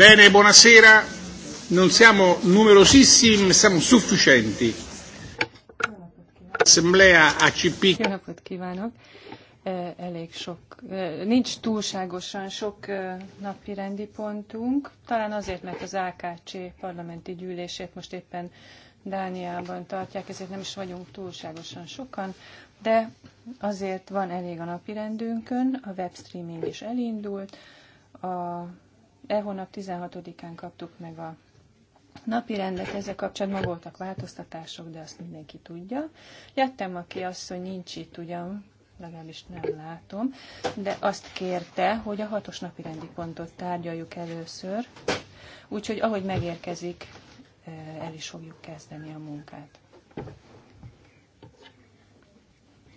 Bene, buonasera. Non siamo numerosissimi, siamo sufficienti. Assemblea ACP. E, elég sok, e, nincs túlságosan sok e, napi rendi pontunk, talán azért, mert az AKC parlamenti gyűlését most éppen Dániában tartják, ezért nem is vagyunk túlságosan sokan, de azért van elég a napirendünkön, a webstreaming is elindult, a e hónap 16-án kaptuk meg a napi rendet, ezzel kapcsolatban voltak változtatások, de azt mindenki tudja. Jöttem, aki azt, hogy nincs itt ugyan, legalábbis nem látom, de azt kérte, hogy a hatos napi rendi pontot tárgyaljuk először, úgyhogy ahogy megérkezik, e, el is fogjuk kezdeni a munkát.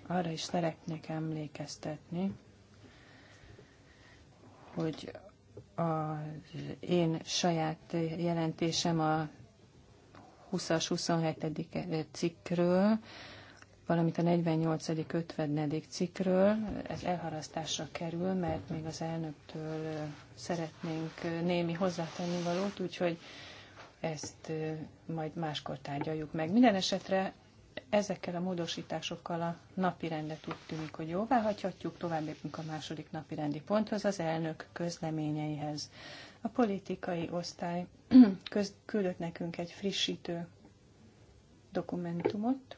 Arra is szeretnék emlékeztetni, hogy az én saját jelentésem a 20-as, 27. cikkről, valamint a 48. 50. cikkről. Ez elharasztásra kerül, mert még az elnöktől szeretnénk némi hozzátenni valót, úgyhogy ezt majd máskor tárgyaljuk meg. Minden esetre ezekkel a módosításokkal a napi rendet úgy tűnik, hogy jóvá hagyhatjuk, tovább lépünk a második napi rendi ponthoz, az elnök közleményeihez. A politikai osztály köz, küldött nekünk egy frissítő dokumentumot.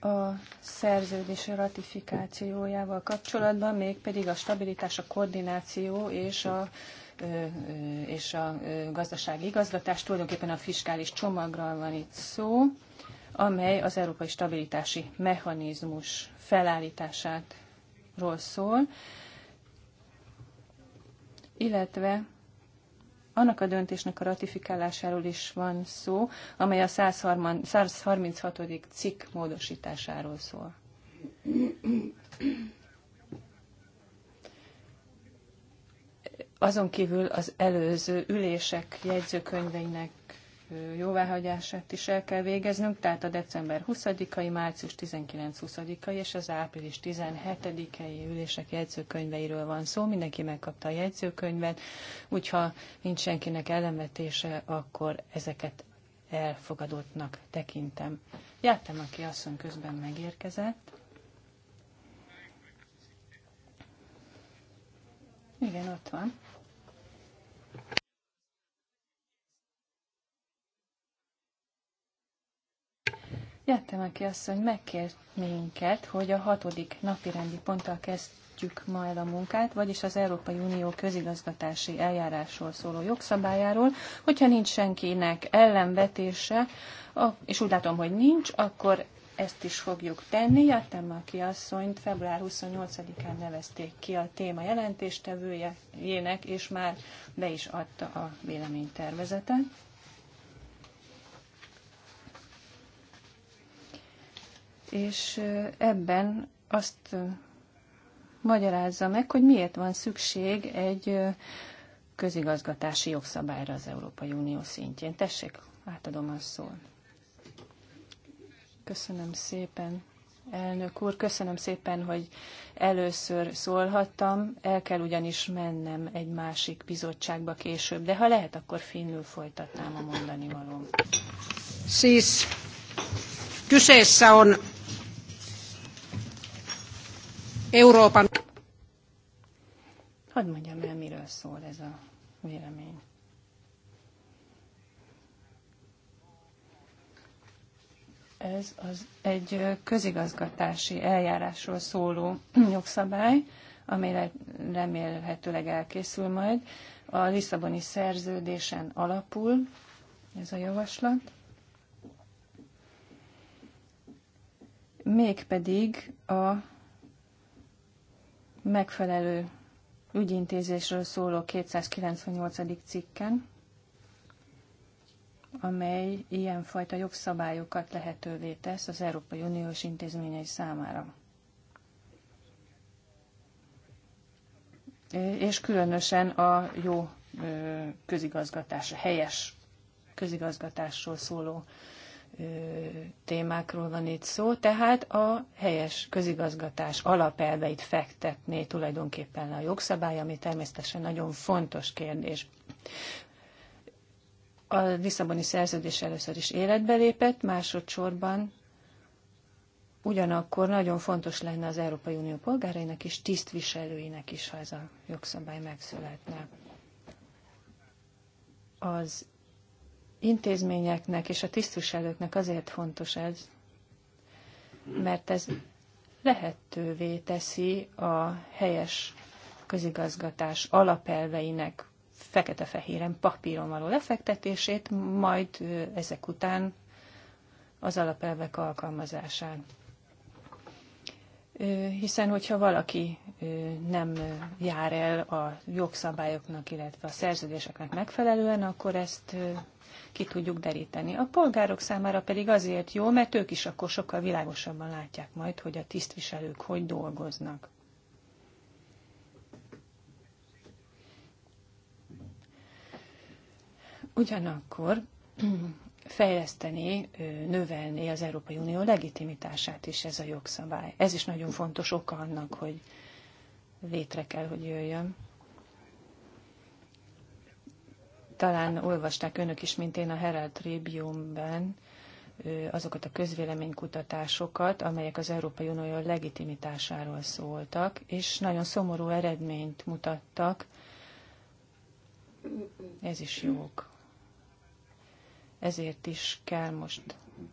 A szerződés ratifikációjával kapcsolatban, mégpedig a stabilitás, a koordináció és a és a gazdasági igazgatás. Tulajdonképpen a fiskális csomagról van itt szó, amely az európai stabilitási mechanizmus felállítását szól, illetve annak a döntésnek a ratifikálásáról is van szó, amely a 136. cikk módosításáról szól. azon kívül az előző ülések jegyzőkönyveinek jóváhagyását is el kell végeznünk, tehát a december 20-ai, március 19-20-ai és az április 17-ei ülések jegyzőkönyveiről van szó. Mindenki megkapta a jegyzőkönyvet, úgyha nincs senkinek ellenvetése, akkor ezeket elfogadottnak tekintem. Jártam, aki asszony közben megérkezett. Igen, ott van. Jettem aki azt hogy megkért minket, hogy a hatodik napi rendi ponttal kezdjük ma el a munkát, vagyis az Európai Unió közigazgatási eljárásról szóló jogszabályáról. Hogyha nincs senkinek ellenvetése, és úgy látom, hogy nincs, akkor ezt is fogjuk tenni. Jöttem aki asszonyt február 28-án nevezték ki a téma jelentéstevőjének, és már be is adta a véleménytervezetet. és ebben azt magyarázza meg, hogy miért van szükség egy közigazgatási jogszabályra az Európai Unió szintjén. Tessék, átadom a szót. Köszönöm szépen, elnök úr. Köszönöm szépen, hogy először szólhattam. El kell ugyanis mennem egy másik bizottságba később, de ha lehet, akkor finnül folytatnám a mondani valóm. Siis kyseessä on Európa. Hadd mondjam el, miről szól ez a vélemény. Ez az egy közigazgatási eljárásról szóló jogszabály, amire remélhetőleg elkészül majd. A Lisszaboni szerződésen alapul ez a javaslat. Mégpedig a megfelelő ügyintézésről szóló 298. cikken, amely ilyenfajta jogszabályokat lehetővé tesz az Európai Uniós intézményei számára. És különösen a jó közigazgatás, a helyes közigazgatásról szóló témákról van itt szó, tehát a helyes közigazgatás alapelveit fektetné tulajdonképpen a jogszabály, ami természetesen nagyon fontos kérdés. A Lisszaboni szerződés először is életbe lépett, másodszorban ugyanakkor nagyon fontos lenne az Európai Unió polgárainak és tisztviselőinek is, ha ez a jogszabály megszületne. Az intézményeknek és a tisztviselőknek azért fontos ez, mert ez lehetővé teszi a helyes közigazgatás alapelveinek fekete-fehéren papíron való lefektetését, majd ezek után az alapelvek alkalmazását. Hiszen, hogyha valaki nem jár el a jogszabályoknak, illetve a szerződéseknek megfelelően, akkor ezt ki tudjuk deríteni. A polgárok számára pedig azért jó, mert ők is akkor sokkal világosabban látják majd, hogy a tisztviselők hogy dolgoznak. Ugyanakkor fejleszteni, növelni az Európai Unió legitimitását is ez a jogszabály. Ez is nagyon fontos oka annak, hogy létre kell, hogy jöjjön. Talán olvasták önök is, mint én a Herald Tribune-ben azokat a közvéleménykutatásokat, amelyek az Európai Unió legitimitásáról szóltak, és nagyon szomorú eredményt mutattak. Ez is jók. Ezért is kell most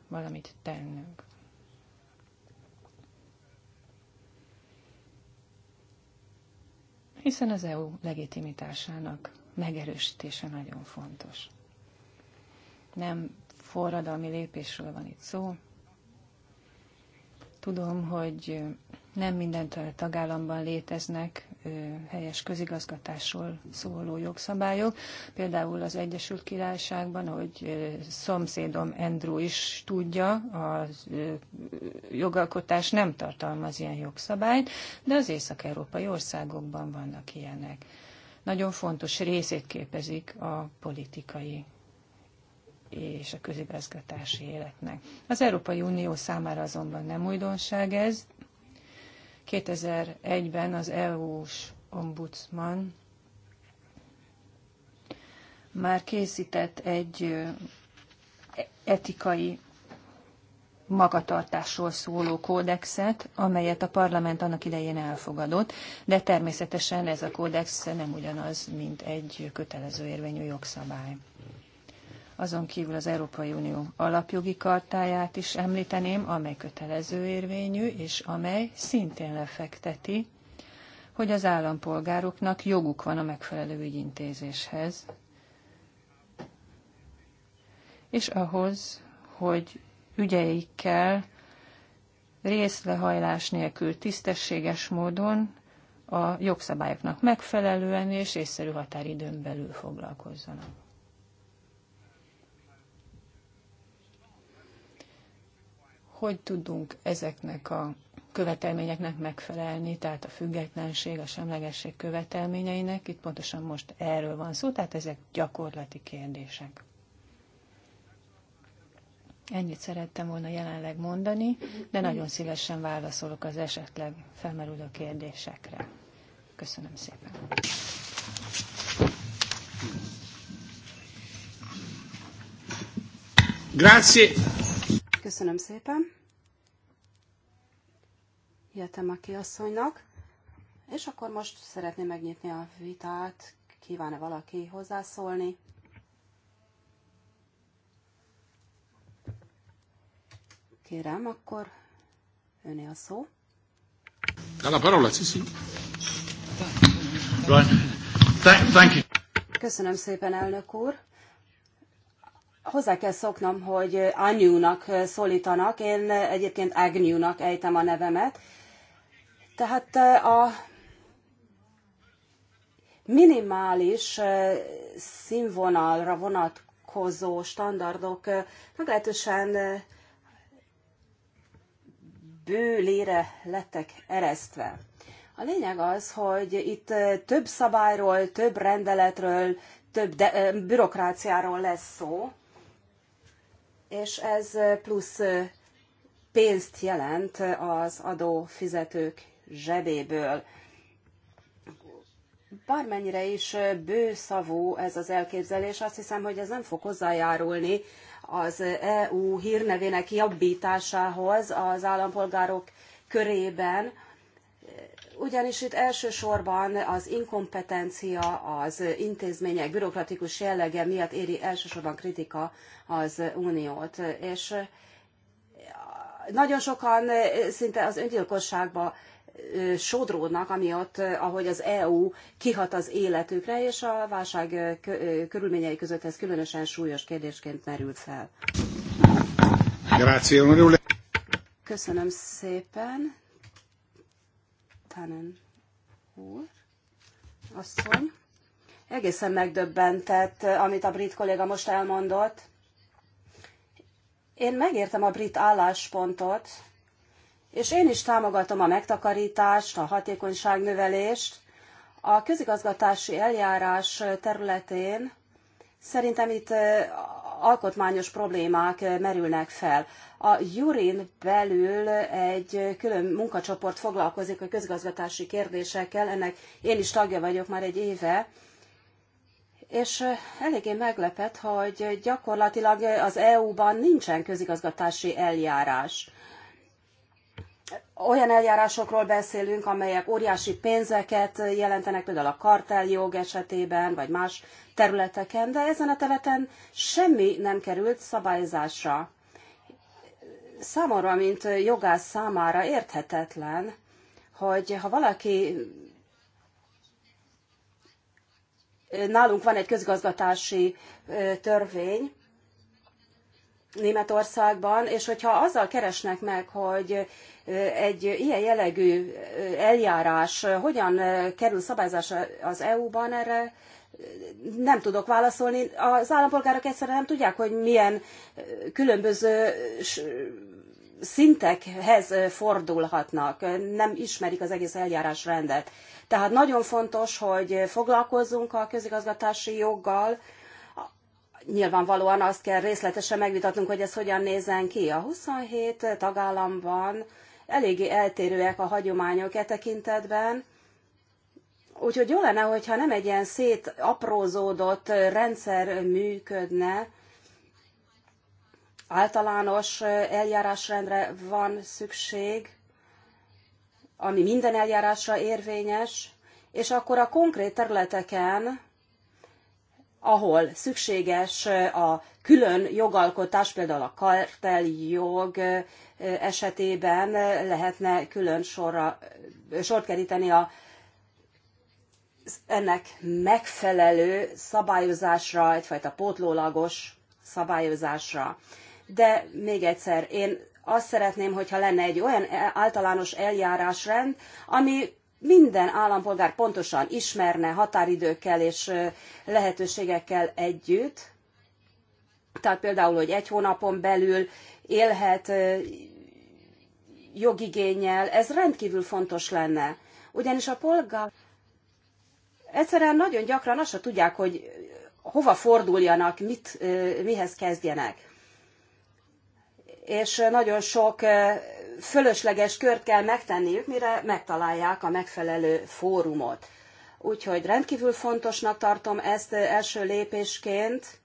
valamit tennünk. hiszen az EU legitimitásának megerősítése nagyon fontos. Nem forradalmi lépésről van itt szó. Tudom, hogy nem minden tagállamban léteznek helyes közigazgatásról szóló jogszabályok. Például az Egyesült Királyságban, hogy szomszédom Andrew is tudja, a jogalkotás nem tartalmaz ilyen jogszabályt, de az észak-európai országokban vannak ilyenek nagyon fontos részét képezik a politikai és a közigazgatási életnek. Az Európai Unió számára azonban nem újdonság ez. 2001-ben az EU-s ombudsman már készített egy etikai magatartásról szóló kódexet, amelyet a parlament annak idején elfogadott, de természetesen ez a kódex nem ugyanaz, mint egy kötelező érvényű jogszabály. Azon kívül az Európai Unió alapjogi kartáját is említeném, amely kötelező érvényű, és amely szintén lefekteti, hogy az állampolgároknak joguk van a megfelelő ügyintézéshez, és ahhoz, hogy ügyeikkel részlehajlás nélkül tisztességes módon a jogszabályoknak megfelelően és észszerű határidőn belül foglalkozzanak. Hogy tudunk ezeknek a követelményeknek megfelelni, tehát a függetlenség, a semlegesség követelményeinek, itt pontosan most erről van szó, tehát ezek gyakorlati kérdések. Ennyit szerettem volna jelenleg mondani, de nagyon szívesen válaszolok az esetleg felmerülő kérdésekre. Köszönöm szépen. Grazie. Köszönöm szépen. Jöttem a kiasszonynak. És akkor most szeretném megnyitni a vitát. Kíván-e valaki hozzászólni? Kérem, akkor öné a szó. La parola, sì, sì. Köszönöm szépen, elnök úr. Hozzá kell szoknom, hogy Anyúnak szólítanak, én egyébként Agnyúnak ejtem a nevemet. Tehát e, a minimális e, színvonalra vonatkozó standardok e, meglehetősen bőlére lettek eresztve. A lényeg az, hogy itt több szabályról, több rendeletről, több de, bürokráciáról lesz szó, és ez plusz pénzt jelent az adófizetők zsebéből. Bármennyire is bőszavú ez az elképzelés, azt hiszem, hogy ez nem fog hozzájárulni az EU hírnevének jobbításához az állampolgárok körében, ugyanis itt elsősorban az inkompetencia, az intézmények bürokratikus jellege miatt éri elsősorban kritika az uniót. És nagyon sokan szinte az öngyilkosságba sodródnak, amiatt, ahogy az EU kihat az életükre, és a válság körülményei között ez különösen súlyos kérdésként merül fel. Köszönöm szépen. Tanen úr, asszony. Egészen megdöbbentett, amit a brit kolléga most elmondott. Én megértem a brit álláspontot, és én is támogatom a megtakarítást, a hatékonyság növelést. A közigazgatási eljárás területén szerintem itt alkotmányos problémák merülnek fel. A Jurin belül egy külön munkacsoport foglalkozik a közigazgatási kérdésekkel, ennek én is tagja vagyok már egy éve, és eléggé meglepett, hogy gyakorlatilag az EU-ban nincsen közigazgatási eljárás olyan eljárásokról beszélünk, amelyek óriási pénzeket jelentenek, például a karteljog esetében, vagy más területeken, de ezen a területen semmi nem került szabályozásra. Számomra, mint jogász számára érthetetlen, hogy ha valaki nálunk van egy közgazgatási törvény, Németországban, és hogyha azzal keresnek meg, hogy egy ilyen jellegű eljárás hogyan kerül szabályozásra az EU-ban, erre nem tudok válaszolni. Az állampolgárok egyszerűen nem tudják, hogy milyen különböző szintekhez fordulhatnak, nem ismerik az egész eljárásrendet. Tehát nagyon fontos, hogy foglalkozzunk a közigazgatási joggal, nyilvánvalóan azt kell részletesen megvitatnunk, hogy ez hogyan nézzen ki. A 27 tagállamban eléggé eltérőek a hagyományok e tekintetben, Úgyhogy jó lenne, hogyha nem egy ilyen szét aprózódott rendszer működne, általános eljárásrendre van szükség, ami minden eljárásra érvényes, és akkor a konkrét területeken, ahol szükséges a külön jogalkotás, például a karteljog, esetében lehetne külön sorra, sort keríteni a ennek megfelelő szabályozásra, egyfajta pótlólagos szabályozásra. De még egyszer, én azt szeretném, hogyha lenne egy olyan e- általános eljárásrend, ami minden állampolgár pontosan ismerne határidőkkel és lehetőségekkel együtt, tehát például, hogy egy hónapon belül élhet jogigényel, ez rendkívül fontos lenne. Ugyanis a polgár egyszerűen nagyon gyakran azt se tudják, hogy hova forduljanak, mit, mihez kezdjenek. És nagyon sok fölösleges kört kell megtenniük, mire megtalálják a megfelelő fórumot. Úgyhogy rendkívül fontosnak tartom ezt első lépésként,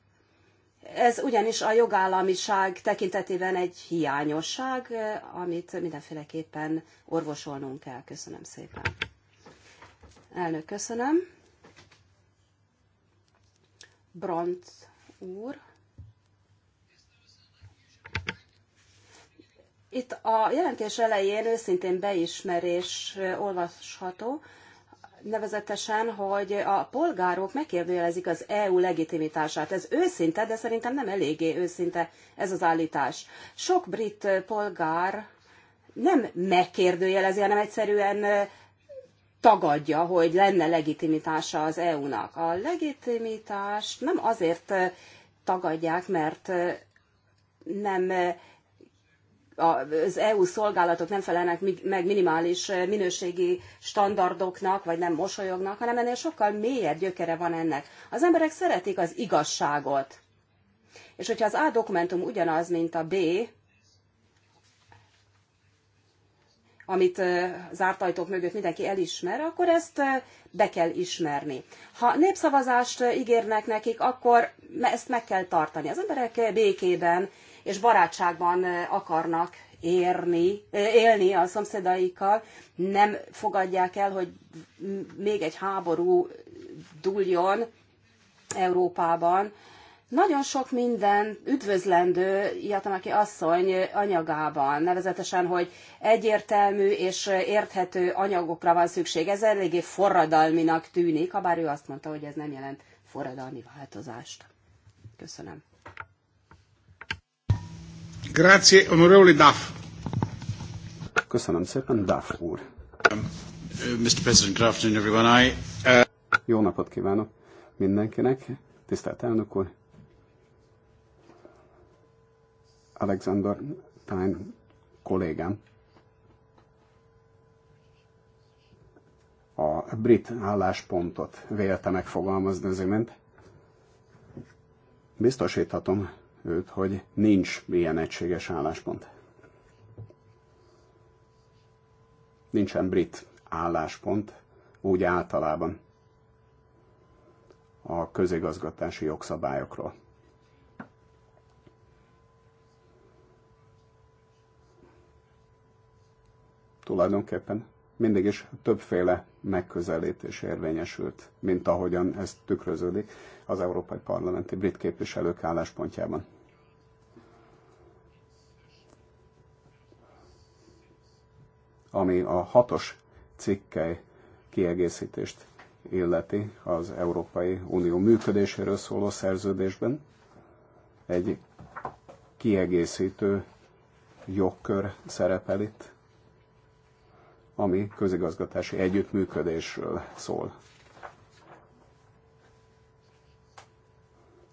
ez ugyanis a jogállamiság tekintetében egy hiányosság, eh, amit mindenféleképpen orvosolnunk kell. Köszönöm szépen. Elnök, köszönöm. Bront úr. Itt a jelentés elején őszintén beismerés eh, olvasható, nevezetesen, hogy a polgárok megkérdőjelezik az EU legitimitását. Ez őszinte, de szerintem nem eléggé őszinte ez az állítás. Sok brit polgár nem megkérdőjelezi, hanem egyszerűen tagadja, hogy lenne legitimitása az EU-nak. A legitimitást nem azért tagadják, mert nem az EU szolgálatok nem felelnek meg minimális eh, minőségi standardoknak, vagy nem mosolyognak, hanem ennél sokkal mélyebb gyökere van ennek. Az emberek szeretik az igazságot. És hogyha az A dokumentum ugyanaz, mint a B, amit eh, zárt ajtók mögött mindenki elismer, akkor ezt eh, be kell ismerni. Ha népszavazást ígérnek nekik, akkor ezt meg kell tartani. Az emberek békében és barátságban akarnak érni, élni a szomszédaikkal, nem fogadják el, hogy még egy háború dúljon Európában. Nagyon sok minden üdvözlendő Jatamaki asszony anyagában, nevezetesen, hogy egyértelmű és érthető anyagokra van szükség. Ez eléggé forradalminak tűnik, habár ő azt mondta, hogy ez nem jelent forradalmi változást. Köszönöm. Grazie, onorevole Duff. Köszönöm szépen, Duff úr. Um, uh, Mr. President, good afternoon everyone. I, uh... Jó napot kívánok mindenkinek, tisztelt elnök úr. Alexander Tyne kollégám. A brit álláspontot vélte megfogalmazni az imént. Biztosíthatom őt, hogy nincs ilyen egységes álláspont. Nincsen brit álláspont úgy általában a közigazgatási jogszabályokról. Tulajdonképpen mindig is többféle megközelítés érvényesült, mint ahogyan ez tükröződik az Európai Parlamenti brit képviselők álláspontjában. Ami a hatos cikkely kiegészítést illeti az Európai Unió működéséről szóló szerződésben, egy kiegészítő jogkör szerepel itt ami közigazgatási együttműködésről szól.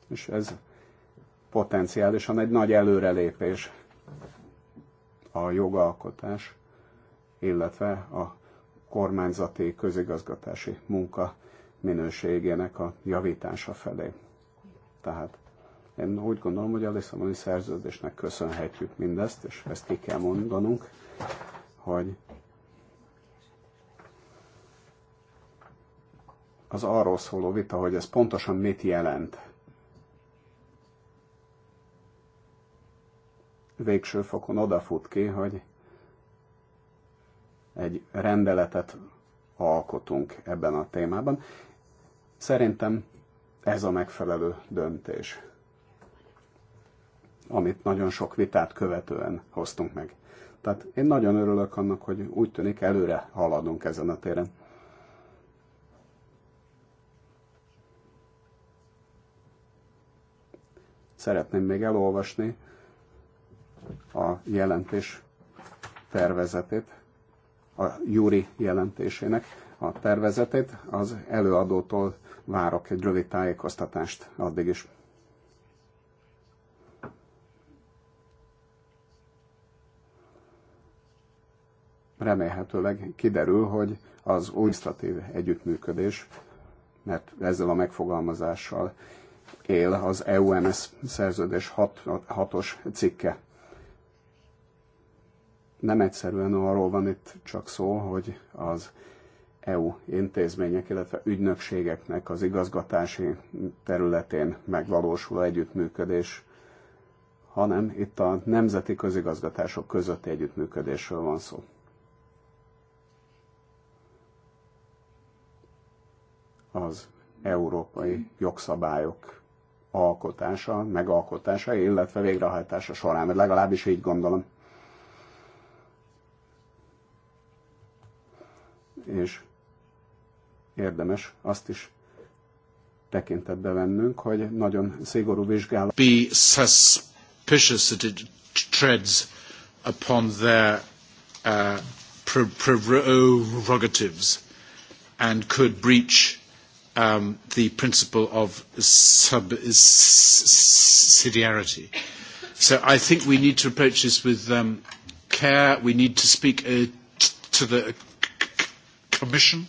És ez potenciálisan egy nagy előrelépés a jogalkotás, illetve a kormányzati közigazgatási munka minőségének a javítása felé. Tehát én úgy gondolom, hogy a Lisszaboni szerződésnek köszönhetjük mindezt, és ezt ki kell mondanunk, hogy az arról szóló vita, hogy ez pontosan mit jelent. Végső fokon odafut ki, hogy egy rendeletet alkotunk ebben a témában. Szerintem ez a megfelelő döntés, amit nagyon sok vitát követően hoztunk meg. Tehát én nagyon örülök annak, hogy úgy tűnik előre haladunk ezen a téren. szeretném még elolvasni a jelentés tervezetét, a Júri jelentésének a tervezetét. Az előadótól várok egy rövid tájékoztatást addig is. remélhetőleg kiderül, hogy az új együttműködés, mert ezzel a megfogalmazással él az EUMS szerződés 6-os hat, cikke. Nem egyszerűen arról van itt csak szó, hogy az EU intézmények, illetve ügynökségeknek az igazgatási területén megvalósul együttműködés, hanem itt a nemzeti közigazgatások közötti együttműködésről van szó. Az európai jogszabályok alkotása, megalkotása, illetve végrehajtása során, mert legalábbis így gondolom. És érdemes azt is tekintetbe vennünk, hogy nagyon szigorú vizsgálat. Be suspicious that it treads upon their uh, prerogatives and could breach um, the principle of subsidiarity. So I think we need to approach this with um, care. We need to speak uh, to the Commission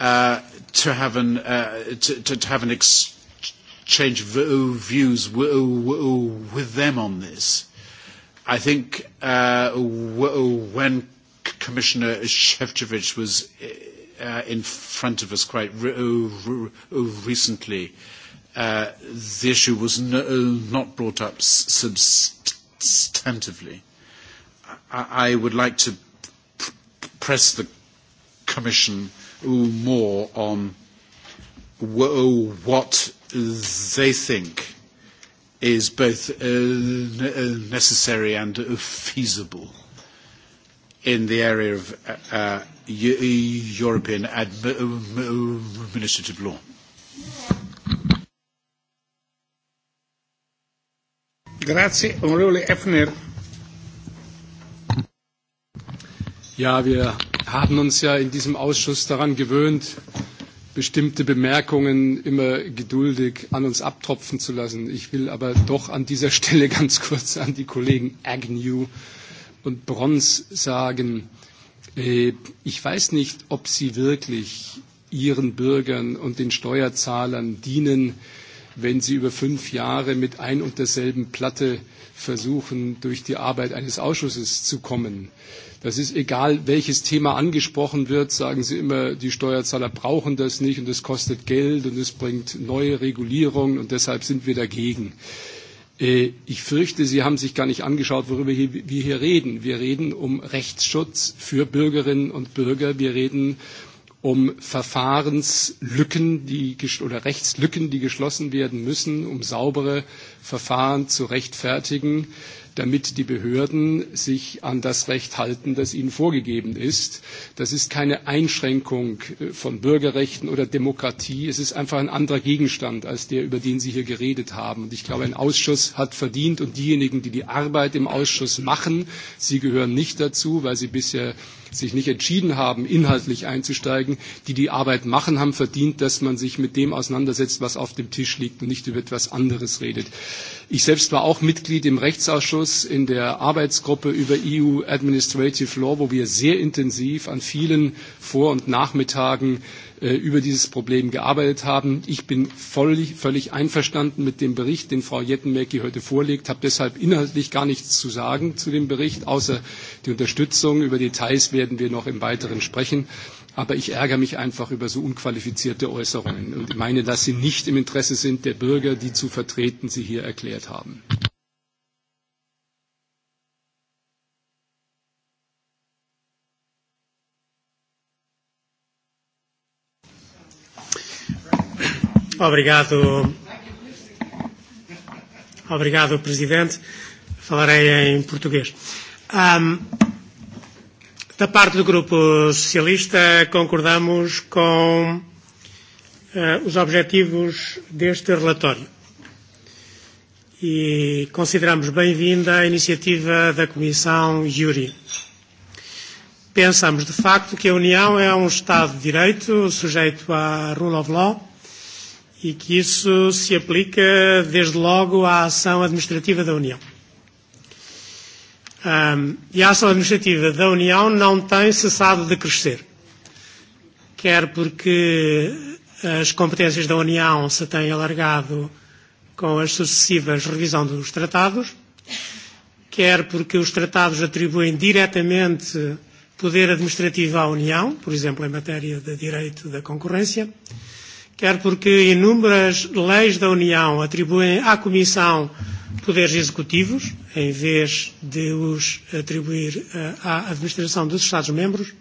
uh, to have an uh, to, to, have an exchange of views with them on this. I think uh, when Commissioner Shevchevich was uh, uh, in front of us quite re- oh, re- oh, recently, uh, the issue was no, not brought up substantively. I, I would like to press the Commission more on oh, what they think is both uh, uh, necessary and feasible in the area of uh, uh European administrative law. Grazie, onorevole Effner. Ja, wir haben uns ja in diesem Ausschuss daran gewöhnt, bestimmte Bemerkungen immer geduldig an uns abtropfen zu lassen. Ich will aber doch an dieser Stelle ganz kurz an die Kollegen Agnew und Brons sagen, äh, Äh, ich weiß nicht, ob sie wirklich ihren Bürgern und den Steuerzahlern dienen, wenn sie über fünf Jahre mit ein und derselben Platte versuchen, durch die Arbeit eines Ausschusses zu kommen. Das ist egal, welches Thema angesprochen wird, sagen Sie immer, die Steuerzahler brauchen das nicht und es kostet Geld und es bringt neue Regulierungen und deshalb sind wir dagegen. Äh, Äh, ich fürchte, Sie haben sich gar nicht angeschaut, worüber wir hier reden. Wir reden um Rechtsschutz für Bürgerinnen und Bürger. Wir reden um Verfahrenslücken die, oder Rechtslücken, die geschlossen werden müssen, um saubere Verfahren zu rechtfertigen. Äh, damit die Behörden sich an das Recht halten, das ihnen vorgegeben ist. Das ist keine Einschränkung äh, von Bürgerrechten oder Demokratie. Es ist einfach ein anderer Gegenstand als der, über den Sie hier geredet haben. Und ich glaube, ein Ausschuss hat verdient und diejenigen, die die Arbeit im Ausschuss machen, sie gehören nicht dazu, weil sie bisher sich nicht entschieden haben, inhaltlich einzusteigen, die die Arbeit machen, haben verdient, dass man sich mit dem auseinandersetzt, was auf dem Tisch liegt und nicht über etwas anderes redet. Ich selbst war auch Mitglied im Rechtsausschuss in der Arbeitsgruppe über EU Administrative Law, wo wir sehr intensiv an vielen Vor- und Nachmittagen Äh, über dieses Problem gearbeitet haben. Ich bin völlig, völlig einverstanden mit dem Bericht, den Frau Jettenmerki heute vorlegt, habe deshalb inhaltlich gar nichts zu sagen zu dem Bericht, außer die Unterstützung. Über Details werden wir noch im Weiteren sprechen. Aber ich ärgere mich einfach über so unqualifizierte Äußerungen und meine, dass sie nicht im Interesse sind der Bürger, die zu vertreten sie hier erklärt haben. Obrigado. Obrigado, Presidente. Falarei em português. Um, da parte do Grupo Socialista, concordamos com uh, os objetivos deste relatório e consideramos bem-vinda a iniciativa da Comissão Júri. Pensamos, de facto, que a União é um Estado de Direito sujeito à rule of law e que isso se aplica desde logo à ação administrativa da União. Um, e a ação administrativa da União não tem cessado de crescer, quer porque as competências da União se têm alargado com as sucessivas revisões dos tratados, quer porque os tratados atribuem diretamente poder administrativo à União, por exemplo, em matéria de direito da concorrência, quer porque inúmeras leis da União atribuem à Comissão poderes executivos, em vez de os atribuir uh, à administração dos Estados-membros,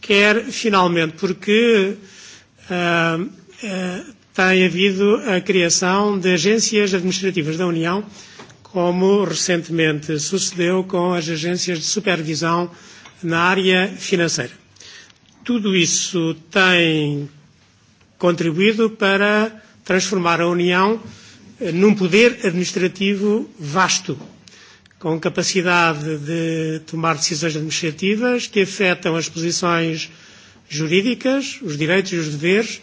quer, finalmente, porque uh, uh, tem havido a criação de agências administrativas da União, como recentemente sucedeu com as agências de supervisão na área financeira. Tudo isso tem contribuído para transformar a União eh, num poder administrativo vasto, com capacidade de tomar decisões administrativas que afetam as posições jurídicas, os direitos e os deveres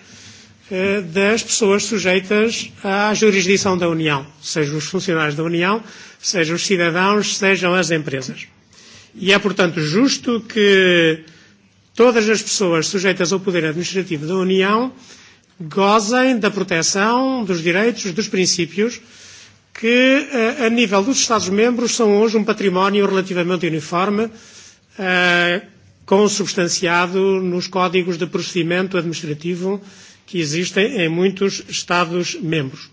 eh, das pessoas sujeitas à jurisdição da União, sejam os funcionários da União, sejam os cidadãos, sejam as empresas. E é, portanto, justo que todas as pessoas sujeitas ao poder administrativo da União gozem da proteção dos direitos, dos princípios, que eh, a nível dos Estados-membros são hoje um património relativamente uniforme, eh, consubstanciado nos códigos de procedimento administrativo que existem em muitos Estados-membros.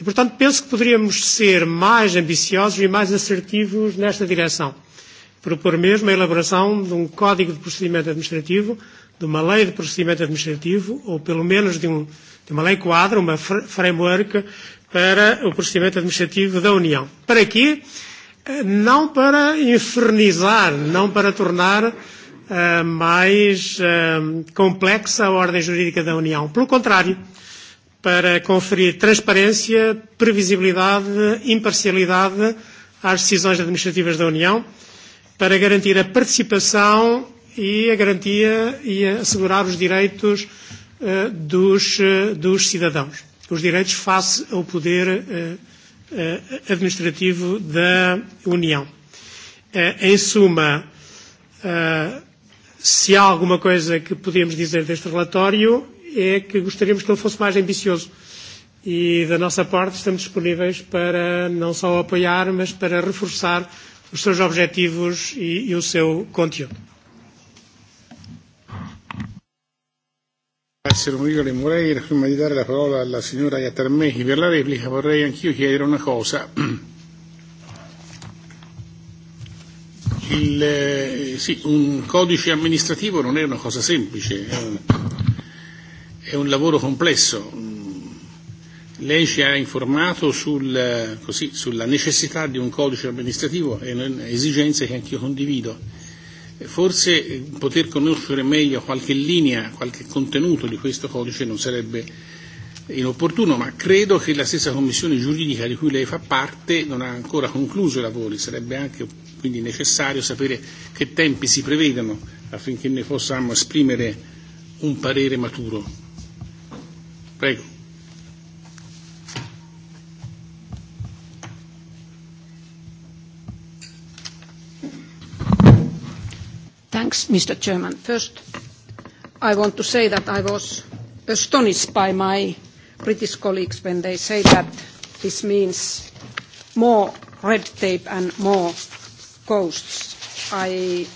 E, portanto, penso que poderíamos ser mais ambiciosos e mais assertivos nesta direção. Propor mesmo a elaboração de um código de procedimento administrativo de uma lei de procedimento administrativo, ou pelo menos de, um, de uma lei quadro, uma framework para o procedimento administrativo da União. Para quê? Eh, não para infernizar, não para tornar uh, mais uh, complexa a ordem jurídica da União. Pelo contrário, para conferir transparência, previsibilidade, imparcialidade às decisões administrativas da União, para garantir a participação e a garantia e a assegurar os direitos uh, dos, uh, dos cidadãos, os direitos face ao poder uh, uh, administrativo da União. Uh, em suma, uh, se há alguma coisa que podemos dizer deste relatório é que gostaríamos que ele fosse mais ambicioso. E da nossa parte estamos disponíveis para não só apoiar, mas para reforçar os seus objetivos e, e o seu conteúdo. Grazie onorevole Moreira, prima di dare la parola alla signora Iatarmechi per la replica vorrei anch'io chiedere una cosa. Il, eh, sì, un codice amministrativo non è una cosa semplice, è un, è un lavoro complesso. Mm. Lei ci ha informato sul, eh, così, sulla necessità di un codice amministrativo e esigenze che anch'io condivido Forse poter conoscere meglio qualche linea, qualche contenuto di questo codice non sarebbe inopportuno, ma credo che la stessa commissione giuridica di cui lei fa parte non ha ancora concluso i lavori, sarebbe anche quindi necessario sapere che tempi si prevedono affinché ne possiamo esprimere un parere maturo. Prego. Thanks, Mr. Chairman. First, I want to say that I was astonished by my British colleagues when they say that this means more red tape and more costs. I,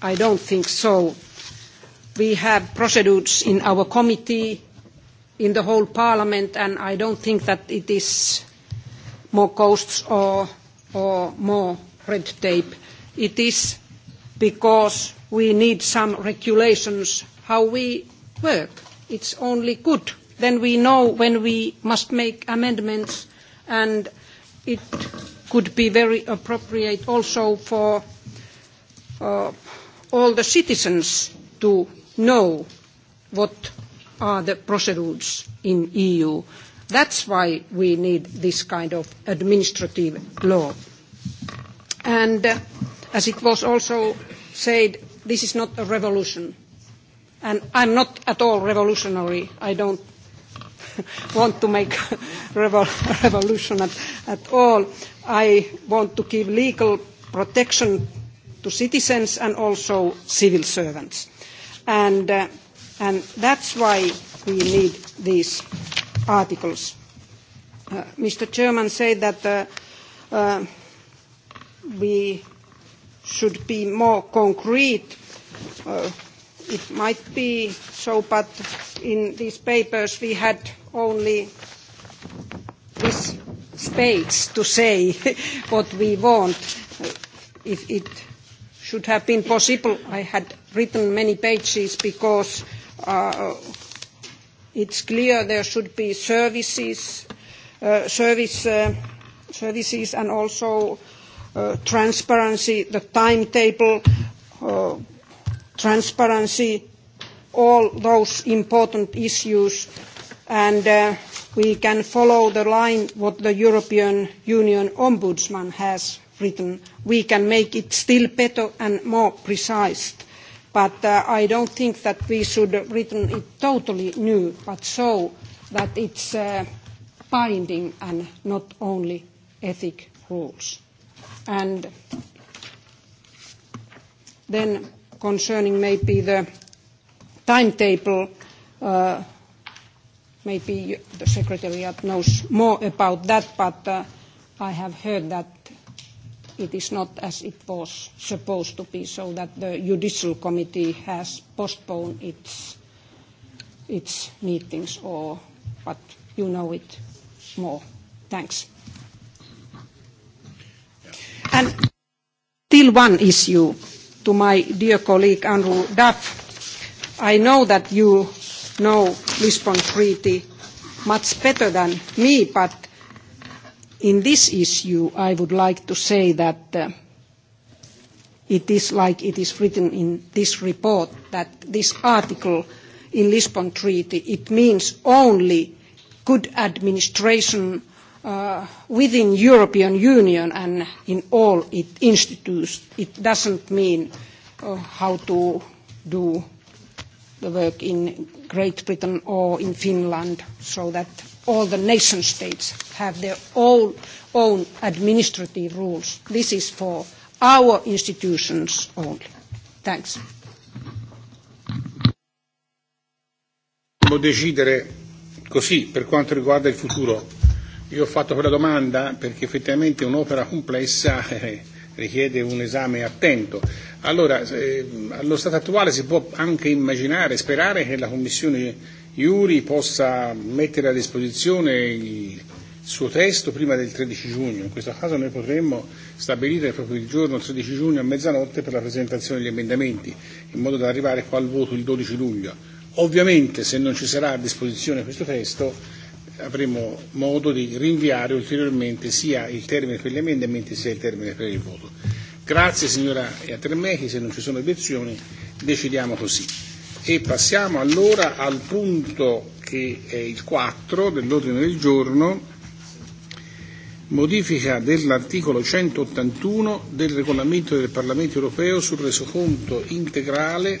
I don't think so. We have procedures in our committee, in the whole parliament, and I don't think that it is more costs or, or more red tape. It is because we need some regulations how we work. It's only good. Then we know when we must make amendments and it could be very appropriate also for uh, all the citizens to know what are the procedures in EU. That's why we need this kind of administrative law. And uh, as it was also said, this is not a revolution. And I'm not at all revolutionary. I don't want to make a revolution at, at all. I want to give legal protection to citizens and also civil servants. And, uh, and that's why we need these articles. Uh, Mr. Chairman said that uh, uh, we should be more concrete. Uh, it might be so, but in these papers we had only this space to say what we want. If it should have been possible, I had written many pages because uh, it's clear there should be services, uh, service, uh, services and also Uh, transparency, the timetable, uh, transparency, all those important issues, and uh, we can follow the line what the European Union Ombudsman has written. We can make it still better and more precise but uh, I don't think that we should have written it totally new, but so that it's uh, binding and not only ethic rules. And then concerning maybe the timetable, uh, maybe the secretariat knows more about that, but uh, I have heard that it is not as it was supposed to be, so that the judicial committee has postponed its its meetings or, but you know it more. Thanks. And still one issue to my dear colleague Andrew Duff. I know that you know Lisbon Treaty much better than me, but in this issue, I would like to say that uh, it is like it is written in this report that this article in Lisbon Treaty, it means only good administration uh, within European Union and in all its institutes, it doesn't mean uh, how to do the work in Great Britain or in Finland, so that all the nation states have their own, own administrative rules. This is for our institutions only. Thanks. Decidere così per quanto riguarda il futuro Io ho fatto quella domanda perché effettivamente un'opera complessa eh, richiede un esame attento. Allora, eh, allo stato attuale si può anche immaginare, sperare che la Commissione Iuri possa mettere a disposizione il suo testo prima del 13 giugno. In questo caso noi potremmo stabilire proprio il giorno 13 giugno a mezzanotte per la presentazione degli emendamenti, in modo da arrivare qua al voto il 12 luglio. Ovviamente se non ci sarà a disposizione questo testo avremo modo di rinviare ulteriormente sia il termine per gli emendamenti sia il termine per il voto. Grazie signora Eatremechi, se non ci sono obiezioni decidiamo così. E passiamo allora al punto che è il 4 dell'ordine del giorno, modifica dell'articolo 181 del regolamento del Parlamento europeo sul resoconto integrale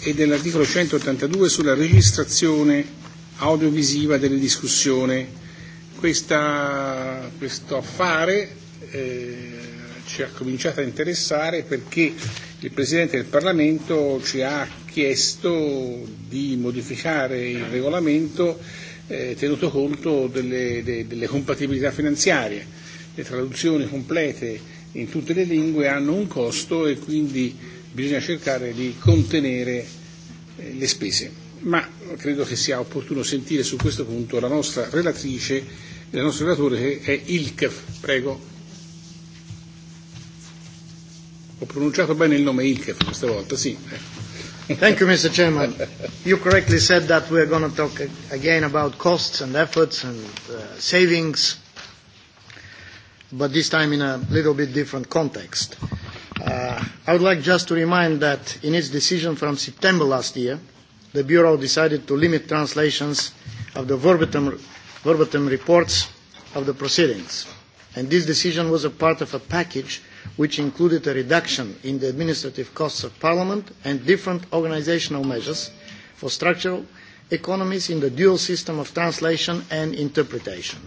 e dell'articolo 182 sulla registrazione audiovisiva delle discussioni. Questa, questo affare eh, ci ha cominciato a interessare perché il Presidente del Parlamento ci ha chiesto di modificare il regolamento eh, tenuto conto delle, de, delle compatibilità finanziarie. Le traduzioni complete in tutte le lingue hanno un costo e quindi bisogna cercare di contenere eh, le spese ma credo che sia opportuno sentire su questo punto la nostra relatrice, il nostro relatore che è Ilkef. Prego. Ho pronunciato bene il nome Ilkef questa volta, sì. Thank you, Mr. Chairman. You correctly said that we are going to talk again about costs and efforts and uh, savings, but this time in a little bit different context. Uh, I would like just to remind that in its decision from September last year, the Bureau decided to limit translations of the verbatim, verbatim reports of the proceedings. And this decision was a part of a package which included a reduction in the administrative costs of Parliament and different organizational measures for structural economies in the dual system of translation and interpretation.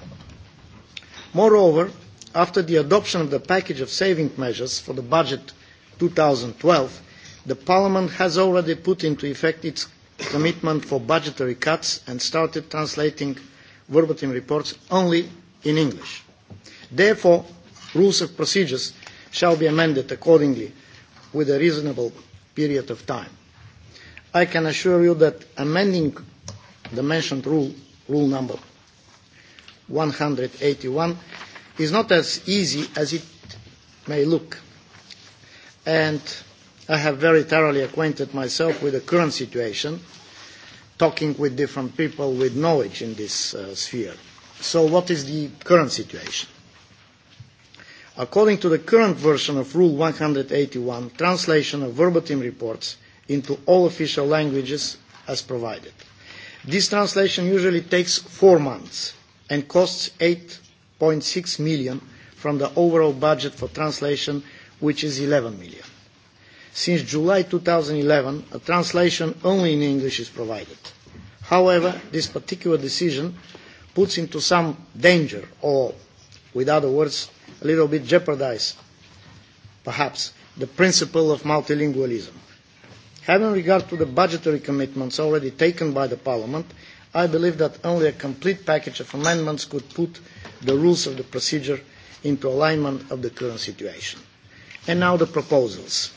Moreover, after the adoption of the package of saving measures for the budget 2012, the Parliament has already put into effect its commitment for budgetary cuts and started translating verbatim reports only in English. Therefore, rules of procedures shall be amended accordingly with a reasonable period of time. I can assure you that amending the mentioned rule, rule number 181, is not as easy as it may look. And I have very thoroughly acquainted myself with the current situation, talking with different people with knowledge in this uh, sphere. So what is the current situation? According to the current version of Rule 181, translation of verbatim reports into all official languages as provided. This translation usually takes four months and costs 8.6 million from the overall budget for translation, which is 11 million. Since July 2011, a translation only in English is provided. However, this particular decision puts into some danger or, with other words, a little bit jeopardize, perhaps, the principle of multilingualism. Having regard to the budgetary commitments already taken by the Parliament, I believe that only a complete package of amendments could put the rules of the procedure into alignment of the current situation. And now the proposals.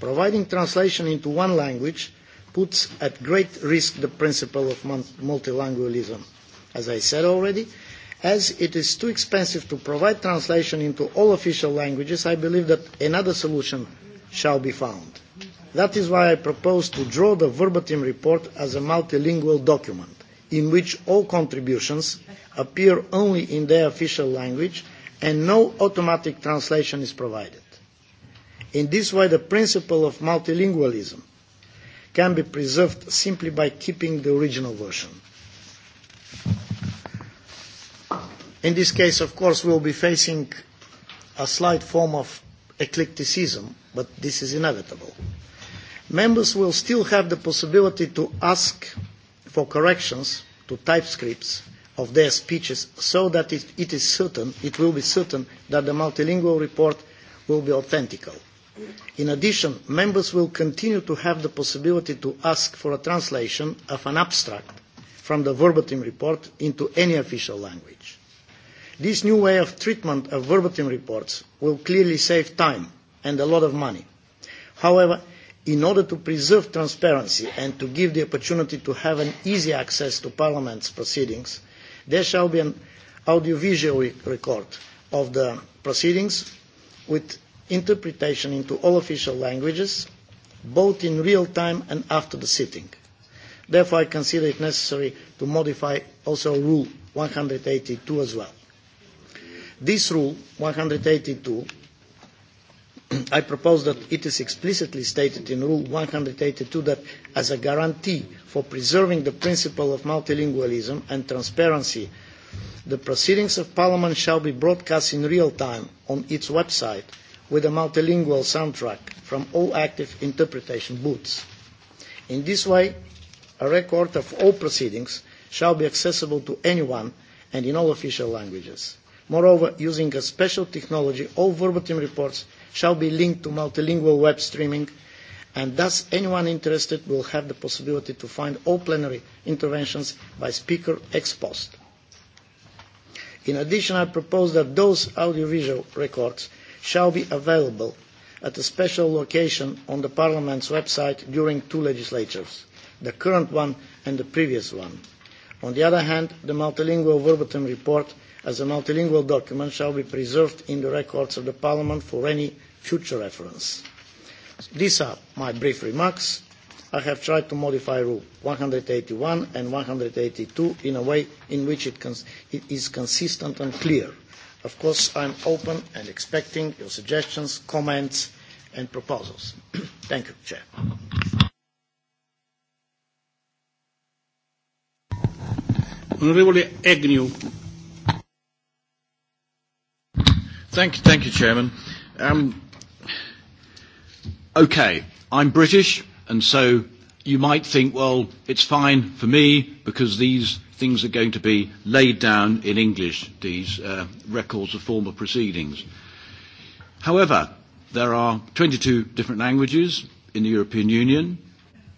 Providing translation into one language puts at great risk the principle of multilingualism, as I said already. As it is too expensive to provide translation into all official languages, I believe that another solution shall be found. That is why I propose to draw the verbatim report as a multilingual document, in which all contributions appear only in their official language and no automatic translation is provided. In this way, the principle of multilingualism can be preserved simply by keeping the original version. In this case, of course, we will be facing a slight form of eclecticism, but this is inevitable. Members will still have the possibility to ask for corrections to typescripts of their speeches so that it, it is certain, it will be certain that the multilingual report will be authentical. In addition, members will continue to have the possibility to ask for a translation of an abstract from the verbatim report into any official language. This new way of treatment of verbatim reports will clearly save time and a lot of money. However, in order to preserve transparency and to give the opportunity to have an easy access to Parliament's proceedings, there shall be an audiovisual record of the proceedings with interpretation into all official languages, both in real time and after the sitting. Therefore, I consider it necessary to modify also Rule 182 as well. This Rule 182, I propose that it is explicitly stated in Rule 182 that as a guarantee for preserving the principle of multilingualism and transparency the proceedings of Parliament shall be broadcast in real time on its website with a multilingual soundtrack from all active interpretation booths. In this way, a record of all proceedings shall be accessible to anyone and in all official languages. Moreover, using a special technology, all verbatim reports shall be linked to multilingual web streaming, and thus anyone interested will have the possibility to find all plenary interventions by speaker ex post. In addition, I propose that those audiovisual records shall be available at a special location on the Parliament's website during two legislatures, the current one and the previous one. On the other hand, the multilingual verbatim report as a multilingual document shall be preserved in the records of the Parliament for any future reference. These are my brief remarks. I have tried to modify Rule 181 and 182 in a way in which it, cons it is consistent and clear. Of course, I'm open and expecting your suggestions, comments, and proposals. Thank you, Chair. Honorable Agnew. Thank you, thank you, Chairman. Um, okay, I'm British, and so you might think, well, it's fine for me because these things are going to be laid down in English, these uh, records of former proceedings. However, there are 22 different languages in the European Union,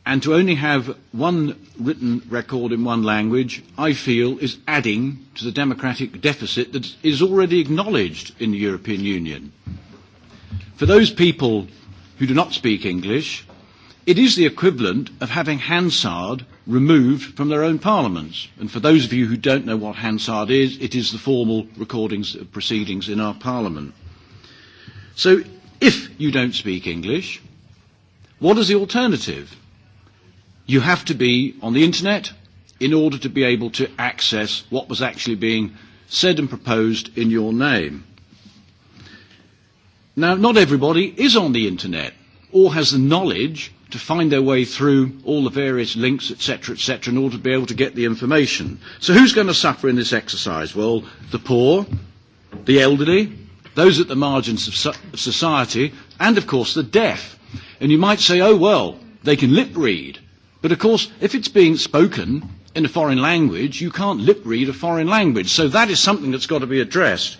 and to only have one written record in one language, I feel, is adding to the democratic deficit that is already acknowledged in the European Union. For those people who do not speak English, it is the equivalent of having Hansard removed from their own parliaments. And for those of you who don't know what Hansard is, it is the formal recordings of proceedings in our parliament. So if you don't speak English, what is the alternative? You have to be on the internet in order to be able to access what was actually being said and proposed in your name. Now, not everybody is on the internet or has the knowledge to find their way through all the various links, etc., etc., in order to be able to get the information. So who's going to suffer in this exercise? Well, the poor, the elderly, those at the margins of society, and of course the deaf. And you might say, oh well, they can lip read. But of course, if it's being spoken in a foreign language, you can't lip read a foreign language. So that is something that's got to be addressed.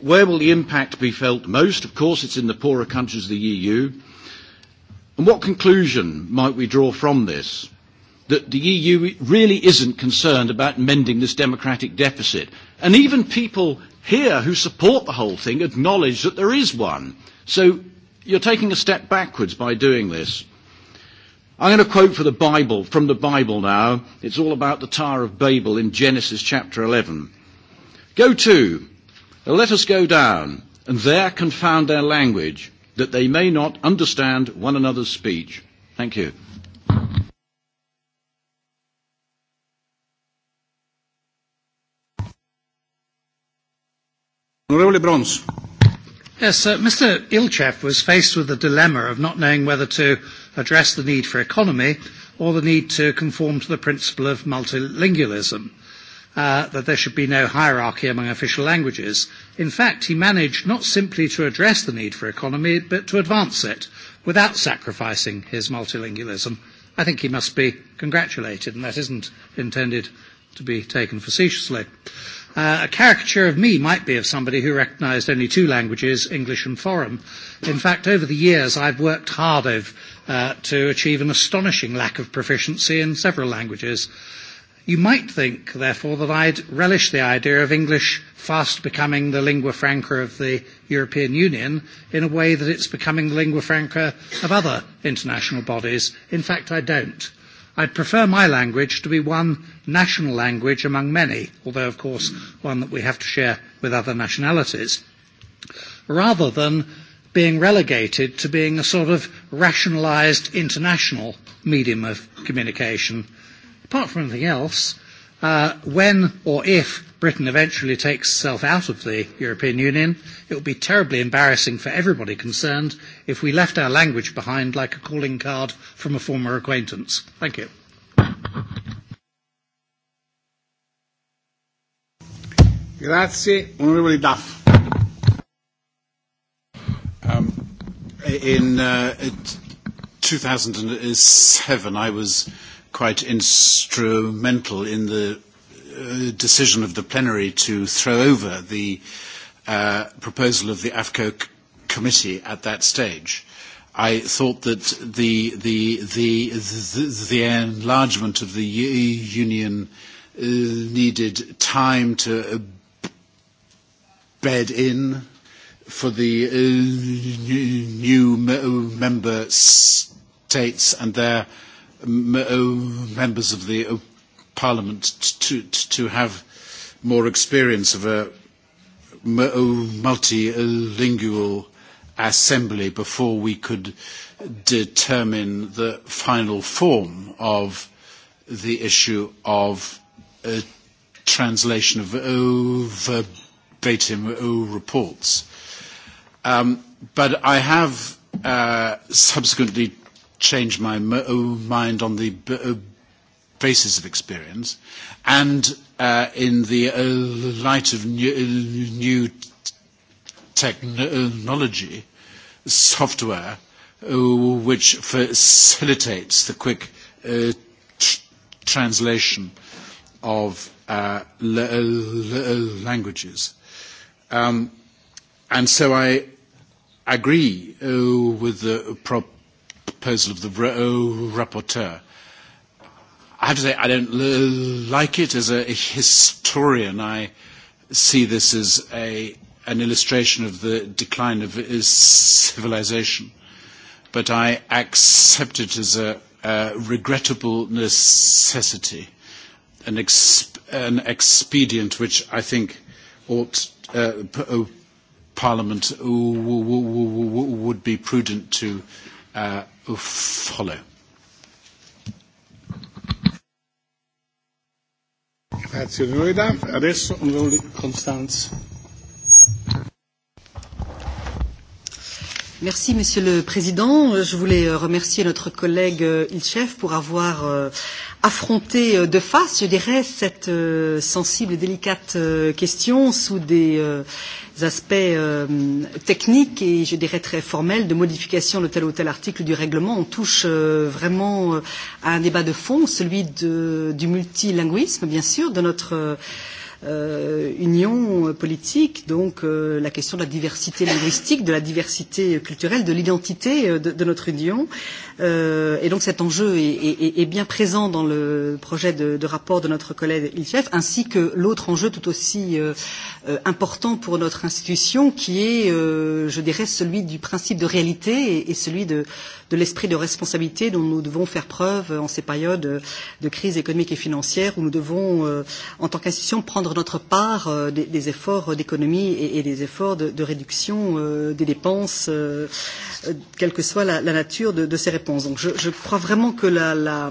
Where will the impact be felt most? Of course, it's in the poorer countries of the EU what conclusion might we draw from this? That the EU really isn't concerned about mending this democratic deficit. And even people here who support the whole thing acknowledge that there is one. So you're taking a step backwards by doing this. I'm going to quote for the Bible, from the Bible now. It's all about the Tower of Babel in Genesis chapter 11. Go to, let us go down, and there confound their language that they may not understand one another's speech. Thank you. Yes, uh, sir. Mr. Ilchev was faced with the dilemma of not knowing whether to address the need for economy or the need to conform to the principle of multilingualism uh, that there should be no hierarchy among official languages. In fact, he managed not simply to address the need for economy, but to advance it without sacrificing his multilingualism. I think he must be congratulated, and that isn't intended to be taken facetiously. Uh, a caricature of me might be of somebody who recognised only two languages, English and foreign. In fact, over the years, I've worked hard of, uh, to achieve an astonishing lack of proficiency in several languages. You might think, therefore, that I'd relish the idea of English fast becoming the lingua franca of the European Union in a way that it's becoming the lingua franca of other international bodies. In fact, I don't. I'd prefer my language to be one national language among many, although, of course, one that we have to share with other nationalities, rather than being relegated to being a sort of rationalised international medium of communication Apart from anything else, uh, when or if Britain eventually takes itself out of the European Union, it would be terribly embarrassing for everybody concerned if we left our language behind like a calling card from a former acquaintance. Thank you. Grazie, onorevole Duff. Um, in uh, 2007, I was quite instrumental in the uh, decision of the plenary to throw over the uh, proposal of the AFCO committee at that stage. I thought that the, the, the, the, the enlargement of the union uh, needed time to uh, bed in for the uh, new member states and their Uh, members of the uh, Parliament to, to have more experience of a uh, multilingual assembly before we could determine the final form of the issue of uh, translation of verbatim reports. Um, but I have subsequently change my uh, mind on the uh, basis of experience. And uh, in the uh, light of new, uh, new technology, software, which facilitates the quick uh, tr translation of uh, languages. Um, and so I agree uh, with the prop proposal of the oh, rapporteur. I have to say, I don't like it. As a historian, I see this as a, an illustration of the decline of uh, civilization. But I accept it as a, a regrettable necessity, an, ex, an expedient which I think ought uh, p- oh, Parliament w- w- w- w- would be prudent to uh, Uh, follow. Grazie Noida. Adesso onorevole Constanz. Merci Monsieur le Président. Je voulais euh, remercier notre collègue euh, Ilchev pour avoir euh, affronté de face, je dirais, cette sensible et délicate question sous des aspects euh, techniques et je dirais très formels de modification de tel ou tel article du règlement. On touche euh, vraiment euh, à un débat de fond, celui de, du multilinguisme, bien sûr, de notre. Euh, euh, union politique, donc euh, la question de la diversité linguistique, de la diversité culturelle, de l'identité euh, de, de notre union. Euh, et donc cet enjeu est, est, est bien présent dans le projet de, de rapport de notre collègue Ilchef, ainsi que l'autre enjeu tout aussi euh, euh, important pour notre institution, qui est, euh, je dirais, celui du principe de réalité et, et celui de, de l'esprit de responsabilité dont nous devons faire preuve en ces périodes de crise économique et financière, où nous devons, euh, en tant qu'institution, prendre prendre notre part euh, des, des efforts d'économie et, et des efforts de, de réduction euh, des dépenses, euh, euh, quelle que soit la, la nature de, de ces réponses. Donc je, je crois vraiment que la, la,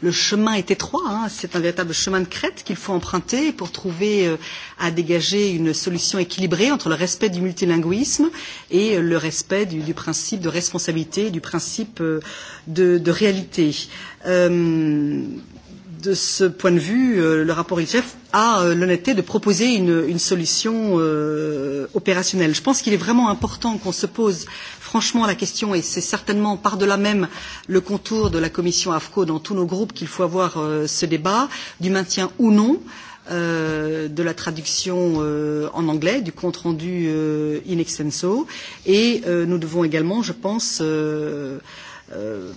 le chemin est étroit, hein. c'est un véritable chemin de crête qu'il faut emprunter pour trouver euh, à dégager une solution équilibrée entre le respect du multilinguisme et euh, le respect du, du principe de responsabilité, du principe euh, de, de réalité. Euh, de ce point de vue, euh, le rapport IGF a euh, l'honnêteté de proposer une, une solution euh, opérationnelle. Je pense qu'il est vraiment important qu'on se pose franchement la question, et c'est certainement par-delà même le contour de la commission AFCO dans tous nos groupes qu'il faut avoir euh, ce débat, du maintien ou non euh, de la traduction euh, en anglais, du compte rendu euh, in extenso, et euh, nous devons également, je pense, euh, euh,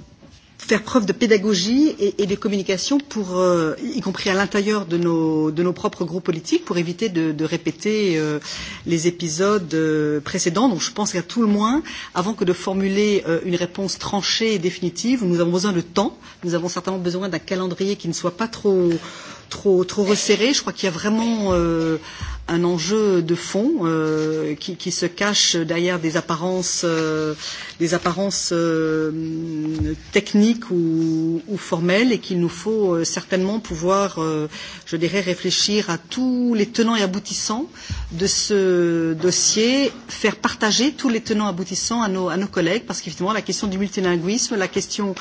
faire preuve de pédagogie et, et de communication, pour, euh, y compris à l'intérieur de nos, de nos propres groupes politiques, pour éviter de, de répéter euh, les épisodes euh, précédents. Donc je pense qu'à tout le moins, avant que de formuler euh, une réponse tranchée et définitive, nous avons besoin de temps, nous avons certainement besoin d'un calendrier qui ne soit pas trop. Euh, trop, trop resserré. Je crois qu'il y a vraiment euh, un enjeu de fond euh, qui, qui se cache derrière des apparences, euh, des apparences euh, techniques ou, ou formelles et qu'il nous faut euh, certainement pouvoir, euh, je dirais, réfléchir à tous les tenants et aboutissants de ce dossier, faire partager tous les tenants et aboutissants à nos, à nos collègues parce qu'effectivement la question du multilinguisme, la question Euh,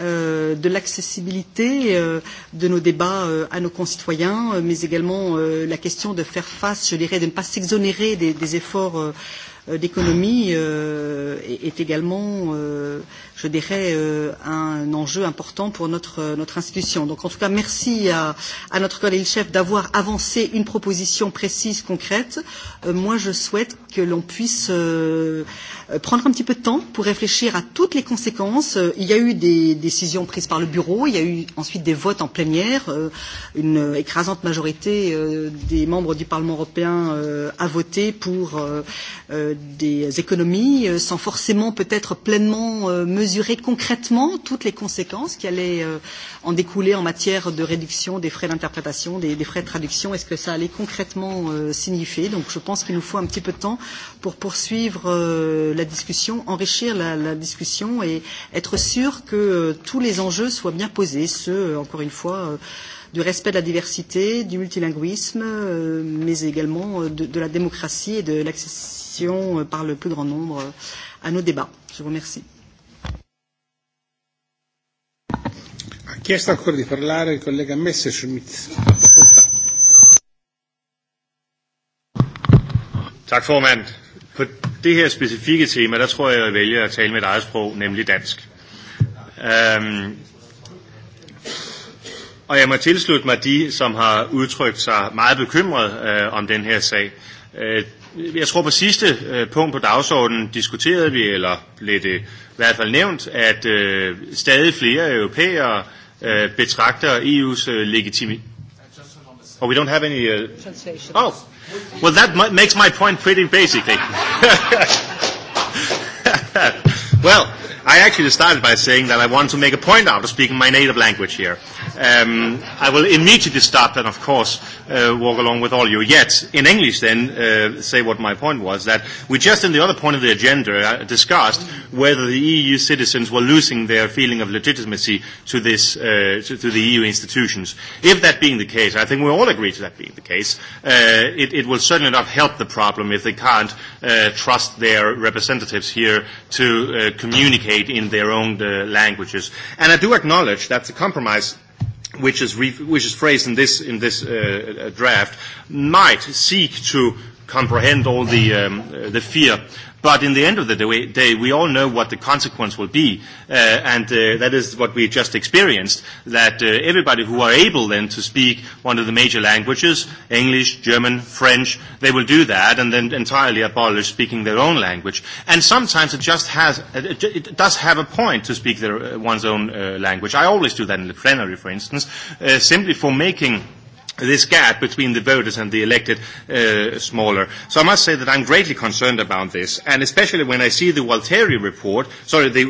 Euh, de l'accessibilité euh, de nos débats euh, à nos concitoyens, mais également la question de faire face, je dirais, de ne pas s'exonérer des, des efforts d'économie euh, est également, euh, je dirais, euh, un enjeu important pour notre, notre institution. Donc, en tout cas, merci à, à notre collègue chef d'avoir avancé une proposition précise, concrète. Euh, moi, je souhaite que l'on puisse euh, prendre un petit peu de temps pour réfléchir à toutes les conséquences. Euh, il y a eu des décisions prises par le bureau, il y a eu ensuite des votes en plénière. Euh, une écrasante majorité euh, des membres du Parlement européen a voté pour des économies sans forcément peut-être pleinement mesurer concrètement toutes les conséquences qui allaient en découler en matière de réduction des frais d'interprétation, des, des frais de traduction. Est-ce que ça allait concrètement signifier Donc je pense qu'il nous faut un petit peu de temps pour poursuivre euh, la discussion, enrichir la, la discussion et être sûr que euh, tous les enjeux soient bien posés, ceux, euh, encore une fois, euh, du respect de la diversité, du multilinguisme, euh, mais également euh, de, de la démocratie et de l'accession euh, par le plus grand nombre euh, à nos débats. Je vous remercie. chiesto ancora di parlare il collega Messerschmidt. Tak formand. På det her specifikke tema, der tror jeg, at jeg vælger at tale mit eget sprog, nemlig dansk. Øhm, og jeg må tilslutte mig de, som har udtrykt sig meget bekymret øh, om den her sag. Øh, jeg tror på sidste øh, punkt på dagsordenen diskuterede vi, eller blev det i hvert fald nævnt, at øh, stadig flere europæere øh, betragter EU's øh, legitimitet. Oh, we don't have any... Uh... Oh, Well, that m- makes my point pretty basically. well, I actually started by saying that I want to make a point out of speaking my native language here. Um, I will immediately stop and, of course, uh, walk along with all you. Yet, in English, then, uh, say what my point was that we just in the other point of the agenda uh, discussed whether the EU citizens were losing their feeling of legitimacy to, this, uh, to, to the EU institutions. If that being the case, I think we all agree to that being the case, uh, it, it will certainly not help the problem if they can't uh, trust their representatives here to uh, communicate communicate in their own uh, languages. And I do acknowledge that the compromise which is, re- which is phrased in this, in this uh, uh draft might seek to comprehend all the, um, uh, the fear But in the end of the day, we all know what the consequence will be, uh, and uh, that is what we just experienced, that uh, everybody who are able then to speak one of the major languages, English, German, French, they will do that and then entirely abolish speaking their own language. And sometimes it just has, it it does have a point to speak their, uh, one's own uh, language. I always do that in the plenary, for instance, uh, simply for making this gap between the voters and the elected uh, smaller. So I must say that I'm greatly concerned about this, and especially when I see the Walteri report, sorry, the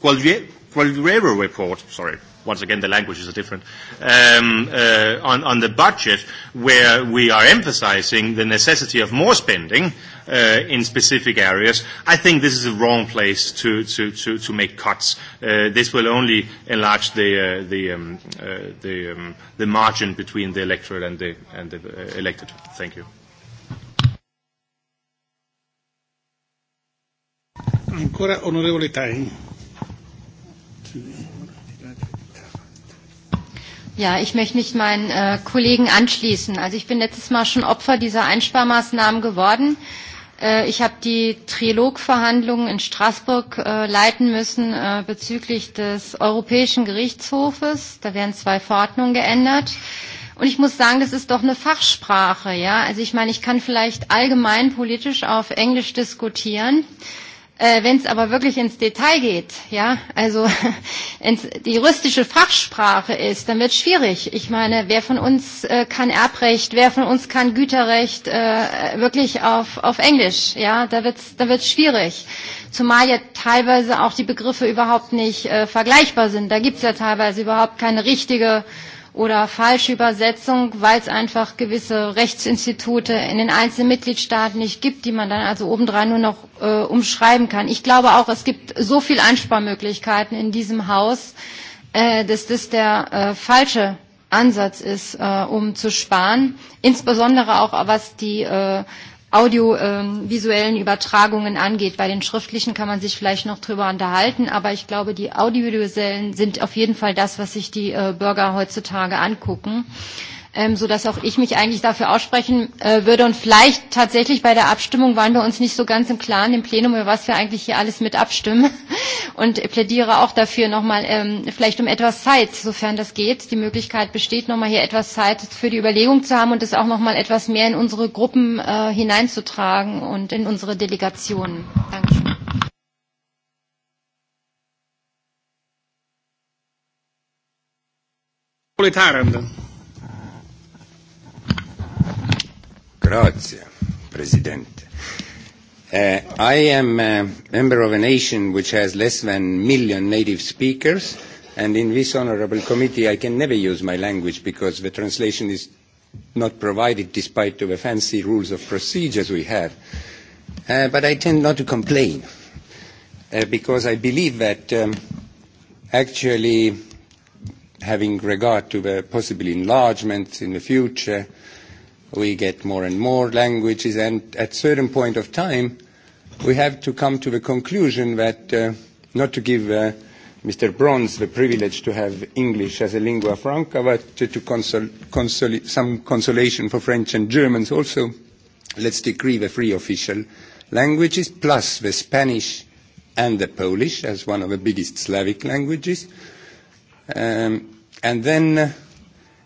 Gualtieri report, sorry, once again, the languages are different, um, uh, on, on the budget, where we are emphasizing the necessity of more spending uh, in specific areas, I think this is the wrong place to, to, to, to make cuts. Uh, this will only enlarge the, uh, the, um, uh, the, um, the margin between the electorate and the, and the uh, elected. Thank you. Ancora onorevole Tain. Ja, ich möchte mich meinen äh, Kollegen anschließen. Also ich bin letztes Mal schon Opfer dieser Einsparmaßnahmen geworden. Äh, ich habe die Trilogverhandlungen in Straßburg äh, leiten müssen äh, bezüglich des Europäischen Gerichtshofes. Da werden zwei Verordnungen geändert. Und ich muss sagen, das ist doch eine Fachsprache, ja. Also ich meine, ich kann vielleicht allgemein politisch auf Englisch diskutieren. Äh, Äh, Wenn es aber wirklich ins Detail geht, ja, also ins, die juristische Fachsprache ist, dann wird es schwierig. Ich meine, wer von uns äh, kann Erbrecht, wer von uns kann Güterrecht äh, wirklich auf, auf Englisch, ja, da wird es da wird's schwierig. Zumal ja teilweise auch die Begriffe überhaupt nicht äh, vergleichbar sind. Da gibt es ja teilweise überhaupt keine richtige äh, oder Falschübersetzung, weil es einfach gewisse Rechtsinstitute in den einzelnen Mitgliedstaaten nicht gibt, die man dann also obendrein nur noch äh, umschreiben kann. Ich glaube auch, es gibt so viele Einsparmöglichkeiten in diesem Haus, äh, dass das der äh, falsche Ansatz ist, äh, um zu sparen, insbesondere auch was die äh, audiovisuellen ähm, Übertragungen angeht. Bei den schriftlichen kann man sich vielleicht noch drüber unterhalten, aber ich glaube, die audiovisuellen sind auf jeden Fall das, was sich die äh, Bürger heutzutage angucken. Äh, ähm, dass auch ich mich eigentlich dafür aussprechen äh, würde. Und vielleicht tatsächlich bei der Abstimmung waren wir uns nicht so ganz im Klaren im Plenum, über was wir eigentlich hier alles mit abstimmen. Und plädiere auch dafür nochmal ähm, vielleicht um etwas Zeit, sofern das geht. Die Möglichkeit besteht, nochmal hier etwas Zeit für die Überlegung zu haben und das auch nochmal etwas mehr in unsere Gruppen äh, hineinzutragen und in unsere Delegationen. Danke. Proletarende. Grazie, Presidente. Uh, I am a member of a nation which has less than a million native speakers, and in this honorable committee I can never use my language because the translation is not provided despite the fancy rules of procedures we have. Uh, but I tend not to complain uh, because I believe that um, actually having regard to the possible enlargement in the future, we get more and more languages, and at certain point of time, we have to come to the conclusion that uh, not to give uh, Mr. Bronze the privilege to have English as a lingua franca, but to, to consol, consol, some consolation for French and Germans also, let's decree the three official languages, plus the Spanish and the Polish as one of the biggest Slavic languages. Um, and then uh,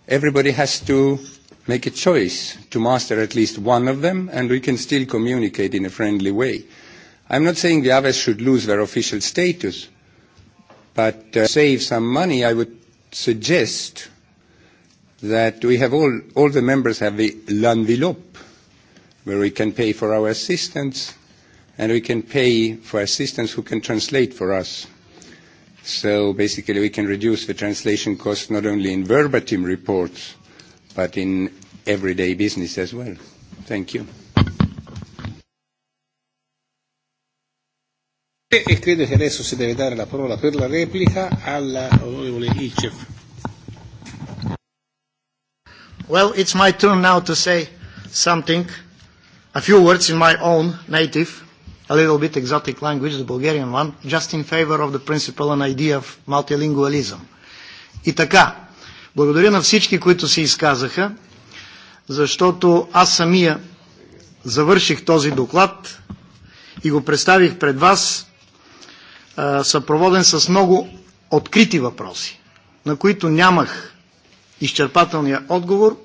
everybody has to make a choice to master at least one of them, and we can still communicate in a friendly way. I'm not saying the others should lose their official status, but uh, save some money, I would suggest that we have all, all the members have the l'envelope, where we can pay for our assistants, and we can pay for assistants who can translate for us. So basically we can reduce the translation costs not only in verbatim reports, but in everyday business as well. Thank you. E, e credo che adesso si deve dare la parola per la replica all'onorevole Ilcev. Well, it's my turn now to say something, a few words in my own native, a little bit exotic language, the Bulgarian one, just in favor of the principle and idea of multilingualism. И Благодаря на всички, които се изказаха, защото аз самия завърших този доклад и го представих пред вас, съпроводен с много открити въпроси, на които нямах изчерпателния отговор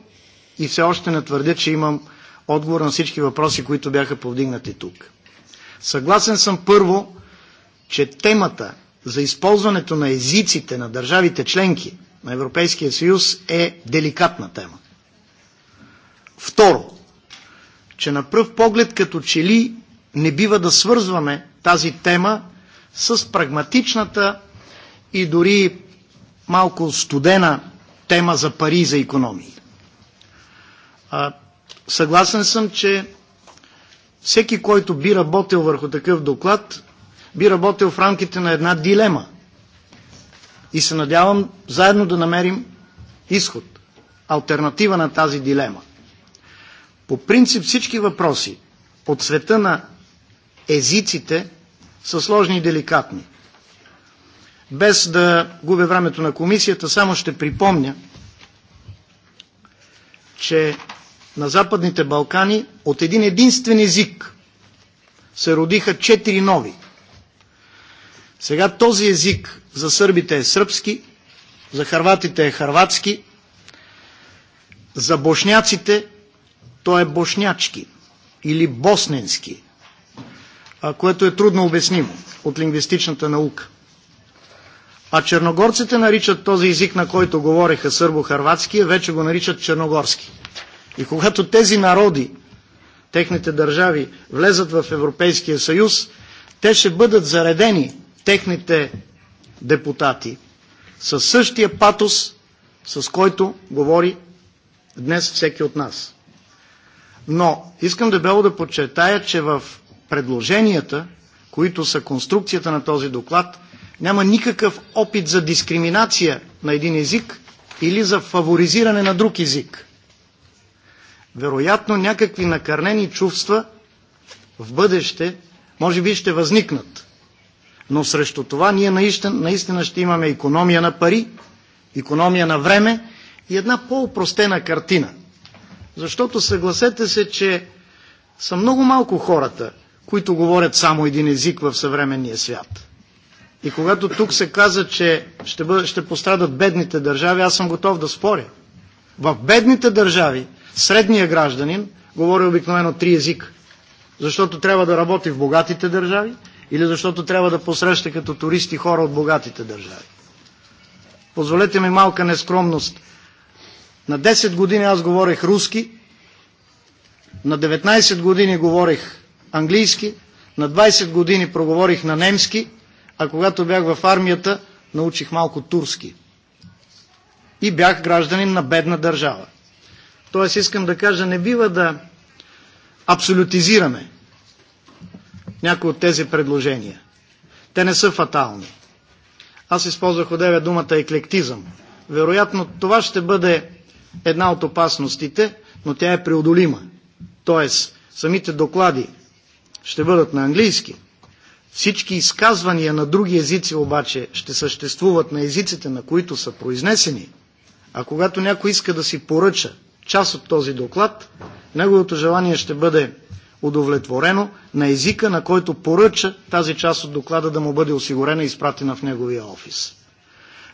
и все още не твърдя, че имам отговор на всички въпроси, които бяха повдигнати тук. Съгласен съм първо, че темата за използването на езиците на държавите членки – на Европейския съюз е деликатна тема. Второ, че на пръв поглед като че ли не бива да свързваме тази тема с прагматичната и дори малко студена тема за пари и за економии. А, съгласен съм, че всеки, който би работил върху такъв доклад, би работил в рамките на една дилема – И се надявам заедно да намерим изход, альтернатива на тази дилема. По принцип всички въпроси от света на езиците са сложни и деликатни. Без да губя времето на комисията, само ще припомня, че на Западните Балкани от един единствен език се родиха четири нови – Сега този език за сърбите е сръбски, за харватите е харватски, за бошняците то е бошнячки или босненски, което е трудно обяснимо от лингвистичната наука. А черногорците наричат този език, на който говореха сърбо-харватския, вече го наричат черногорски. И когато тези народи, техните държави, влезат в Европейския съюз, те ще бъдат заредени техните депутати със същия патос, с който говори днес всеки от нас. Но искам дебело да подчертая, че в предложенията, които са конструкцията на този доклад, няма никакъв опит за дискриминация на един език или за фаворизиране на друг език. Вероятно някакви накърнени чувства в бъдеще може би ще възникнат. Но срещу това ние наистина, наистина ще имаме економия на пари, економия на време и една по-упростена картина. Защото съгласете се, че са много малко хората, които говорят само един език в съвременния свят. И когато тук се каза, че ще, бъ... ще пострадат бедните държави, аз съм готов да споря. В бедните държави средния гражданин говори обикновено три езика. Защото трябва да работи в богатите държави, или защото трябва да посреща като туристи хора от богатите държави. Позволете ми малка нескромност. На 10 години аз говорех руски, на 19 години говорех английски, на 20 години проговорих на немски, а когато бях в армията, научих малко турски. И бях гражданин на бедна държава. Тоест искам да кажа, не бива да абсолютизираме някои от тези предложения. Те не са фатални. Аз използвах одеве думата еклектизъм. Вероятно това ще бъде една от опасностите, но тя е преодолима. Тоест, самите доклади ще бъдат на английски. Всички изказвания на други езици обаче ще съществуват на езиците, на които са произнесени. А когато някой иска да си поръча част от този доклад, неговото желание ще бъде удовлетворено на езика, на който поръча тази част от доклада да му бъде осигурена и изпратена в неговия офис.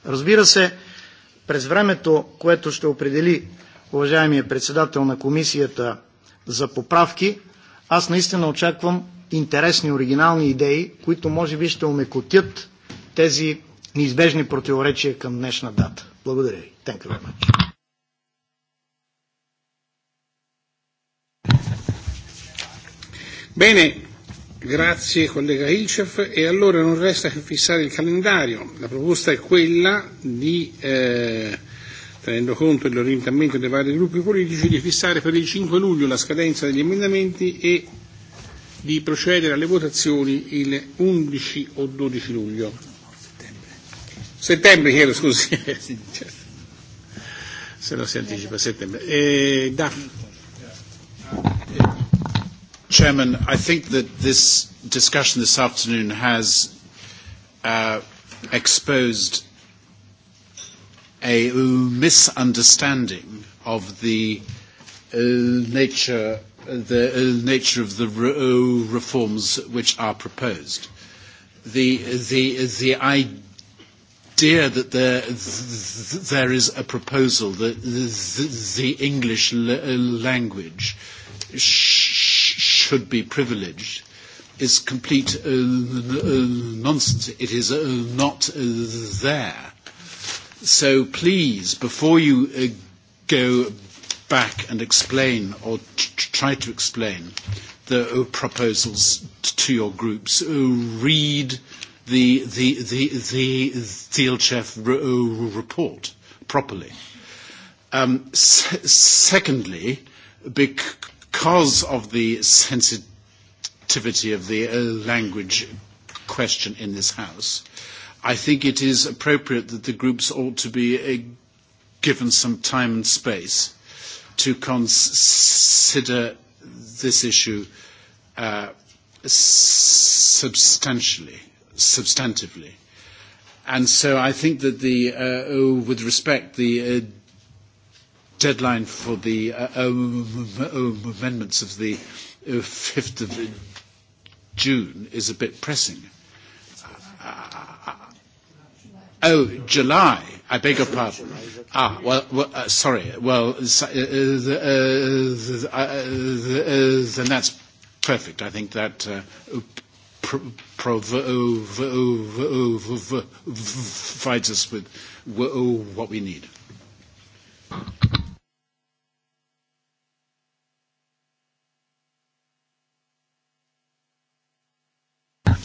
Разбира се, през времето, което ще определи уважаемия председател на комисията за поправки, аз наистина очаквам интересни, оригинални идеи, които може би ще омекотят тези неизбежни противоречия към днешна дата. Благодаря ви. Thank you very much. Bene, grazie collega Ilcef. E allora non resta che fissare il calendario. La proposta è quella di, eh, tenendo conto dell'orientamento dei vari gruppi politici, di fissare per il 5 luglio la scadenza degli emendamenti e di procedere alle votazioni il 11 o 12 luglio. Settembre, settembre chiedo scusi. Se no si anticipa settembre. Eh, da. Chairman, I think that this discussion this afternoon has uh, exposed a misunderstanding of the uh, nature the uh, nature of the re uh, reforms which are proposed. The, the, the idea that there, th th- there is a proposal that th- th- the English l- uh, language should be privileged is complete uh, uh nonsense. It is uh, not uh, there. So please, before you uh, go back and explain or try to explain the proposals to your groups, read the, the, the, the DLCHEF report properly. Um, secondly, because because of the sensitivity of the uh, language question in this House, I think it is appropriate that the groups ought to be uh, given some time and space to consider this issue uh, substantially, substantively. And so I think that the, uh, with respect, the uh, deadline for the uh, uh, um, amendments of the 5th uh, of June is a bit pressing. Uh, oh, July. I beg your pardon. Ah, well, well uh, sorry. Well, then that's perfect. I think that provides us with what we need.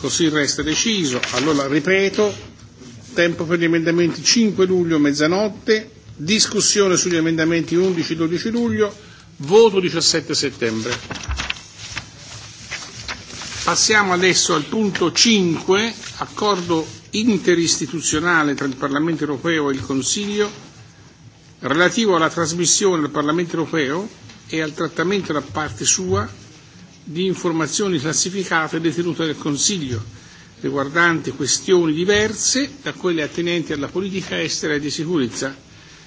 Così resta deciso. Allora ripeto, tempo per gli emendamenti 5 luglio mezzanotte, discussione sugli emendamenti 11-12 luglio, voto 17 settembre. Passiamo adesso al punto 5, accordo interistituzionale tra il Parlamento europeo e il Consiglio relativo alla trasmissione al Parlamento europeo e al trattamento da parte sua di informazioni classificate detenute dal Consiglio, riguardanti questioni diverse da quelle attenenti alla politica estera e di sicurezza.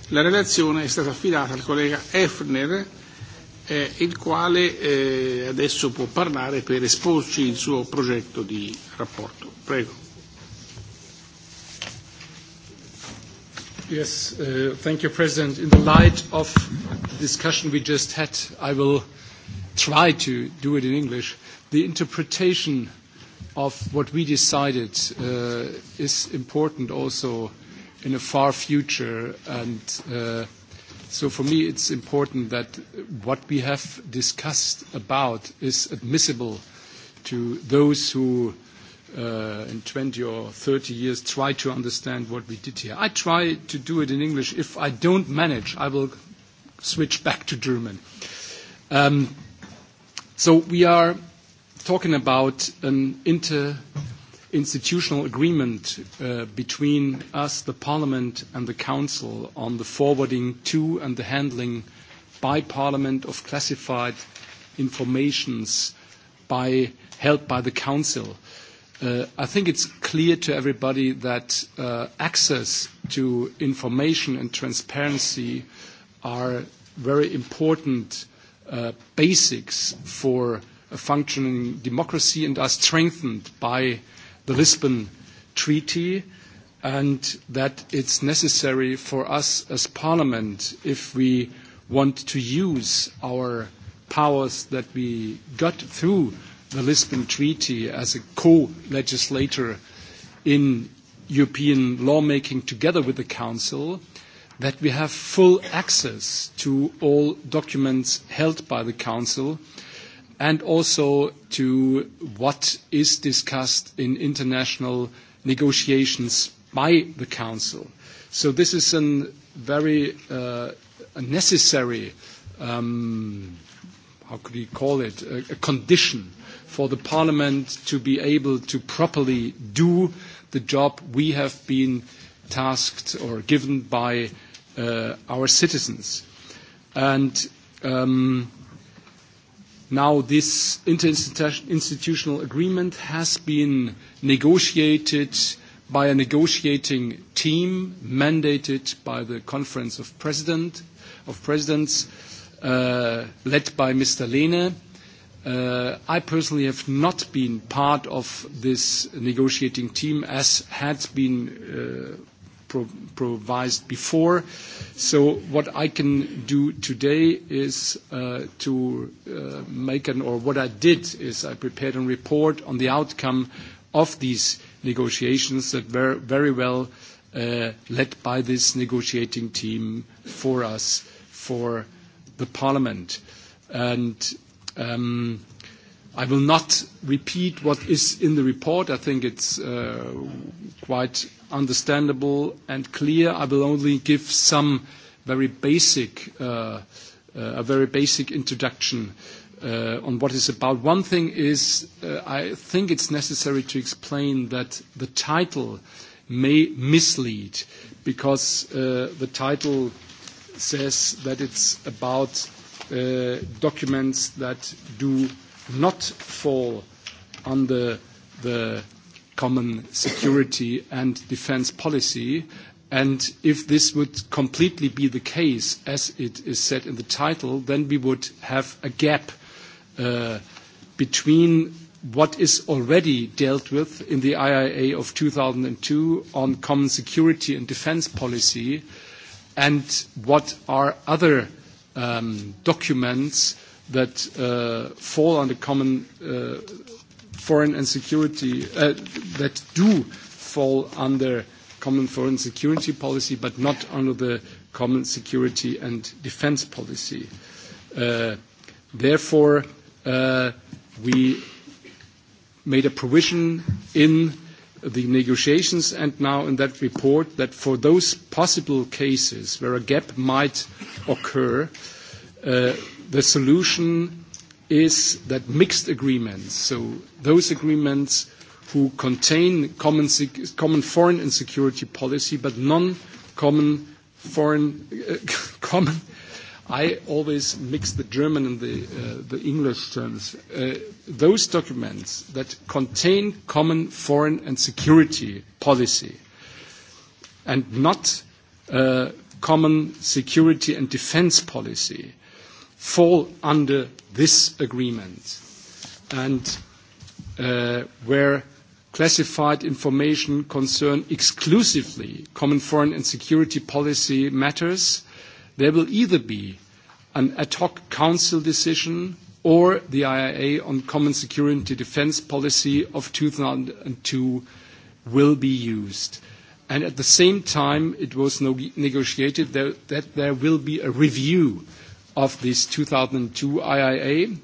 La relazione è stata affidata al collega Efner, eh, il quale eh, adesso può parlare per esporci il suo progetto di rapporto. Prego. Yes, uh, thank you, President. In the light of the discussion we just had, I will try to do it in English, the interpretation of what we decided uh, is important also in a far future. And uh, so for me, it's important that what we have discussed about is admissible to those who uh, in 20 or 30 years try to understand what we did here. I try to do it in English. If I don't manage, I will switch back to German. Um, So we are talking about an interinstitutional agreement uh, between us, the Parliament, and the Council on the forwarding to and the handling by Parliament of classified informations by, help by the Council. Uh, I think it's clear to everybody that uh, access to information and transparency are very important Uh, basics for a functioning democracy and are strengthened by the Lisbon Treaty and that it's necessary for us as Parliament, if we want to use our powers that we got through the Lisbon Treaty as a co-legislator in European lawmaking together with the Council, that we have full access to all documents held by the Council and also to what is discussed in international negotiations by the Council. So this is a very uh, necessary, um, how could we call it, a, a condition for the Parliament to be able to properly do the job we have been tasked or given by uh, our citizens. And um, now this interinstitutional agreement has been negotiated by a negotiating team mandated by the Conference of, President, of Presidents, uh, led by Mr. Lehne. Uh, I personally have not been part of this negotiating team, as had been uh, pro provised before. So what I can do today is uh, to uh, make an, or what I did is I prepared a report on the outcome of these negotiations that were very well uh, led by this negotiating team for us, for the Parliament. And um, I will not repeat what is in the report. I think it's quite understandable and clear. I will only give some very basic, uh, uh, a very basic introduction uh, on what it's about. One thing is, I think it's necessary to explain that the title may mislead because the title says that it's about documents that do not fall under the common security and defence policy. And if this would completely be the case, as it is said in the title, then we would have a gap uh, between what is already dealt with in the IIA of 2002 on common security and defence policy and what are other um, documents that uh, fall under common uh, foreign and security uh, that do fall under common foreign security policy, but not under the common security and defense policy. Uh, therefore, uh, we made a provision in the negotiations and now in that report that for those possible cases where a gap might occur, uh, the solution is that mixed agreements, so those agreements who contain common, common foreign and security policy, but non-common foreign uh, common. I always mix the German and the, uh, the English terms. Uh, those documents that contain common foreign and security policy and not uh, common security and defense policy fall under this agreement and uh, where classified information concern exclusively common foreign and security policy matters, there will either be an ad hoc council decision or the IIA on common security defence policy of 2002 will be used. And at the same time, it was negotiated that, that there will be a review uh, of this 2002 IIA,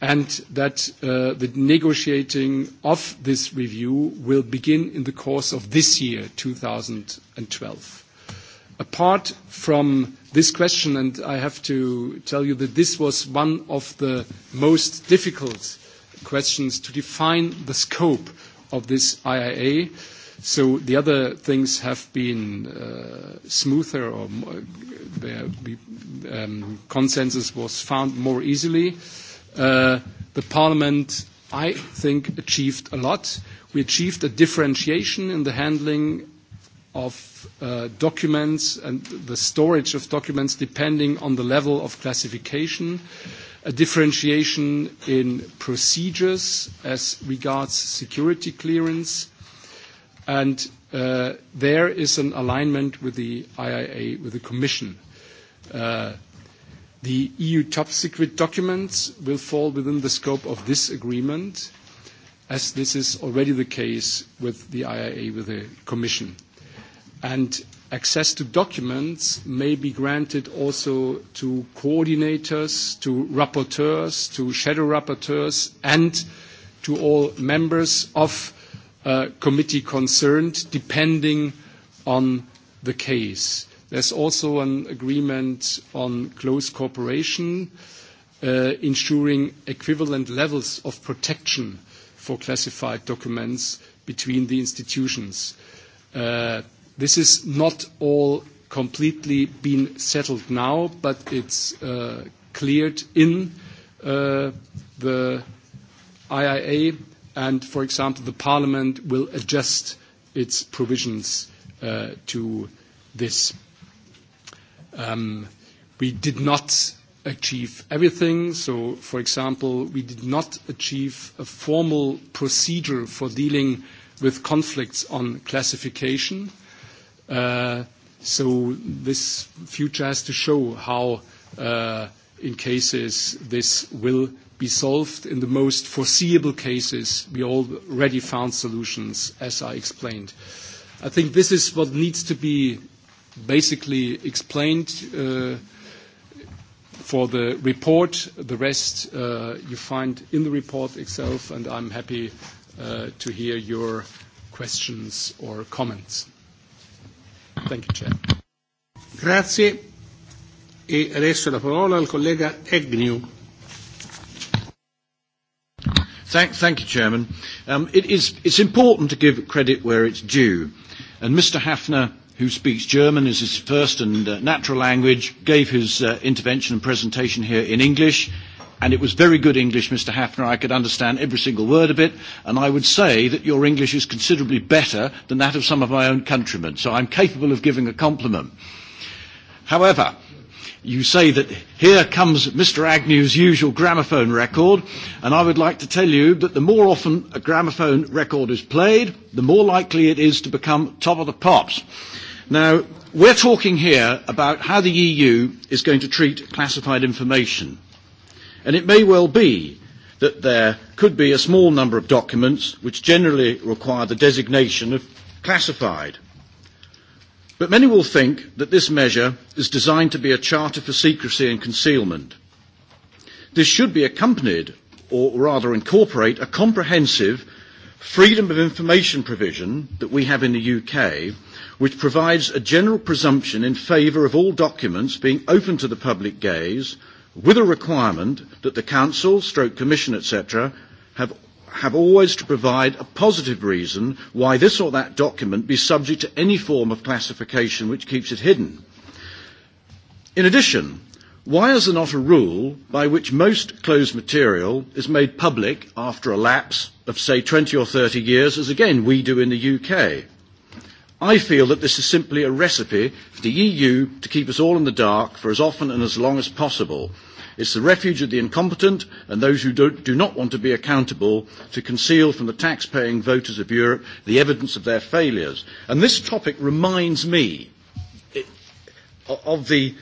and that uh, the negotiating of this review will begin in the course of this year, 2012. Apart from this question, and I have to tell you that this was one of the most difficult questions to define the scope of this IIA, So the other things have been uh, smoother, or the um, consensus was found more easily. Uh, the Parliament, I think, achieved a lot. We achieved a differentiation in the handling of uh, documents and the storage of documents depending on the level of classification, a differentiation in procedures as regards security clearance, And uh, there is an alignment with the IIA, with the Commission. Uh, the EU top secret documents will fall within the scope of this agreement, as this is already the case with the IIA, with the Commission. And access to documents may be granted also to coordinators, to rapporteurs, to shadow rapporteurs, and to all members of Uh, committee concerned, depending on the case. There's also an agreement on close cooperation, uh, ensuring equivalent levels of protection for classified documents between the institutions. Uh, this is not all completely been settled now, but it's uh, cleared in uh, the IIA and, for example, the Parliament will adjust its provisions uh, to this. Um, we did not achieve everything. So, for example, we did not achieve a formal procedure for dealing with conflicts on classification. Uh, so this future has to show how, uh, in cases, this will be solved in the most foreseeable cases. We already found solutions, as I explained. I think this is what needs to be basically explained uh, for the report. The rest uh, you find in the report itself, and I'm happy uh, to hear your questions or comments. Thank you, Chair. Grazie. E adesso la parola al collega Agnew. Thank, thank you, Chairman. Um, it is, it's important to give credit where it's due. And Mr. Hafner, who speaks German as his first and uh, natural language, gave his uh, intervention and presentation here in English. And it was very good English, Mr. Hafner. I could understand every single word of it. And I would say that your English is considerably better than that of some of my own countrymen. So I'm capable of giving a compliment. However, you say that here comes Mr. Agnew's usual gramophone record, and I would like to tell you that the more often a gramophone record is played, the more likely it is to become top of the pops. Now, we're talking here about how the EU is going to treat classified information. And it may well be that there could be a small number of documents which generally require the designation of classified. But many will think that this measure is designed to be a charter for secrecy and concealment. This should be accompanied, or rather incorporate, a comprehensive freedom of information provision that we have in the UK, which provides a general presumption in favour of all documents being open to the public gaze, with a requirement that the Council, Stroke Commission, etc., have have always to provide a positive reason why this or that document be subject to any form of classification which keeps it hidden. In addition, why is there not a rule by which most closed material is made public after a lapse of, say, 20 or 30 years, as again we do in the UK? I feel that this is simply a recipe for the EU to keep us all in the dark for as often and as long as possible, It's the refuge of the incompetent and those who do, do not want to be accountable to conceal from the tax-paying voters of Europe the evidence of their failures. And this topic reminds me of the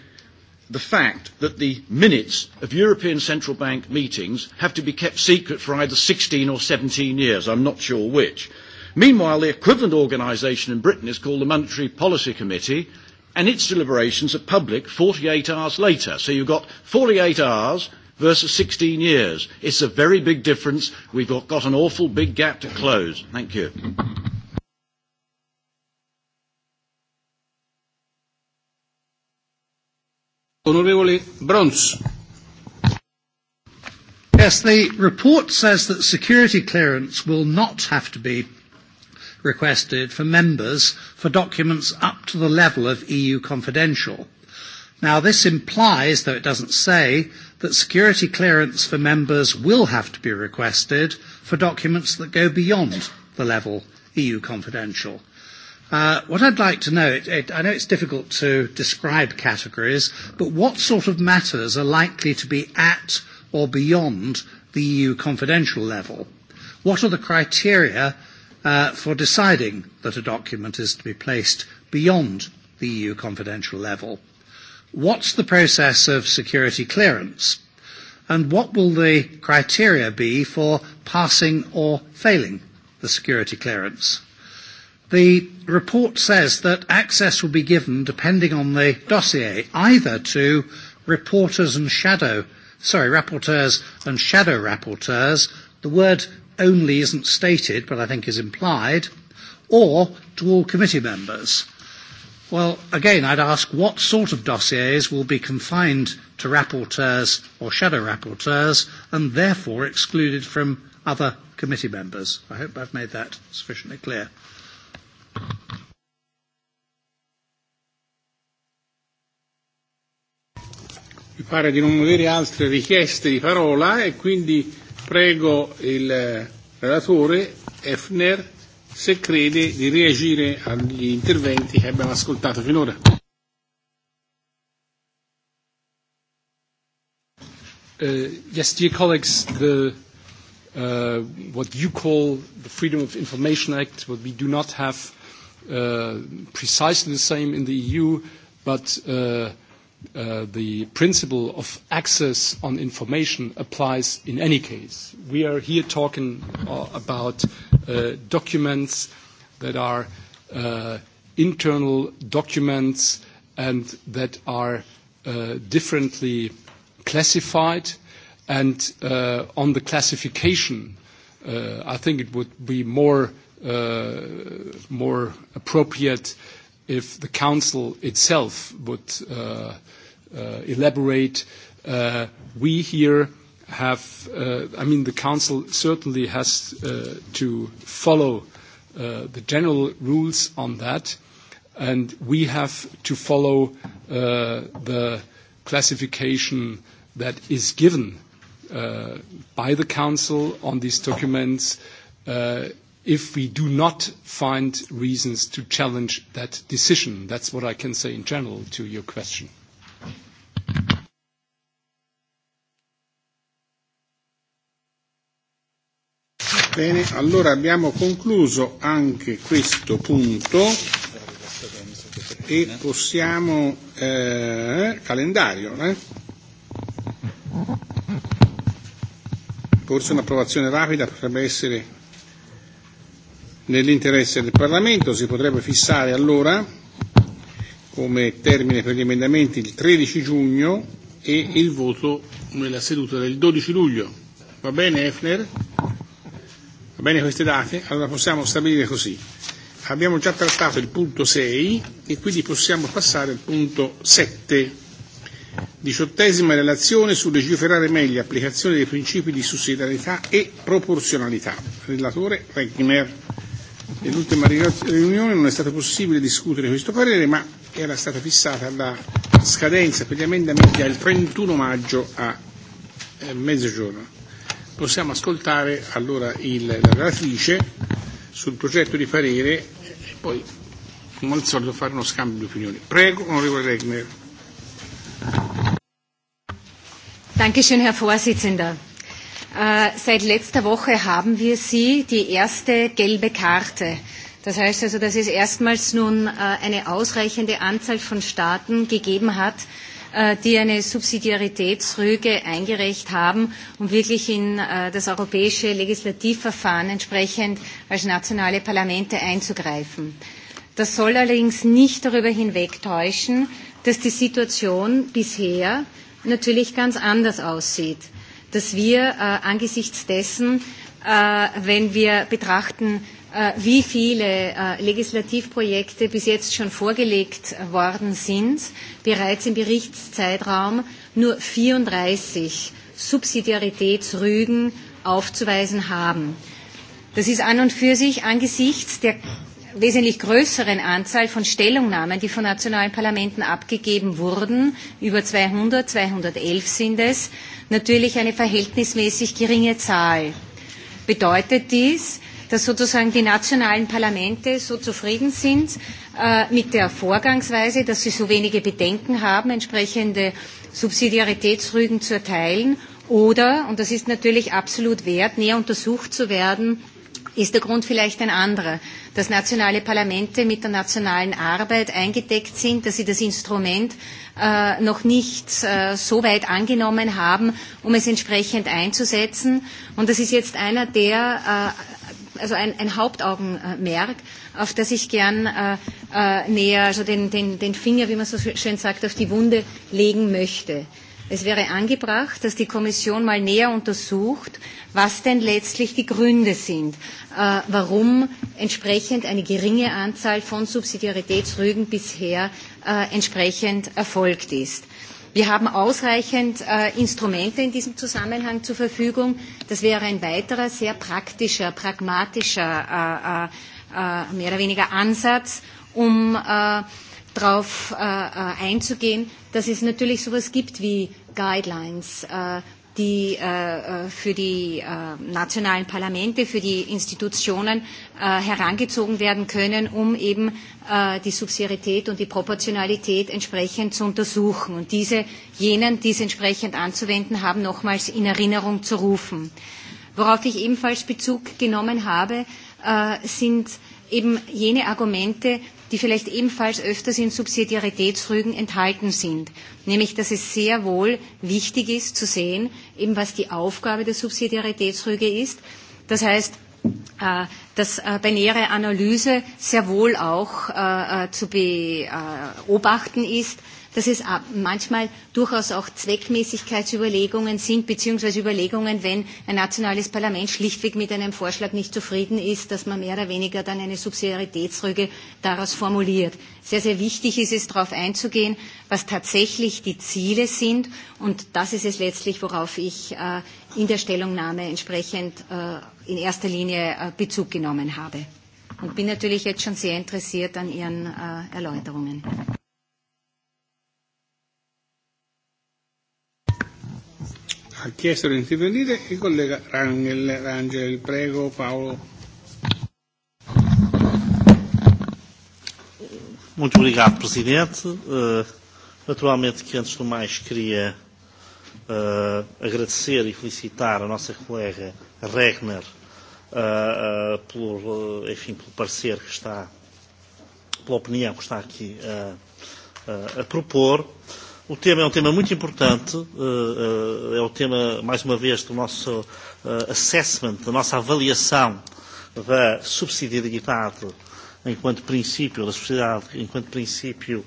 the fact that the minutes of European Central Bank meetings have to be kept secret for either 16 or 17 years, I'm not sure which. Meanwhile, the equivalent organisation in Britain is called the Monetary Policy Committee, and its deliberations are public 48 hours later. So you've got 48 hours versus 16 years. It's a very big difference. We've got, got an awful big gap to close. Thank you. Honourable Bruns. Yes, the report says that security clearance will not have to be requested for members for documents up to the level of EU confidential. Now, this implies, though it doesn't say, that security clearance for members will have to be requested for documents that go beyond the level EU confidential. Uh, what I'd like to know, it, it, I know it's difficult to describe categories, but what sort of matters are likely to be at or beyond the EU confidential level? What are the criteria Uh, for deciding that a document is to be placed beyond the EU confidential level. What's the process of security clearance? And what will the criteria be for passing or failing the security clearance? The report says that access will be given, depending on the dossier, either to reporters and shadow, sorry, rapporteurs and shadow rapporteurs. The word only isn't stated, but I think is implied, or to all committee members. Well, again, I'd ask what sort of dossiers will be confined to rapporteurs or shadow rapporteurs and therefore excluded from other committee members. I hope I've made that sufficiently clear. Mi pare di non vedere altre richieste di parola e quindi Prego il eh, relatore Efner se crede di reagire agli interventi che abbiamo ascoltato finora. Uh, yes, dear colleagues, the, uh, what you call the Freedom of Information Act, what we do not have uh, precisely the same in the EU, but uh, Uh, the principle of access on information applies in any case. We are here talking uh, about uh, documents that are uh, internal documents and that are uh, differently classified. And on the classification, I think it would be more, more appropriate if the Council itself would uh, uh, elaborate. Uh, we here have, uh, I mean, the Council certainly has uh, to follow uh, the general rules on that, and we have to follow uh, the classification that is given uh, by the Council on these documents. Uh, if we do not find reasons to challenge that decision. That's what I can say in general to your question. Bene, allora abbiamo concluso anche questo punto e possiamo eh, calendario, eh? Forse un'approvazione rapida potrebbe essere Nell'interesse del Parlamento si potrebbe fissare allora come termine per gli emendamenti il 13 giugno e il voto nella seduta del 12 luglio. Va bene Efner? Va bene queste date? Allora possiamo stabilire così. Abbiamo già trattato il punto 6 e quindi possiamo passare al punto 7. Diciottesima relazione su legiferare meglio applicazione dei principi di sussidiarietà e proporzionalità. Relatore Regner nell'ultima riunione non è stato possibile discutere questo parere, ma era stata fissata la scadenza per gli emendamenti al 31 maggio a eh, mezzogiorno. Possiamo ascoltare allora il, la relatrice sul progetto di parere e poi, come al solito, fare uno scambio di opinioni. Prego, onorevole Regner. Dankeschön, Herr Vorsitzender. Äh, seit letzter Woche haben wir Sie, die erste gelbe Karte. Das heißt also, dass es erstmals nun äh, eine ausreichende Anzahl von Staaten gegeben hat, äh, die eine Subsidiaritätsrüge eingereicht haben, um wirklich in das europäische Legislativverfahren entsprechend als nationale Parlamente einzugreifen. Das soll allerdings nicht darüber hinwegtäuschen, dass die Situation bisher natürlich ganz anders aussieht dass wir äh, angesichts dessen, äh, wenn wir betrachten, äh, wie viele äh, Legislativprojekte bis jetzt schon vorgelegt worden sind, bereits im Berichtszeitraum nur 34 Subsidiaritätsrügen aufzuweisen haben. Das ist an und für sich angesichts der wesentlich größeren Anzahl von Stellungnahmen, die von nationalen Parlamenten abgegeben wurden, über 200, 211 sind es, natürlich eine verhältnismäßig geringe Zahl. Bedeutet dies, dass sozusagen die nationalen Parlamente so zufrieden sind äh, mit der Vorgangsweise, dass sie so wenige Bedenken haben, entsprechende Subsidiaritätsrügen zu erteilen oder, und das ist natürlich absolut wert, näher untersucht zu werden, ist der Grund vielleicht ein anderer dass nationale Parlamente mit der nationalen Arbeit eingedeckt sind, dass sie das Instrument äh, noch nicht äh, so weit angenommen haben, um es entsprechend einzusetzen. Und das ist jetzt einer der äh, also ein, ein Hauptaugenmerk, auf das ich gern äh, äh, näher, also den, den, den Finger, wie man so schön sagt, auf die Wunde legen möchte. Es wäre angebracht, dass die Kommission mal näher untersucht, was denn letztlich die Gründe sind, äh, warum entsprechend eine geringe Anzahl von Subsidiaritätsrügen bisher äh, entsprechend erfolgt ist. Wir haben ausreichend äh, Instrumente in diesem Zusammenhang zur Verfügung. Das wäre ein weiterer sehr praktischer, pragmatischer, äh, äh, äh mehr oder weniger Ansatz, um äh, darauf äh, äh, einzugehen, dass es natürlich so etwas gibt wie Guidelines äh, die äh, äh, für die äh, nationalen Parlamente, für die Institutionen äh, herangezogen werden können, um eben äh, die Subsidiarität und die Proportionalität entsprechend zu untersuchen und diese jenen, die es entsprechend anzuwenden haben, nochmals in Erinnerung zu rufen. Worauf ich ebenfalls Bezug genommen habe, äh, sind eben jene Argumente, die vielleicht ebenfalls öfters in Subsidiaritätsrügen enthalten sind. Nämlich, dass es sehr wohl wichtig ist zu sehen, eben was die Aufgabe der Subsidiaritätsrüge ist. Das heißt, äh, dass äh, bei näherer Analyse sehr wohl auch äh, zu beobachten ist, dass es manchmal durchaus auch Zweckmäßigkeitsüberlegungen sind, beziehungsweise Überlegungen, wenn ein nationales Parlament schlichtweg mit einem Vorschlag nicht zufrieden ist, dass man mehr oder weniger dann eine Subsidiaritätsrüge daraus formuliert. Sehr, sehr wichtig ist es, darauf einzugehen, was tatsächlich die Ziele sind. Und das ist es letztlich, worauf ich äh, in der Stellungnahme entsprechend äh, in erster Linie äh, Bezug genommen habe. Und bin natürlich jetzt schon sehr interessiert an Ihren Erläuterungen. ha chiesto di intervenire il collega Rangel. Rangel, prego Paolo. Muito obrigado, Presidente. Uh, naturalmente que antes do mais queria uh, agradecer e felicitar a nossa colega Regner uh, eh, uh, pelo, uh, enfim, pelo parecer que está, pela opinião que está aqui uh, uh, a propor. Uh, O tema é um tema muito importante, eh, eh, é o tema, mais uma vez, do nosso eh, assessment, da nossa avaliação da subsidiariedade enquanto princípio da sociedade, enquanto princípio,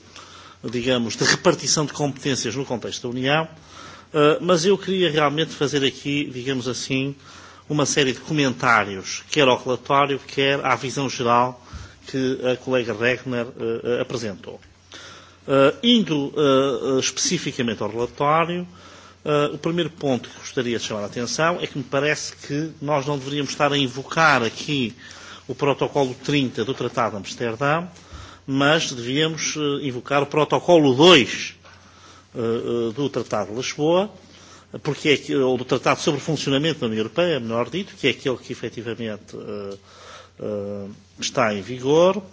digamos, de repartição de competências no contexto da União, mas eu queria realmente fazer aqui, digamos assim, uma série de comentários, quer ao relatório, quer à visão geral que a colega Regner apresentou. Uh, indo uh, uh, especificamente ao relatório, uh, o primeiro ponto que gostaria de chamar a atenção é que me parece que nós não deveríamos estar a invocar aqui o protocolo 30 do Tratado de Amsterdão, mas devíamos uh, invocar o protocolo 2 uh, uh, do Tratado de Lisboa, porque é que, ou do Tratado sobre o Funcionamento da União Europeia, melhor dito, que é aquele que efetivamente uh, uh, está em vigor. Uh,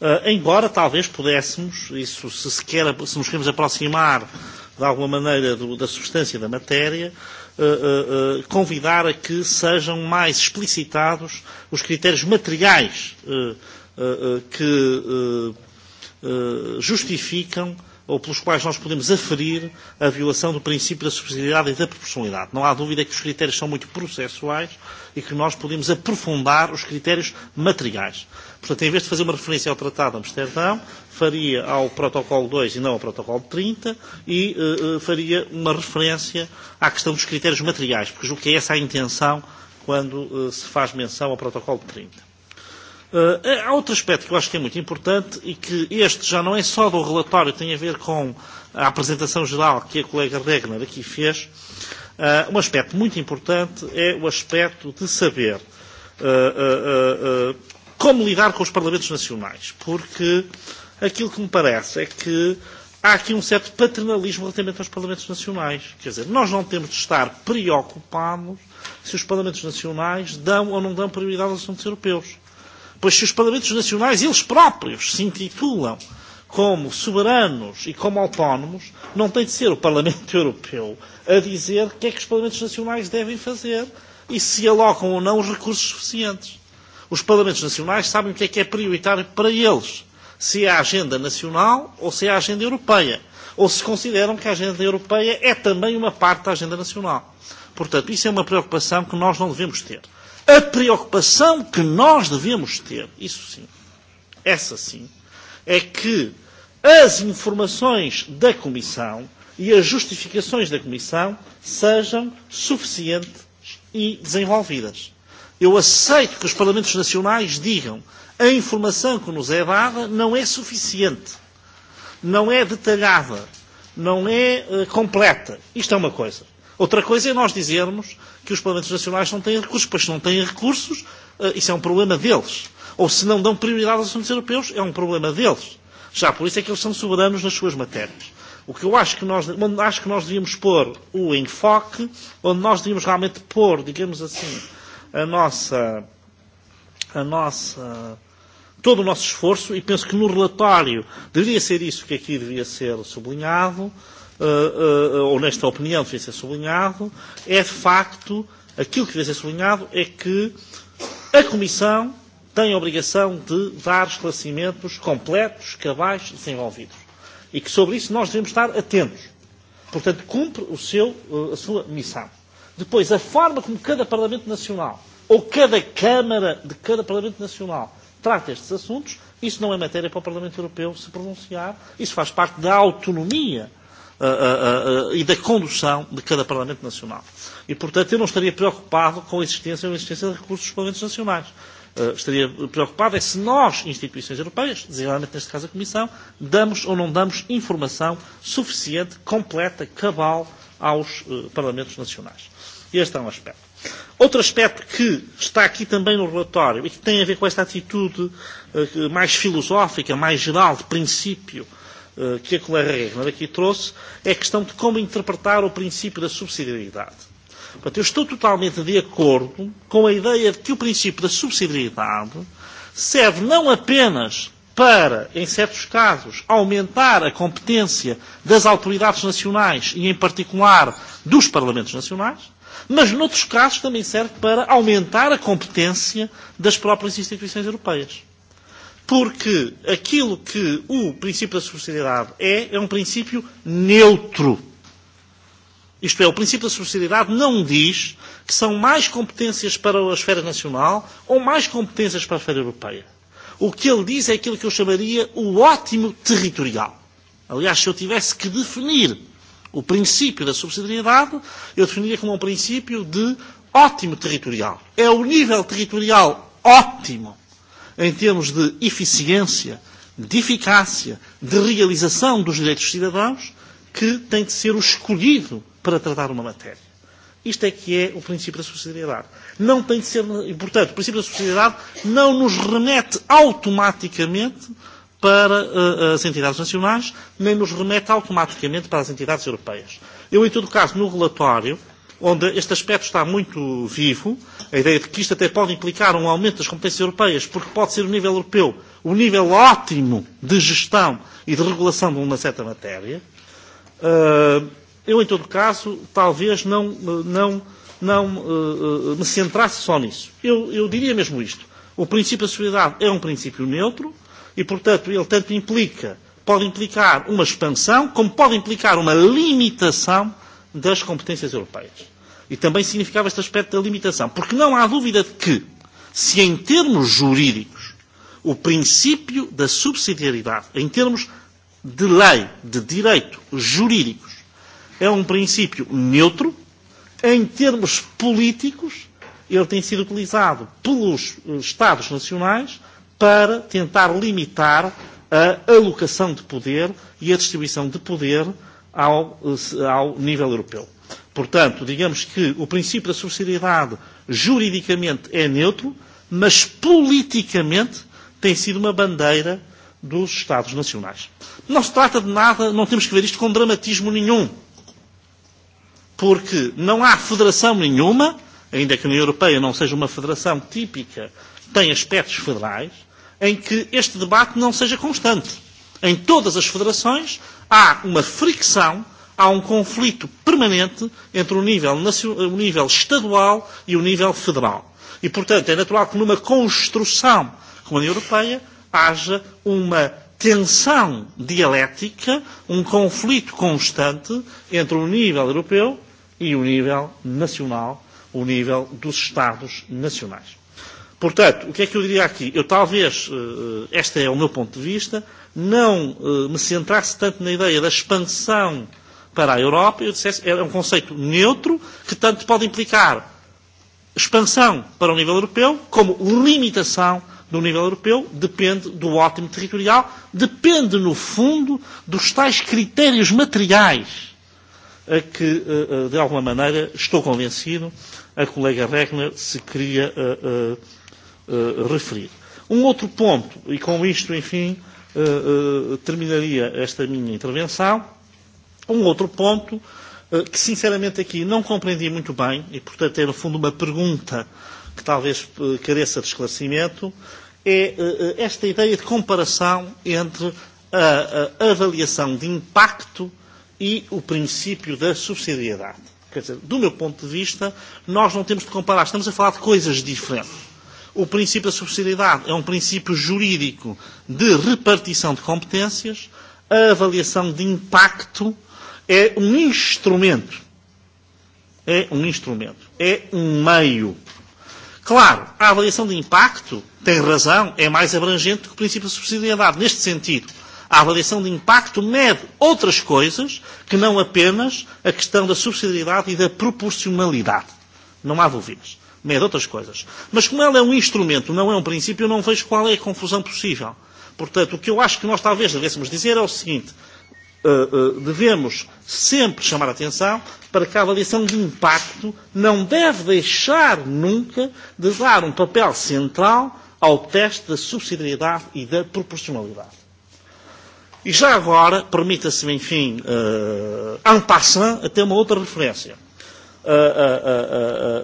Uh, embora talvez pudéssemos, isso se, sequer, se nos queremos aproximar de alguma maneira do, da substância da matéria, uh, uh, uh, convidar a que sejam mais explicitados os critérios materiais uh, uh, uh, que uh, uh, justificam ou pelos quais nós podemos aferir a violação do princípio da subsidiariedade e da proporcionalidade. Não há dúvida que os critérios são muito processuais e que nós podemos aprofundar os critérios materiais. Portanto, em vez de fazer uma referência ao Tratado de Amsterdão, faria ao Protocolo 2 e não ao Protocolo 30 e uh, uh, faria uma referência à questão dos critérios materiais, porque julgo que é essa a intenção quando uh, se faz menção ao Protocolo 30. Uh, há outro aspecto que eu acho que é muito importante e que este já não é só do um relatório, tem a ver com a apresentação geral que a colega Regner aqui fez. Uh, um aspecto muito importante é o aspecto de saber uh, uh, uh, como lidar com os parlamentos nacionais, porque aquilo que me parece é que há aqui um certo paternalismo relativamente aos parlamentos nacionais. Quer dizer, nós não temos de estar preocupados se os parlamentos nacionais dão ou não dão prioridade aos assuntos europeus pois se os Parlamentos Nacionais, eles próprios, se intitulam como soberanos e como autónomos, não tem de ser o Parlamento Europeu a dizer o que é que os Parlamentos Nacionais devem fazer e se alocam ou não os recursos suficientes. Os Parlamentos Nacionais sabem o que é que é prioritário para eles, se é a agenda nacional ou se é a agenda europeia, ou se consideram que a agenda europeia é também uma parte da agenda nacional. Portanto, isso é uma preocupação que nós não devemos ter. A preocupação que nós devemos ter, isso sim, essa sim, é que as informações da Comissão e as justificações da Comissão sejam suficientes e desenvolvidas. Eu aceito que os Parlamentos Nacionais digam a informação que nos é dada não é suficiente, não é detalhada, não é uh, completa. Isto é uma coisa. Outra coisa é nós dizermos que os Parlamentos Nacionais não têm recursos. Pois se não têm recursos, uh, isso é um problema deles. Ou se não dão prioridade aos assuntos europeus, é um problema deles. Já por isso é que eles são soberanos nas suas matérias. O que eu acho que nós, acho que nós devíamos pôr o enfoque, onde nós devíamos realmente pôr, digamos assim, a nossa, a nossa, todo o nosso esforço, e penso que no relatório deveria ser isso que aqui devia ser sublinhado, uh, uh, eh, uh, eh, eh, ou nesta opinião devia ser sublinhado, é de facto, aquilo que devia ser sublinhado é que a Comissão tem a obrigação de dar esclarecimentos completos, cabais, desenvolvidos. E que sobre isso nós devemos estar atentos. Portanto, cumpre o seu, a sua missão. Depois, a forma como cada Parlamento Nacional ou cada Câmara de cada Parlamento Nacional trata estes assuntos, isso não é matéria para o Parlamento Europeu se pronunciar, isso faz parte da autonomia e da condução de cada Parlamento Nacional. E, portanto, eu não estaria preocupado com a existência ou a existência de recursos dos Parlamentos Nacionais. Uh, estaria preocupado é se nós, instituições europeias, designadamente neste caso a Comissão, damos ou não damos informação suficiente, completa, cabal aos uh, Parlamentos Nacionais. Este é um aspecto. Outro aspecto que está aqui também no relatório e que tem a ver com esta atitude uh, mais filosófica, mais geral, de princípio, uh, Eh, que a colega Regner aqui trouxe, é a questão de como interpretar o princípio da subsidiariedade. Portanto, eu estou totalmente de acordo com a ideia de que o princípio da subsidiariedade serve não apenas para, em certos casos, aumentar a competência das autoridades nacionais e, em particular, dos parlamentos nacionais, mas, noutros casos, também serve para aumentar a competência das próprias instituições europeias porque aquilo que o princípio da subsidiariedade é, é um princípio neutro. Isto é, o princípio da subsidiariedade não diz que são mais competências para a esfera nacional ou mais competências para a esfera europeia. O que ele diz é aquilo que eu chamaria o ótimo territorial. Aliás, se eu tivesse que definir o princípio da subsidiariedade, eu definiria como um princípio de ótimo territorial. É o nível territorial ótimo em termos de eficiência, de eficácia, de realização dos direitos dos cidadãos, que tem de ser o escolhido para tratar uma matéria. Isto é que é o princípio da subsidiariedade. Não tem de ser, e portanto, o princípio da subsidiariedade não nos remete automaticamente para uh, as entidades nacionais, nem nos remete automaticamente para as entidades europeias. Eu, em todo caso, no relatório, onde este aspecto está muito vivo, a ideia de que isto até pode implicar um aumento das competências europeias, porque pode ser o nível europeu o nível ótimo de gestão e de regulação de uma certa matéria. Eh, eu, em todo caso, talvez não, eh, não, não eh, me centrasse só nisso. Eu, eu diria mesmo isto. O princípio da sociedade é um princípio neutro e, portanto, ele tanto implica, pode implicar uma expansão, como pode implicar uma limitação das competências europeias. E também significava este aspecto da limitação. Porque não há dúvida de que, se em termos jurídicos, o princípio da subsidiariedade, em termos de lei, de direito jurídicos, é um princípio neutro, em termos políticos, ele tem sido utilizado pelos eh, Estados nacionais para tentar limitar a alocação de poder e a distribuição de poder uh, ao, ao nível europeu. Portanto, digamos que o princípio da subsidiariedade juridicamente é neutro, mas politicamente tem sido uma bandeira dos Estados nacionais. Não se trata de nada, não temos que ver isto com dramatismo nenhum, porque não há federação nenhuma, ainda que a União Europeia não seja uma federação típica, tem aspectos federais, em que este debate não seja constante em todas as federações há uma fricção, há um conflito permanente entre o nível, o nível estadual e o nível federal. E, portanto, é natural que numa construção com a União Europeia haja uma tensão dialética, um conflito constante entre o nível europeu e o nível nacional, o nível dos Estados nacionais. Portanto, o que é que eu diria aqui? Eu talvez, eh, eh, este é o meu ponto de vista, não eh, me centrasse tanto na ideia da expansão para a Europa, eu dissesse, é um conceito neutro que tanto pode implicar expansão para o nível europeu como limitação do nível europeu, depende do ótimo territorial, depende, no fundo, dos tais critérios materiais a que, de alguma maneira, estou convencido, a colega Regner se queria uh, uh, Eh, referir. Um outro ponto, e com isto, enfim, uh, uh, terminaria esta minha intervenção, um outro ponto uh, que, sinceramente, aqui não compreendi muito bem, e, portanto, é, no fundo, uma pergunta que talvez uh, careça de esclarecimento, é uh, esta ideia de comparação entre a, a avaliação de impacto e o princípio da subsidiariedade. Quer dizer, do meu ponto de vista, nós não temos de comparar, estamos a falar de coisas diferentes. O princípio da subsidiariedade é um princípio jurídico de repartição de competências. A avaliação de impacto é um instrumento. É um instrumento. É um meio. Claro, a avaliação de impacto, tem razão, é mais abrangente do que o princípio da subsidiariedade. Neste sentido, a avaliação de impacto mede outras coisas que não apenas a questão da subsidiariedade e da proporcionalidade. Não há dúvidas mede outras coisas. Mas como ela é um instrumento, não é um princípio, eu não vejo qual é a confusão possível. Portanto, o que eu acho que nós talvez devêssemos dizer é o seguinte, uh, uh, devemos sempre chamar a atenção para que a avaliação de impacto não deve deixar nunca de dar um papel central ao teste da subsidiariedade e da proporcionalidade. E já agora, permita-se, enfim, uh, en passant, até uma outra referência Eh, eh,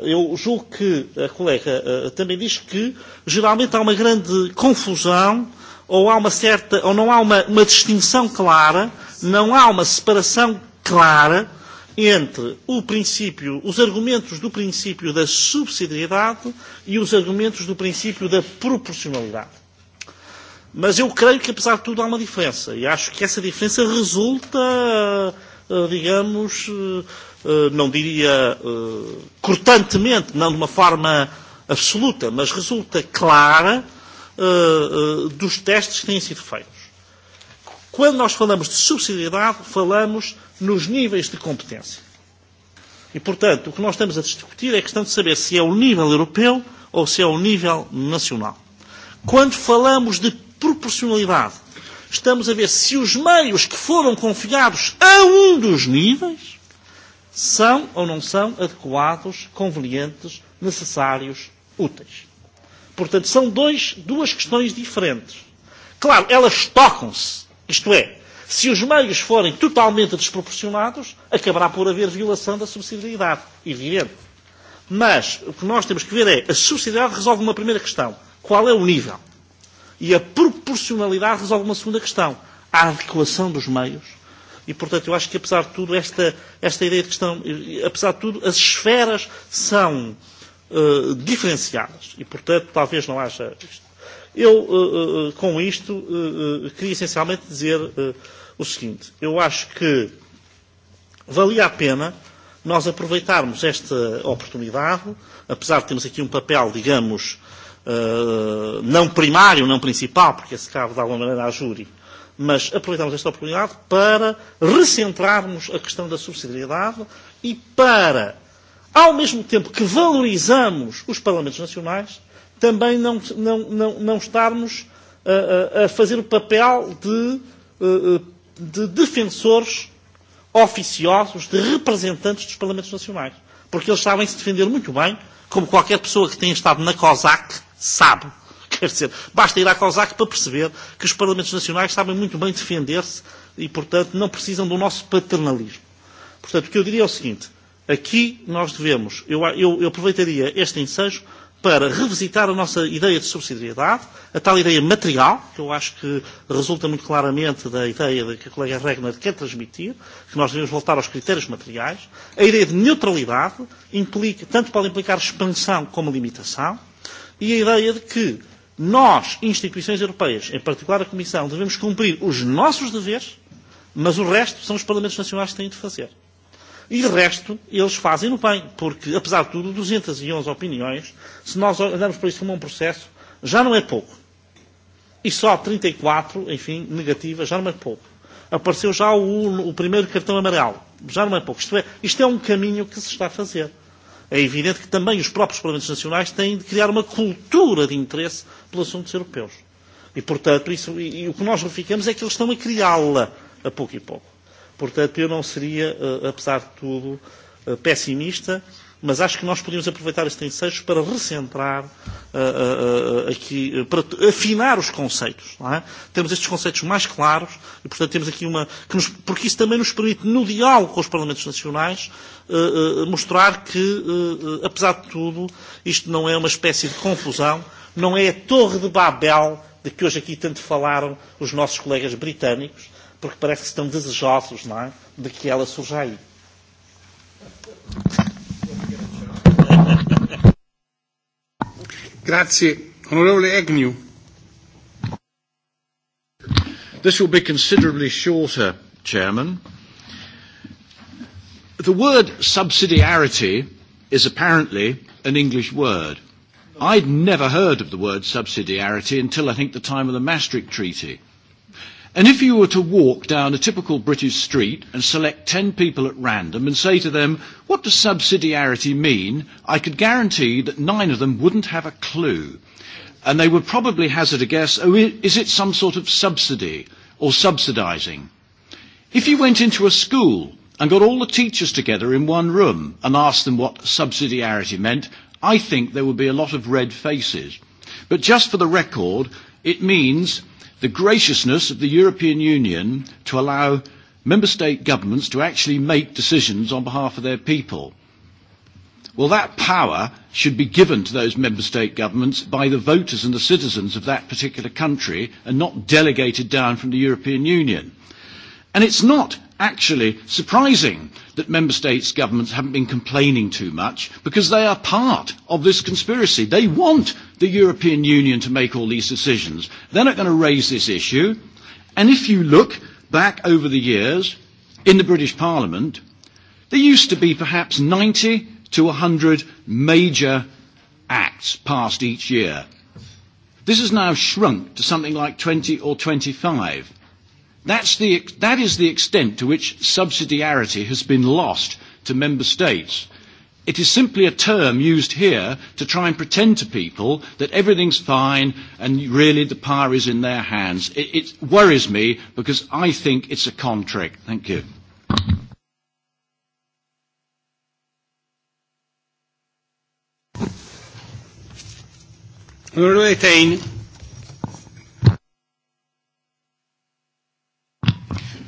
eh, eu julgo que a colega também diz que geralmente há uma grande confusão ou há uma certa ou não há uma, uma distinção clara, não há uma separação clara entre o princípio, os argumentos do princípio da subsidiariedade e os argumentos do princípio da proporcionalidade. Mas eu creio que, apesar de tudo, há uma diferença. E acho que essa diferença resulta Eh, digamos, eh, eh, não diria cortantemente, não de uma forma absoluta, mas resulta clara dos testes que têm sido feitos. Quando nós falamos de subsidiariedade, falamos nos níveis de competência. E, portanto, o que nós estamos a discutir é a questão de saber se é o nível europeu ou se é o nível nacional. Quando falamos de proporcionalidade, estamos a ver se os meios que foram confiados a um dos níveis são ou não são adequados, convenientes, necessários, úteis. Portanto, são dois, duas questões diferentes. Claro, elas tocam-se. Isto é, se os meios forem totalmente desproporcionados, acabará por haver violação da subsidiariedade, evidente. Mas o que nós temos que ver é, a subsidiariedade resolve uma primeira questão. Qual é o nível? E a proporcionalidade resolve uma segunda questão, a adequação dos meios. E, portanto, eu acho que, apesar de tudo, esta, esta ideia de questão, e, e, apesar de tudo, as esferas são uh, diferenciadas. E, portanto, talvez não haja isto. Eu, uh, uh, com isto, uh, uh, queria essencialmente dizer uh, o seguinte. Eu acho que valia a pena nós aproveitarmos esta oportunidade, apesar de termos aqui um papel, digamos, não primário, não principal, porque esse cabe de alguma maneira à júri, mas aproveitamos esta oportunidade para recentrarmos a questão da subsidiariedade e para, ao mesmo tempo que valorizamos os Parlamentos Nacionais, também não, não, não, não estarmos a, a fazer o papel de, de defensores oficiosos, de representantes dos Parlamentos Nacionais. Porque eles sabem se defender muito bem, como qualquer pessoa que tenha estado na COSAC sabe. Quer dizer, basta ir à COSAC para perceber que os Parlamentos Nacionais sabem muito bem defender-se e, portanto, não precisam do nosso paternalismo. Portanto, o que eu diria é o seguinte: aqui nós devemos, eu, eu, eu aproveitaria este ensejo para revisitar a nossa ideia de subsidiariedade, a tal ideia material, que eu acho que resulta muito claramente da ideia de que a colega Regner quer transmitir, que nós devemos voltar aos critérios materiais. A ideia de neutralidade implica, tanto pode implicar expansão como limitação e a ideia de que nós, instituições europeias, em particular a Comissão, devemos cumprir os nossos deveres, mas o resto são os Parlamentos Nacionais que têm de fazer. E o resto, eles fazem no bem, porque, apesar de tudo, 211 e opiniões, se nós andarmos para isso como um processo, já não é pouco. E só 34, e enfim, negativas, já não é pouco. Apareceu já o, o primeiro cartão amarelo, já não é pouco. Isto é, isto é um caminho que se está a fazer é evidente que também os próprios Parlamentos Nacionais têm de criar uma cultura de interesse pelos assuntos europeus. E, portanto, isso, e, e o que nós verificamos é que eles estão a criá-la a pouco e pouco. Portanto, eu não seria, eh, apesar de tudo, eh, pessimista mas acho que nós podíamos aproveitar este ensejo para recentrar uh, uh, aqui, para afinar os conceitos. Não é? Temos estes conceitos mais claros e, portanto, temos aqui uma. Que nos, porque isso também nos permite, no diálogo com os Parlamentos Nacionais, uh, uh, mostrar que, uh, uh, apesar de tudo, isto não é uma espécie de confusão, não é a Torre de Babel de que hoje aqui tanto falaram os nossos colegas britânicos, porque parece que estão desejosos não é? de que ela surja aí. Thank you. Grazie. Onorevole Agnew. This will be considerably shorter, Chairman. The word subsidiarity is apparently an English word. I'd never heard of the word subsidiarity until I think the time of the Maastricht Treaty. And if you were to walk down a typical British street and select 10 people at random and say to them, what does subsidiarity mean? I could guarantee that nine of them wouldn't have a clue. And they would probably hazard a guess, oh, is it some sort of subsidy or subsidising? If you went into a school and got all the teachers together in one room and asked them what subsidiarity meant, I think there would be a lot of red faces. But just for the record, it means the graciousness of the European Union to allow member state governments to actually make decisions on behalf of their people. Well, that power should be given to those member state governments by the voters and the citizens of that particular country and not delegated down from the European Union. And it's not actually surprising that member states' governments haven't been complaining too much because they are part of this conspiracy. They want the European Union to make all these decisions. They're not going to raise this issue. And if you look back over the years in the British Parliament, there used to be perhaps 90 to 100 major acts passed each year. This has now shrunk to something like 20 or 25. That's the, that is the extent to which subsidiarity has been lost to member states. It is simply a term used here to try and pretend to people that everything's fine and really the power is in their hands. It, it worries me because I think it's a con trick. Thank you. Tain.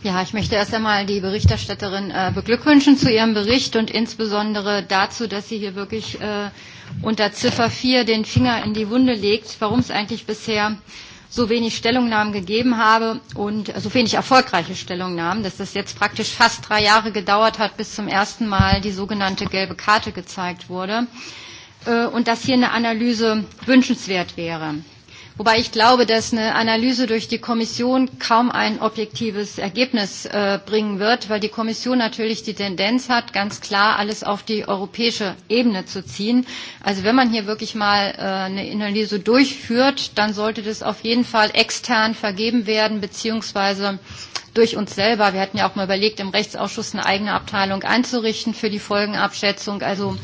Ja, ich möchte erst einmal die Berichterstatterin äh, beglückwünschen zu ihrem Bericht und insbesondere dazu, dass sie hier wirklich äh, unter Ziffer 4 den Finger in die Wunde legt, warum es eigentlich bisher so wenig Stellungnahmen gegeben habe und äh, so wenig erfolgreiche Stellungnahmen, dass das jetzt praktisch fast drei Jahre gedauert hat, bis zum ersten Mal die sogenannte gelbe Karte gezeigt wurde äh, und dass hier eine Analyse wünschenswert wäre. Wobei ich glaube, dass eine Analyse durch die Kommission kaum ein objektives Ergebnis äh, bringen wird, weil die Kommission natürlich die Tendenz hat, ganz klar alles auf die europäische Ebene zu ziehen. Also wenn man hier wirklich mal äh, eine Analyse durchführt, dann sollte das auf jeden Fall extern vergeben werden, beziehungsweise durch uns selber. Wir hatten ja auch mal überlegt, im Rechtsausschuss eine eigene Abteilung einzurichten für die Folgenabschätzung. Also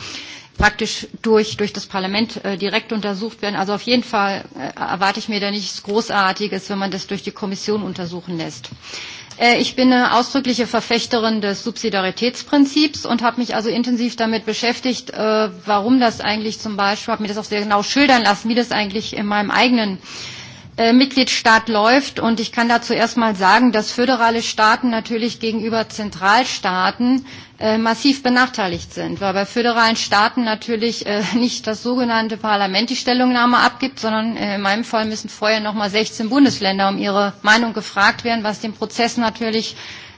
praktisch durch, durch das Parlament äh, direkt untersucht werden. Also auf jeden Fall äh, erwarte ich mir da nichts Großartiges, wenn man das durch die Kommission untersuchen lässt. Äh, ich bin eine ausdrückliche Verfechterin des Subsidiaritätsprinzips und habe mich also intensiv damit beschäftigt, äh, warum das eigentlich zum Beispiel, habe mir das auch sehr genau schildern lassen, wie das eigentlich in meinem eigenen äh, Äh, Mitgliedstaat läuft. Und ich kann dazu erst erstmal sagen, dass föderale Staaten natürlich gegenüber Zentralstaaten äh, massiv benachteiligt sind, weil bei föderalen Staaten natürlich äh, nicht das sogenannte Parlament die Stellungnahme abgibt, sondern in meinem Fall müssen vorher noch nochmal 16 Bundesländer um ihre Meinung gefragt werden, was den Prozess natürlich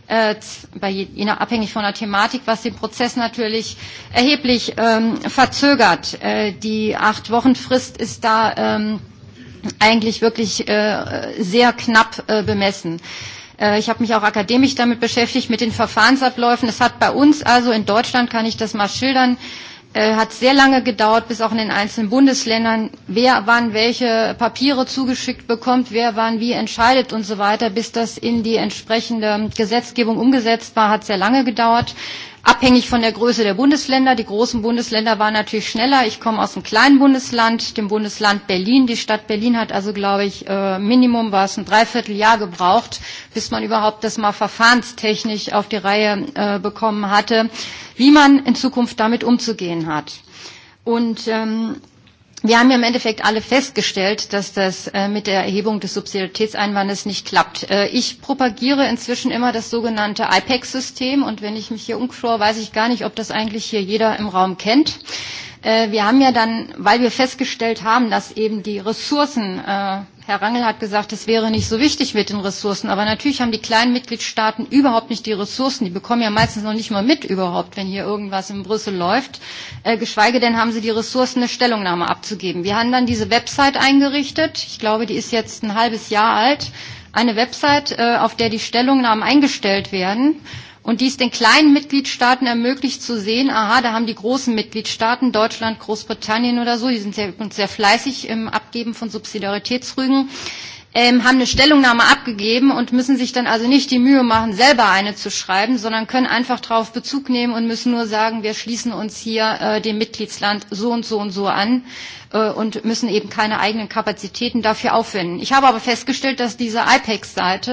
bei, je abhängig von der Thematik, was den Prozess natürlich erheblich ähm, verzögert. Äh, die Acht-Wochen-Frist ist da ähm, eigentlich wirklich äh, sehr knapp äh, bemessen. Äh, ich habe mich auch akademisch damit beschäftigt, mit den Verfahrensabläufen. Es hat bei uns also in Deutschland, kann ich das mal schildern, äh, hat sehr lange gedauert, bis auch in den einzelnen Bundesländern, wer wann welche Papiere zugeschickt bekommt, wer wann wie entscheidet und so weiter, bis das in die entsprechende Gesetzgebung umgesetzt war, hat sehr lange gedauert abhängig von der Größe der Bundesländer. Die großen Bundesländer waren natürlich schneller. Ich komme aus einem kleinen Bundesland, dem Bundesland Berlin. Die Stadt Berlin hat also, glaube ich, äh, Minimum war es ein Dreivierteljahr gebraucht, bis man überhaupt das mal verfahrenstechnisch auf die Reihe äh, bekommen hatte, wie man in Zukunft damit umzugehen hat. Und ähm, Wir haben ja im Endeffekt alle festgestellt, dass das äh, mit der Erhebung des Subsidiaritätseinwandes nicht klappt. Äh, Ich propagiere inzwischen immer das sogenannte IPEC-System und wenn ich mich hier umschaue, weiß ich gar nicht, ob das eigentlich hier jeder im Raum kennt. Äh, Wir haben ja dann, weil wir festgestellt haben, dass eben die Ressourcen äh, Herr Rangel hat gesagt, es wäre nicht so wichtig mit den Ressourcen. Aber natürlich haben die kleinen Mitgliedstaaten überhaupt nicht die Ressourcen. Die bekommen ja meistens noch nicht mal mit überhaupt, wenn hier irgendwas in Brüssel läuft. Äh, geschweige denn haben sie die Ressourcen, eine Stellungnahme abzugeben. Wir haben dann diese Website eingerichtet. Ich glaube, die ist jetzt ein halbes Jahr alt. Eine Website, äh, auf der die Stellungnahmen eingestellt werden und dies den kleinen Mitgliedstaaten ermöglicht zu sehen, aha, da haben die großen Mitgliedstaaten, Deutschland, Großbritannien oder so, die sind übrigens sehr fleißig im Abgeben von Subsidiaritätsrügen, ähm, haben eine Stellungnahme abgegeben und müssen sich dann also nicht die Mühe machen, selber eine zu schreiben, sondern können einfach darauf Bezug nehmen und müssen nur sagen, wir schließen uns hier äh, dem Mitgliedsland so und so und so an Äh, und müssen eben keine eigenen Kapazitäten dafür aufwenden. Ich habe aber festgestellt, dass diese IPEX-Seite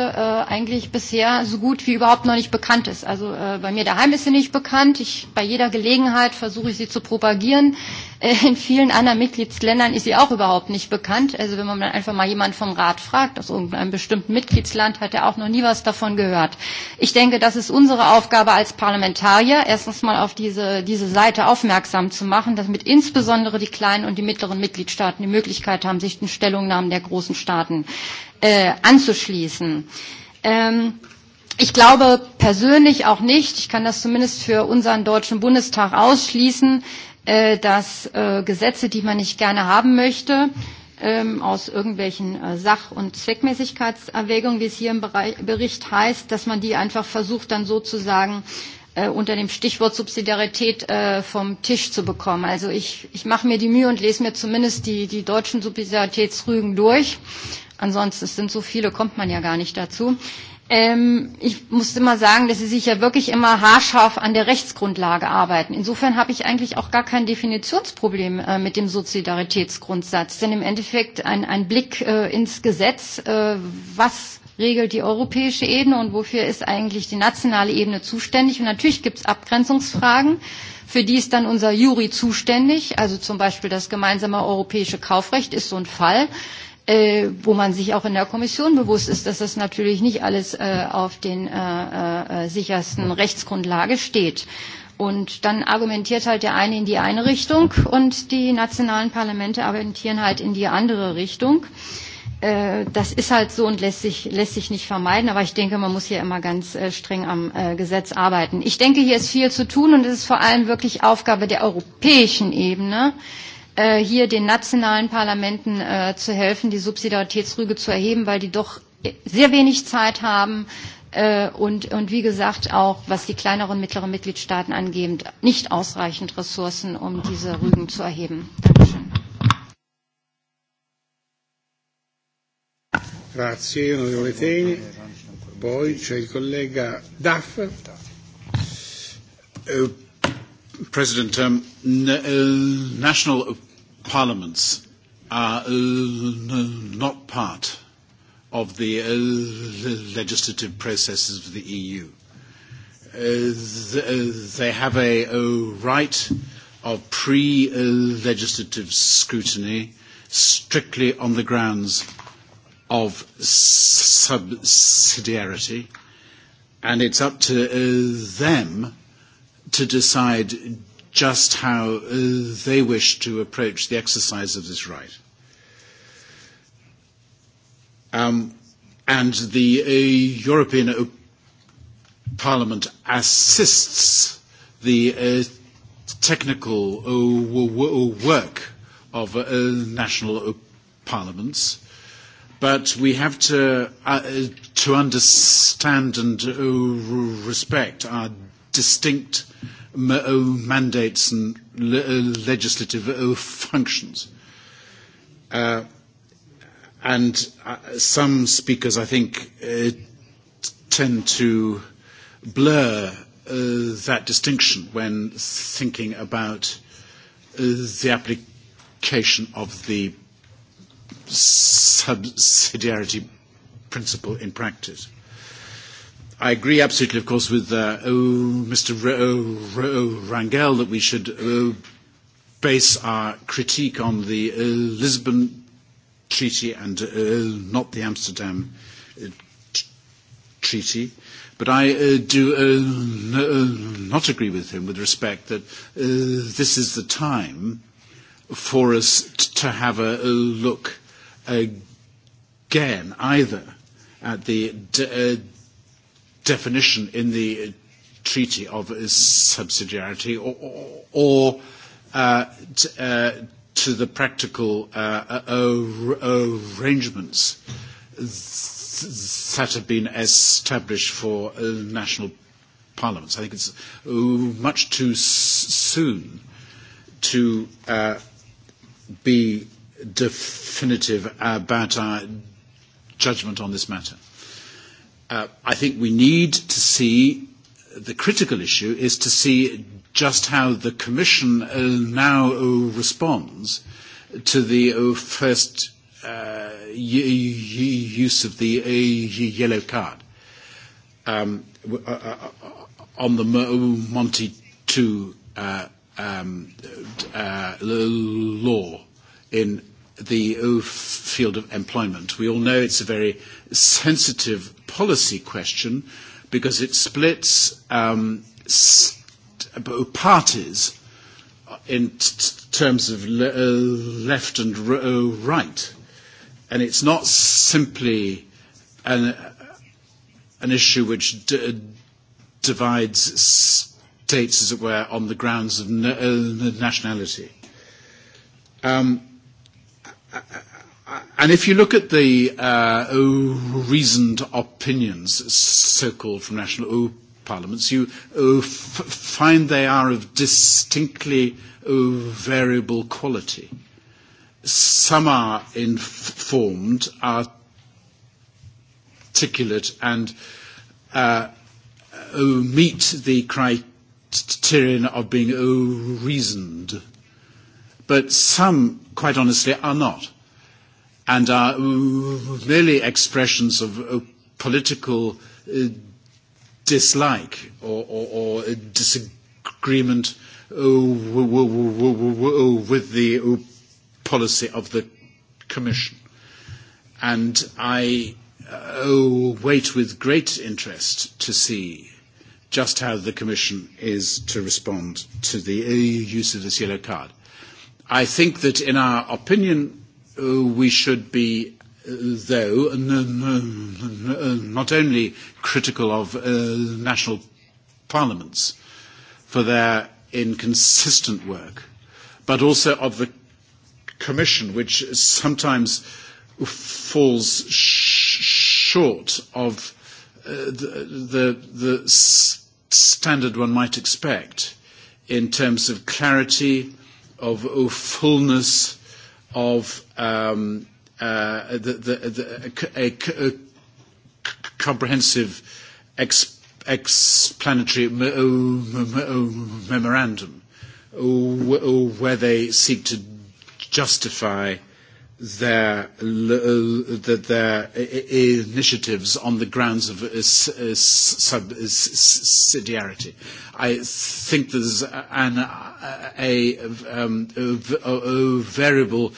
äh, eigentlich bisher so gut wie überhaupt noch nicht bekannt ist. Also äh, bei mir daheim ist sie nicht bekannt. Ich, bei jeder Gelegenheit versuche ich sie zu propagieren. Äh, in vielen anderen Mitgliedsländern ist sie auch überhaupt nicht bekannt. Also wenn man dann einfach mal jemand vom Rat fragt aus irgendeinem bestimmten Mitgliedsland, hat er auch noch nie was davon gehört. Ich denke, das ist unsere Aufgabe als Parlamentarier, erstens mal auf diese, diese Seite aufmerksam zu machen, damit insbesondere die kleinen und die mittleren anderen Mitgliedstaaten die Möglichkeit haben, sich den Stellungnahmen der großen Staaten äh, anzuschließen. Ähm, ich glaube persönlich auch nicht, ich kann das zumindest für unseren Deutschen Bundestag ausschließen, äh, dass äh, Gesetze, die man nicht gerne haben möchte, ähm, aus irgendwelchen äh, Sach- und Zweckmäßigkeitserwägungen, wie es hier im Bericht heißt, dass man die einfach versucht, dann sozusagen Äh, unter dem Stichwort Subsidiarität äh, vom Tisch zu bekommen. Also ich, ich mache mir die Mühe und lese mir zumindest die, die deutschen Subsidiaritätsrügen durch. Ansonsten es sind so viele, kommt man ja gar nicht dazu. Ähm, ich muss immer sagen, dass Sie sich ja wirklich immer haarscharf an der Rechtsgrundlage arbeiten. Insofern habe ich eigentlich auch gar kein Definitionsproblem äh, mit dem Subsidiaritätsgrundsatz. Denn im Endeffekt ein, ein Blick äh, ins Gesetz, äh, was regelt die europäische Ebene und wofür ist eigentlich die nationale Ebene zuständig. Und natürlich gibt es Abgrenzungsfragen. Für die ist dann unser Jury zuständig. Also zum Beispiel das gemeinsame europäische Kaufrecht ist so ein Fall, äh, wo man sich auch in der Kommission bewusst ist, dass das natürlich nicht alles äh, auf den äh, äh, äh sichersten Rechtsgrundlage steht. Und dann argumentiert halt der eine in die eine Richtung und die nationalen Parlamente argumentieren halt in die andere Richtung. Äh, Äh, das ist halt so und lässt sich, lässt sich nicht vermeiden. Aber ich denke, man muss hier immer ganz äh, streng am äh, Gesetz arbeiten. Ich denke, hier ist viel zu tun und es ist vor allem wirklich Aufgabe der europäischen Ebene, hier den nationalen Parlamenten zu helfen, die Subsidiaritätsrüge zu erheben, weil die doch sehr wenig Zeit haben, und, und wie gesagt auch, was die kleineren und mittleren Mitgliedstaaten angeht, nicht ausreichend Ressourcen, um diese Rügen zu erheben. Dankeschön. Grazie onorevole Teni. Poi c'è il collega Duff. Uh, President, um, uh, national parliaments are uh, not part of the legislative processes of the EU. they have a, a right of pre-legislative scrutiny strictly on the grounds of subsidiarity, and it's up to uh, them to decide just how uh, they wish to approach the exercise of this right. Um, and the uh, European uh, Parliament assists the uh, technical uh, work of uh, national uh, parliaments but we have to, uh, to understand and uh, respect our distinct ma uh, mandates and le uh, legislative uh, functions. Uh, and some speakers, I think, tend to blur that distinction when thinking about the application of the subsidiarity principle in practice. I agree absolutely, of course, with uh, oh, Mr. R- R- Rangel that we should uh, base our critique on the uh, Lisbon Treaty and uh, not the Amsterdam uh, t- Treaty. But I uh, do uh, uh, not agree with him with respect that uh, this is the time for us t- to have a, a look again, either at the de- uh, definition in the treaty of subsidiarity or, or, or uh, t- uh, to the practical uh, arrangements that have been established for uh, national parliaments. I think it's uh, much too soon to uh, be definitive uh, about our judgment on this matter. Uh, I think we need to see the critical issue is to see just how the Commission uh, now uh, responds to the uh, first uh, use of the uh, yellow card um, uh, uh, uh, on the Monty II uh, um, uh, law in the field of employment. We all know it's a very sensitive policy question because it splits um, parties in terms of le uh, left and uh, right. And it's not simply an, an issue which uh, divides states, as it were, on the grounds of na uh, nationality. Um, and if you look at the uh, reasoned opinions, so-called from national oh, parliaments, you uh, f- find they are of distinctly uh, variable quality. Some are informed, articulate, and uh, uh, meet the criterion of being uh, reasoned but some, quite honestly, are not, and are merely expressions of uh, political uh, dislike or, or, or disagreement uh, with the policy of the Commission. And I wait with great interest to see just how the Commission is to respond to the use of this yellow card. I think that in our opinion, uh, we should be, uh, though, uh, not only critical of national parliaments for their inconsistent work, but also of the Commission, which sometimes falls sh short of uh, the, the, the standard one might expect in terms of clarity, of, of fullness, of um, uh, the, the, the, a, a, a comprehensive explanatory oh, oh, memorandum oh, where they seek to justify their, uh, their initiatives on the grounds of subsidiarity. I think there's an, a, um, a variable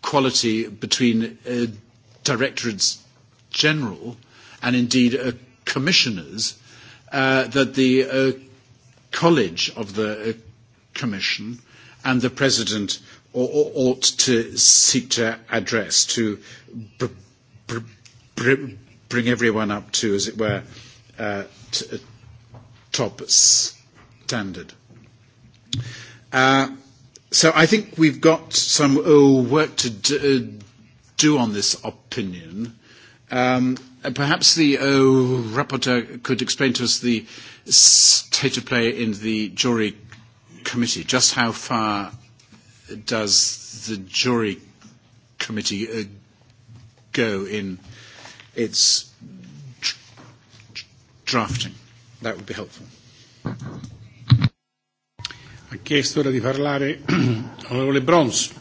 quality between uh, directorates general and indeed uh, commissioners uh, that the uh, college of the uh, commission and the president ought to seek to address to br- br- br- bring everyone up to, as it were, uh, t- uh, top standard. Uh, so I think we've got some oh, work to do, uh, do on this opinion. Um, perhaps the oh, rapporteur could explain to us the state of play in the jury committee, just how far does the jury committee uh, go in its drafting? That would be helpful. Ha chiesto ora di parlare onorevole Brons.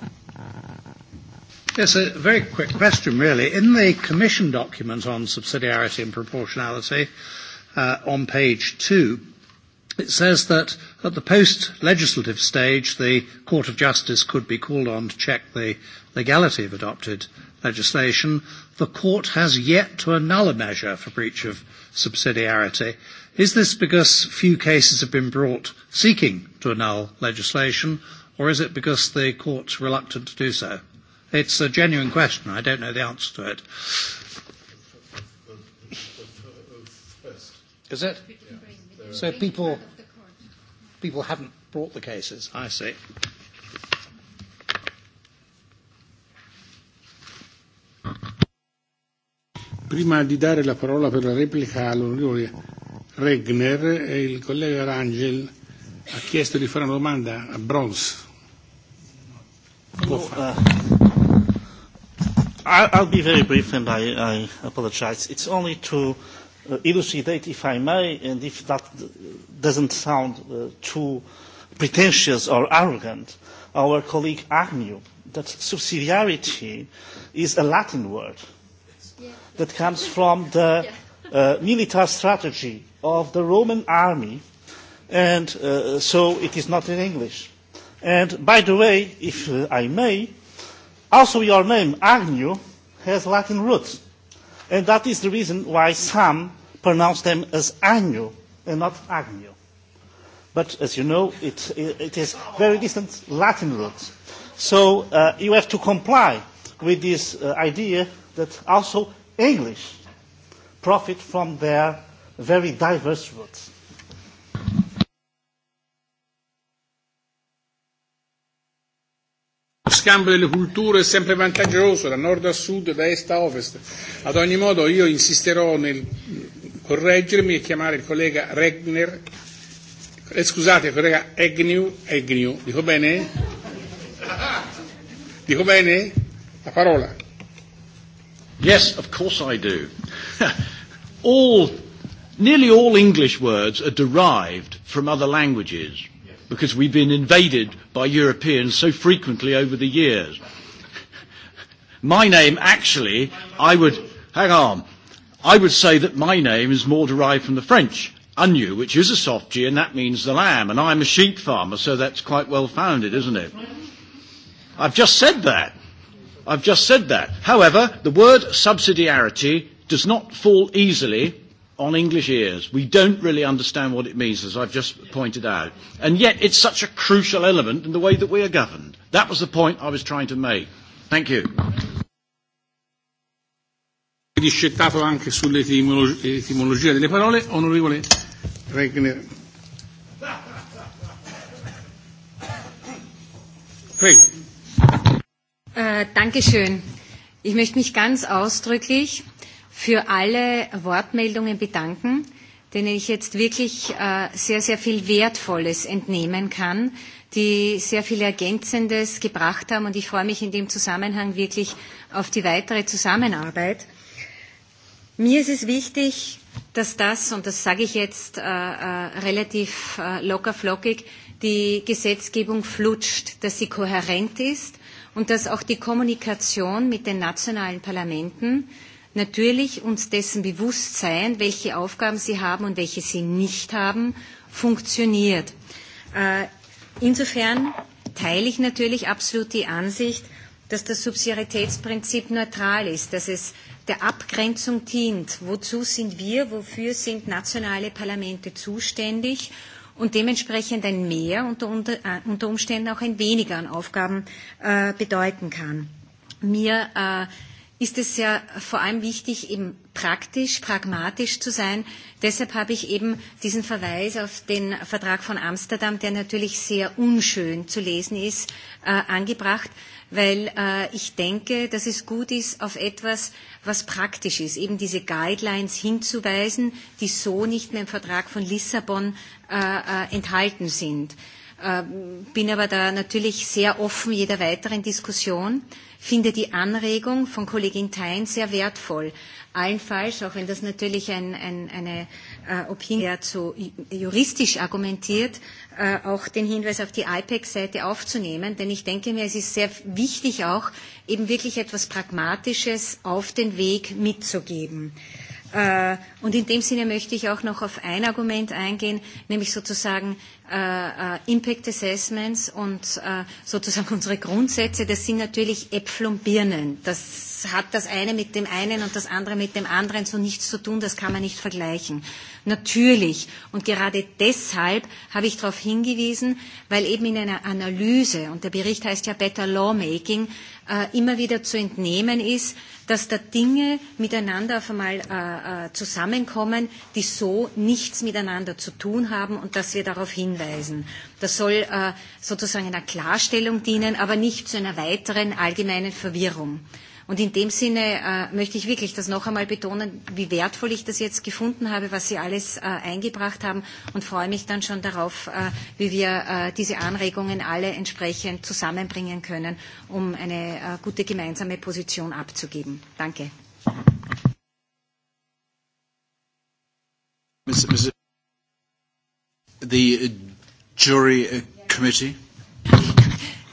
Yes, a very quick question really. In the Commission document on subsidiarity and proportionality uh, on page two, It says that at the post-legislative stage, the Court of Justice could be called on to check the legality of adopted legislation. The Court has yet to annul a measure for breach of subsidiarity. Is this because few cases have been brought seeking to annul legislation, or is it because the Court's reluctant to do so? It's a genuine question. I don't know the answer to it. Is it? Yeah. So people, people haven't brought the cases. I see. Prima di dare la parola per la replica all'onorevole Regner, eh, il collega Rangel ha chiesto di fare una domanda a Brons. Well, uh, I'll be very brief and I, I apologize. It's only to Uh, elucidate, if I may, and if that doesn't sound uh, too pretentious or arrogant, our colleague Agnew, that subsidiarity is a Latin word that comes from the uh, military strategy of the Roman army, and uh, so it is not in English. And by the way, if uh, I may, also your name, Agnew, has Latin roots. And that is the reason why some pronounce them as Agnew and not Agnew. But as you know, it, it is very distant Latin roots. So uh, you have to comply with this uh, idea that also English profit from their very diverse roots. Lo scambio delle culture è sempre vantaggioso da nord a sud, da est a ovest. Ad ogni modo io insisterò nel correggermi e chiamare il collega Regner, eh, scusate, il collega Egnew, Egnew, dico bene? Dico bene? La parola. Yes, of course I do. all, nearly all English words are derived from other languages because we've been invaded by Europeans so frequently over the years. My name, actually, I would, hang on, I would say that my name is more derived from the French, agneau, which is a soft G, and that means the lamb. And I'm a sheep farmer, so that's quite well founded, isn't it? I've just said that. I've just said that. However, the word subsidiarity does not fall easily on English ears. We don't really understand what it means, as I've just pointed out. And yet, it's such a crucial element in the way that we are governed. That was the point I was trying to make. Thank you. Discettato anche sull'etimologia delle parole, onorevole Regner. Prego. Äh, Dankeschön. Ich möchte mich ganz ausdrücklich für alle Wortmeldungen bedanken, denen ich jetzt wirklich äh, sehr, sehr viel Wertvolles entnehmen kann, die sehr viel Ergänzendes gebracht haben. Und ich freue mich in dem Zusammenhang wirklich auf die weitere Zusammenarbeit. Mir ist es wichtig, dass das, und das sage ich jetzt äh, äh, relativ äh, lockerflockig, die Gesetzgebung flutscht, dass sie kohärent ist und dass auch die Kommunikation mit den nationalen Parlamenten natürlich uns dessen bewusst sein, welche Aufgaben sie haben und welche sie nicht haben, funktioniert. Äh, insofern teile ich natürlich absolut die Ansicht, dass das Subsidiaritätsprinzip neutral ist, dass es der Abgrenzung dient. Wozu sind wir, wofür sind nationale Parlamente zuständig und dementsprechend ein Mehr unter, unter, äh, unter Umständen auch ein Weniger an Aufgaben äh, bedeuten kann. Mir äh, ist es ja vor allem wichtig, eben praktisch, pragmatisch zu sein. Deshalb habe ich eben diesen Verweis auf den Vertrag von Amsterdam, der natürlich sehr unschön zu lesen ist, äh, angebracht, weil äh, ich denke, dass es gut ist, auf etwas was praktisch ist, eben diese Guidelines hinzuweisen, die so nicht mehr im Vertrag von Lissabon äh, äh enthalten sind. Äh, bin aber da natürlich sehr offen jeder weiteren Diskussion, finde die Anregung von Kollegin Thein sehr wertvoll allenfalls, auch wenn das natürlich ein, ein, eine äh, Opinion der zu juristisch argumentiert, äh, auch den Hinweis auf die IPEC-Seite aufzunehmen. Denn ich denke mir, es ist sehr wichtig auch, eben wirklich etwas Pragmatisches auf den Weg mitzugeben. Äh, und in dem Sinne möchte ich auch noch auf ein Argument eingehen, nämlich sozusagen äh, äh Impact Assessments und äh, sozusagen unsere Grundsätze. Das sind natürlich Äpfel und Birnen. Das hat das eine mit dem einen und das andere mit dem anderen so nichts zu tun, das kann man nicht vergleichen. Natürlich. Und gerade deshalb habe ich darauf hingewiesen, weil eben in einer Analyse, und der Bericht heißt ja Better Lawmaking, äh, immer wieder zu entnehmen ist, dass da Dinge miteinander auf einmal äh, äh zusammenkommen, die so nichts miteinander zu tun haben und dass wir darauf hinweisen. Das soll äh, sozusagen einer Klarstellung dienen, aber nicht zu einer weiteren allgemeinen Verwirrung. Und in dem Sinne äh, möchte ich wirklich das noch einmal betonen, wie wertvoll ich das jetzt gefunden habe, was Sie alles äh, eingebracht haben und freue mich dann schon darauf, äh, wie wir äh, diese Anregungen alle entsprechend zusammenbringen können, um eine äh, gute gemeinsame Position abzugeben. Danke. The uh, jury uh, committee?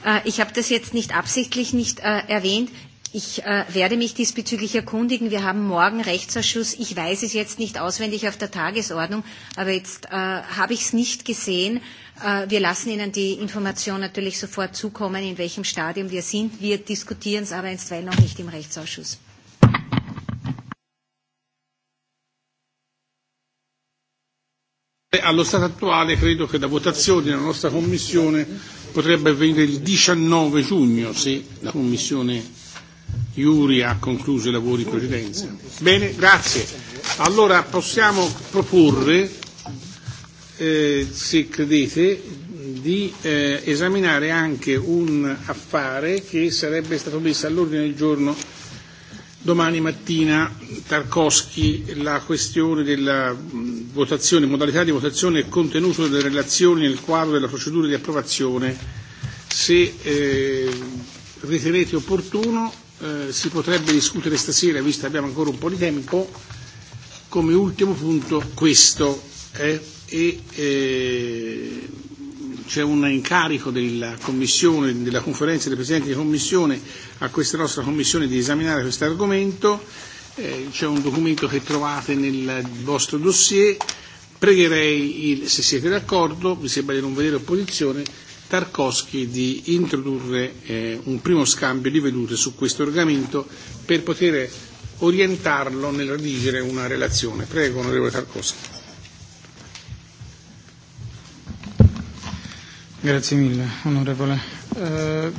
Äh, ich habe das jetzt nicht absichtlich nicht äh, erwähnt. Ich äh, werde mich diesbezüglich erkundigen. Wir haben morgen Rechtsausschuss. Ich weiß es jetzt nicht auswendig auf der Tagesordnung, aber jetzt äh, habe ich es nicht gesehen. Äh, wir lassen Ihnen die Information natürlich sofort zukommen, in welchem Stadium wir sind. Wir diskutieren es aber einstweilen noch nicht im Rechtsausschuss. Allo stato attuale credo che la votazione della nostra Commissione potrebbe avvenire il 19 giugno se la Commissione Iuri ha concluso i lavori in precedenza. Bene, grazie. Allora possiamo proporre, eh, se credete, di eh, esaminare anche un affare che sarebbe stato messo all'ordine del giorno domani mattina Tarkovsky la questione della votazione, modalità di votazione e contenuto delle relazioni nel quadro della procedura di approvazione. Se eh, ritenete opportuno Eh, si potrebbe discutere stasera, visto che abbiamo ancora un po' di tempo, come ultimo punto questo. Eh, e eh, c'è un incarico della Commissione, della conferenza dei Presidenti di Commissione a questa nostra Commissione di esaminare questo argomento. Eh, c'è un documento che trovate nel vostro dossier. Pregherei, il, se siete d'accordo, mi sembra di non vedere opposizione, Tarkovsky di introdurre eh, un primo scambio di vedute su questo argomento per poter orientarlo nel redigere una relazione. Prego, onorevole Tarkovsky. Grazie mille, onorevole. Uh,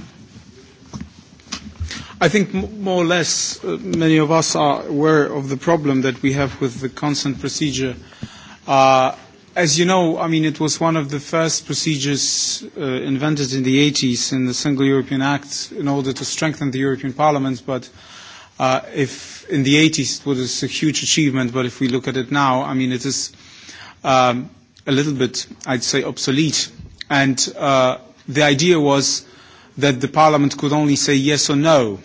I think more or less uh, many of us are aware of the problem that we have with the consent procedure uh, As you know, I mean, it was one of the first procedures uh, invented in the 80s in the Single European Act in order to strengthen the European Parliament. But uh, if in the 80s it was a huge achievement, but if we look at it now, I mean, it is um, a little bit, I'd say, obsolete. And uh, the idea was that the Parliament could only say yes or no.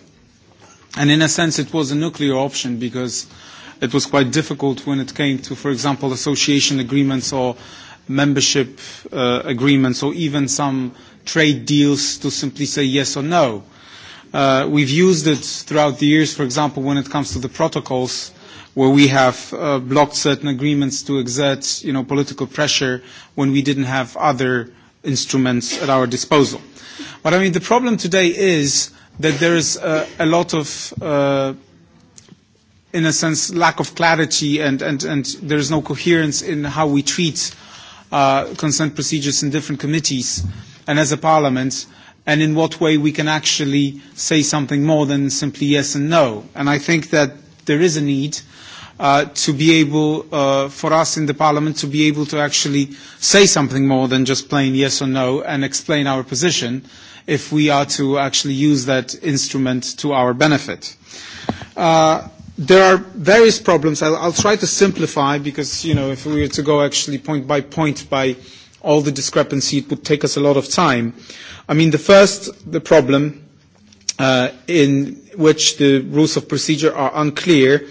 And in a sense, it was a nuclear option because – it was quite difficult when it came to, for example, association agreements or membership uh, agreements or even some trade deals to simply say yes or no. Uh, we've used it throughout the years, for example, when it comes to the protocols, where we have uh, blocked certain agreements to exert you know, political pressure when we didn't have other instruments at our disposal. But I mean, the problem today is that there is uh, a lot of uh, in a sense, lack of clarity and, and, and there is no coherence in how we treat uh, consent procedures in different committees and as a parliament, and in what way we can actually say something more than simply yes and no. And I think that there is a need uh, to be able, uh, for us in the parliament, to be able to actually say something more than just plain yes or no and explain our position if we are to actually use that instrument to our benefit. Uh, There are various problems. I'll, I'll try to simplify because, you know, if we were to go actually point by point by all the discrepancy, it would take us a lot of time. I mean, the first, the problem uh, in which the rules of procedure are unclear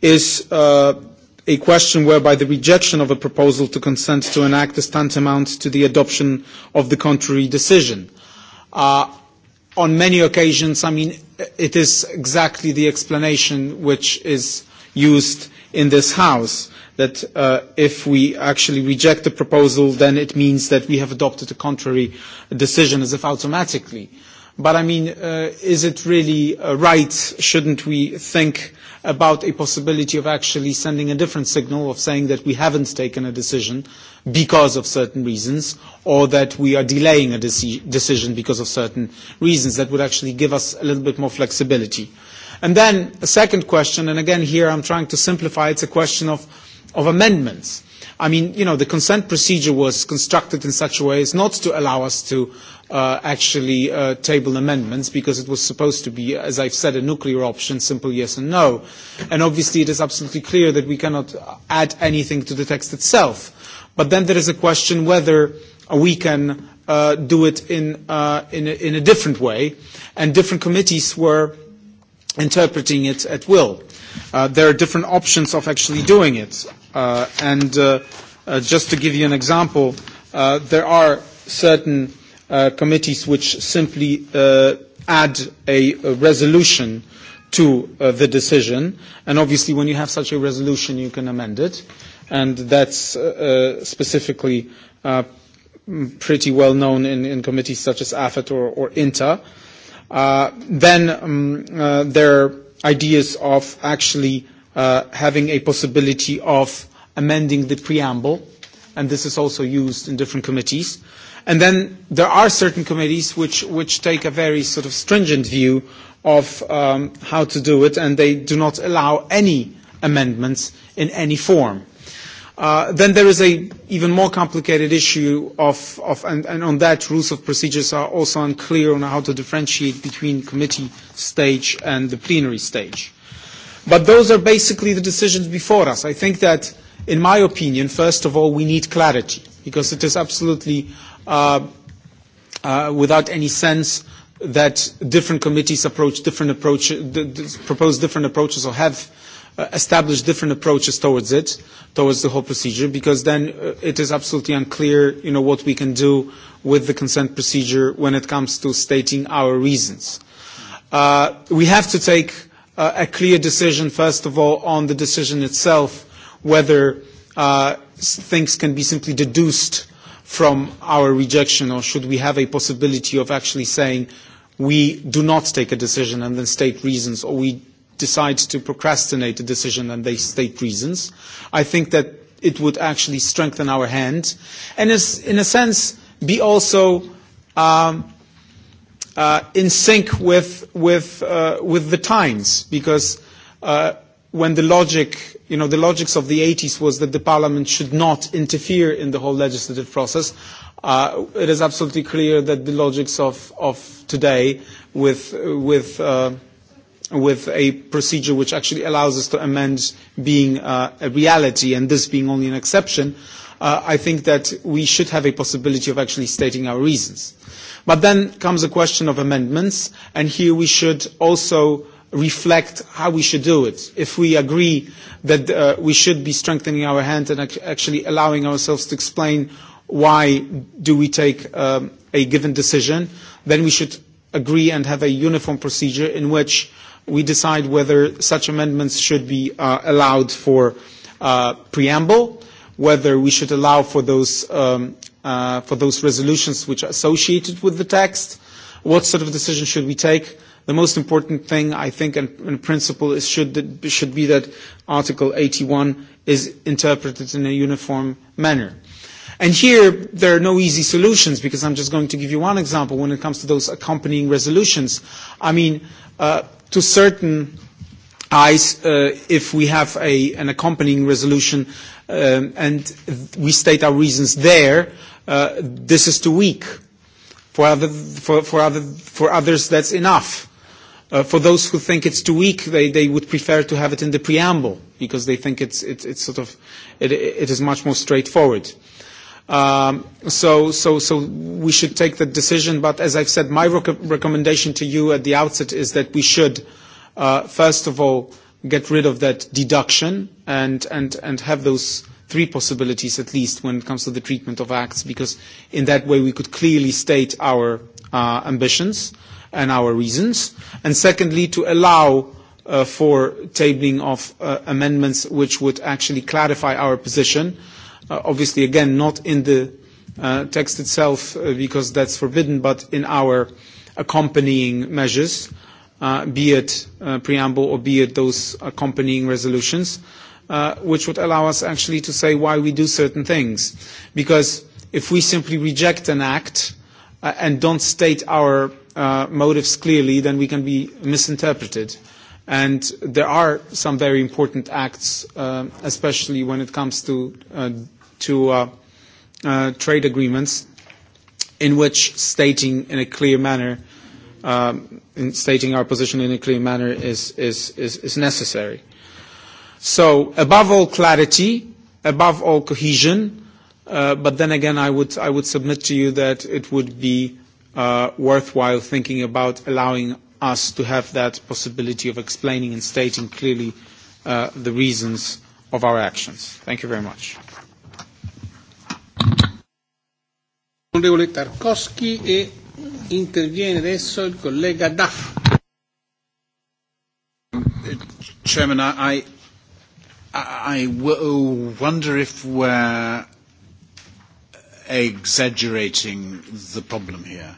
is uh, a question whereby the rejection of a proposal to consent to an act is tantamount to the adoption of the contrary decision. Uh, on many occasions, I mean, it is exactly the explanation which is used in this House, that uh, if we actually reject the proposal, then it means that we have adopted a contrary decision as if automatically. Uh, But I mean, uh, is it really uh, right? Shouldn't we think about a possibility of actually sending a different signal of saying that we haven't taken a decision because of certain reasons or that we are delaying a deci decision because of certain reasons that would actually give us a little bit more flexibility. And then a second question, and again here I'm trying to simplify, it's a question of, of amendments. I mean, you know, the consent procedure was constructed in such a way as not to allow us to uh, actually uh, table amendments because it was supposed to be, as I've said, a nuclear option, simple yes and no. And obviously it is absolutely clear that we cannot add anything to the text itself. But then there is a question whether we can uh, do it in, uh, in, a, in a different way, and different committees were interpreting it at will. Uh, there are different options of actually doing it. Uh, and uh, uh, just to give you an example, uh, there are certain uh, Uh, committees which simply uh, add a, a resolution to uh, the decision. And obviously, when you have such a resolution, you can amend it. And that's uh, uh specifically uh, pretty well known in, in committees such as AFET or, or INTA. Uh, then um, uh, there are ideas of actually uh, having a possibility of amending the preamble, and this is also used in different committees. Uh, And then there are certain committees which, which take a very sort of stringent view of um, how to do it, and they do not allow any amendments in any form. Uh, then there is a even more complicated issue of, of and, and on that rules of procedures are also unclear on how to differentiate between committee stage and the plenary stage. But those are basically the decisions before us. I think that, in my opinion, first of all, we need clarity because it is absolutely Uh, uh, without any sense that different committees approach different approach, propose different approaches or have uh, established different approaches towards it, towards the whole procedure, because then uh, it is absolutely unclear, you know, what we can do with the consent procedure when it comes to stating our reasons. Uh, we have to take uh, a clear decision, first of all, on the decision itself, whether uh, things can be simply deduced from our rejection, or should we have a possibility of actually saying we do not take a decision and then state reasons, or we decide to procrastinate a decision and they state reasons? I think that it would actually strengthen our hand, and is, in a sense, be also um, uh, in sync with with uh, with the times, because. Uh, when the logic, you know, the logics of the 80s was that the parliament should not interfere in the whole legislative process, uh, it is absolutely clear that the logics of, of today with, with, uh, with a procedure which actually allows us to amend being uh, a reality and this being only an exception, uh, I think that we should have a possibility of actually stating our reasons. But then comes the question of amendments, and here we should also reflect how we should do it. If we agree that uh, we should be strengthening our hand and ac actually allowing ourselves to explain why do we take um, a given decision, then we should agree and have a uniform procedure in which we decide whether such amendments should be uh, allowed for uh, preamble, whether we should allow for those, um, uh, for those resolutions which are associated with the text, what sort of decision should we take, The most important thing, I think, in, in principle, is should, should be that Article 81 is interpreted in a uniform manner. And here, there are no easy solutions because I'm just going to give you one example when it comes to those accompanying resolutions. I mean, uh, to certain eyes, uh, if we have a, an accompanying resolution um, and we state our reasons there, uh, this is too weak. For, other, for, for, other, for others, that's enough. Uh, for those who think it's too weak, they, they would prefer to have it in the preamble because they think it's, it, it's sort of, it, it is much more straightforward. Um, so, so, so we should take the decision, but as I've said, my rec- recommendation to you at the outset is that we should, uh, first of all, get rid of that deduction and, and, and have those three possibilities at least when it comes to the treatment of acts, because in that way we could clearly state our uh, ambitions. Uh, and our reasons, and secondly, to allow uh, for tabling of uh, amendments which would actually clarify our position. Uh, obviously, again, not in the uh, text itself uh, because that's forbidden, but in our accompanying measures, uh, be it uh, preamble or be it those accompanying resolutions, uh, which would allow us actually to say why we do certain things. Because if we simply reject an act uh, and don't state our Uh, motives clearly, then we can be misinterpreted. And there are some very important acts, uh, especially when it comes to, uh, to uh, uh, trade agreements, in which stating in a clear manner, um, in stating our position in a clear manner is, is, is, is necessary. So above all clarity, above all cohesion, uh, but then again I would, I would submit to you that it would be Uh, worthwhile thinking about allowing us to have that possibility of explaining and stating clearly uh, the reasons of our actions. Thank you very much. Onorevole Tarkovsky e I, I w- wonder if we're exaggerating the problem here.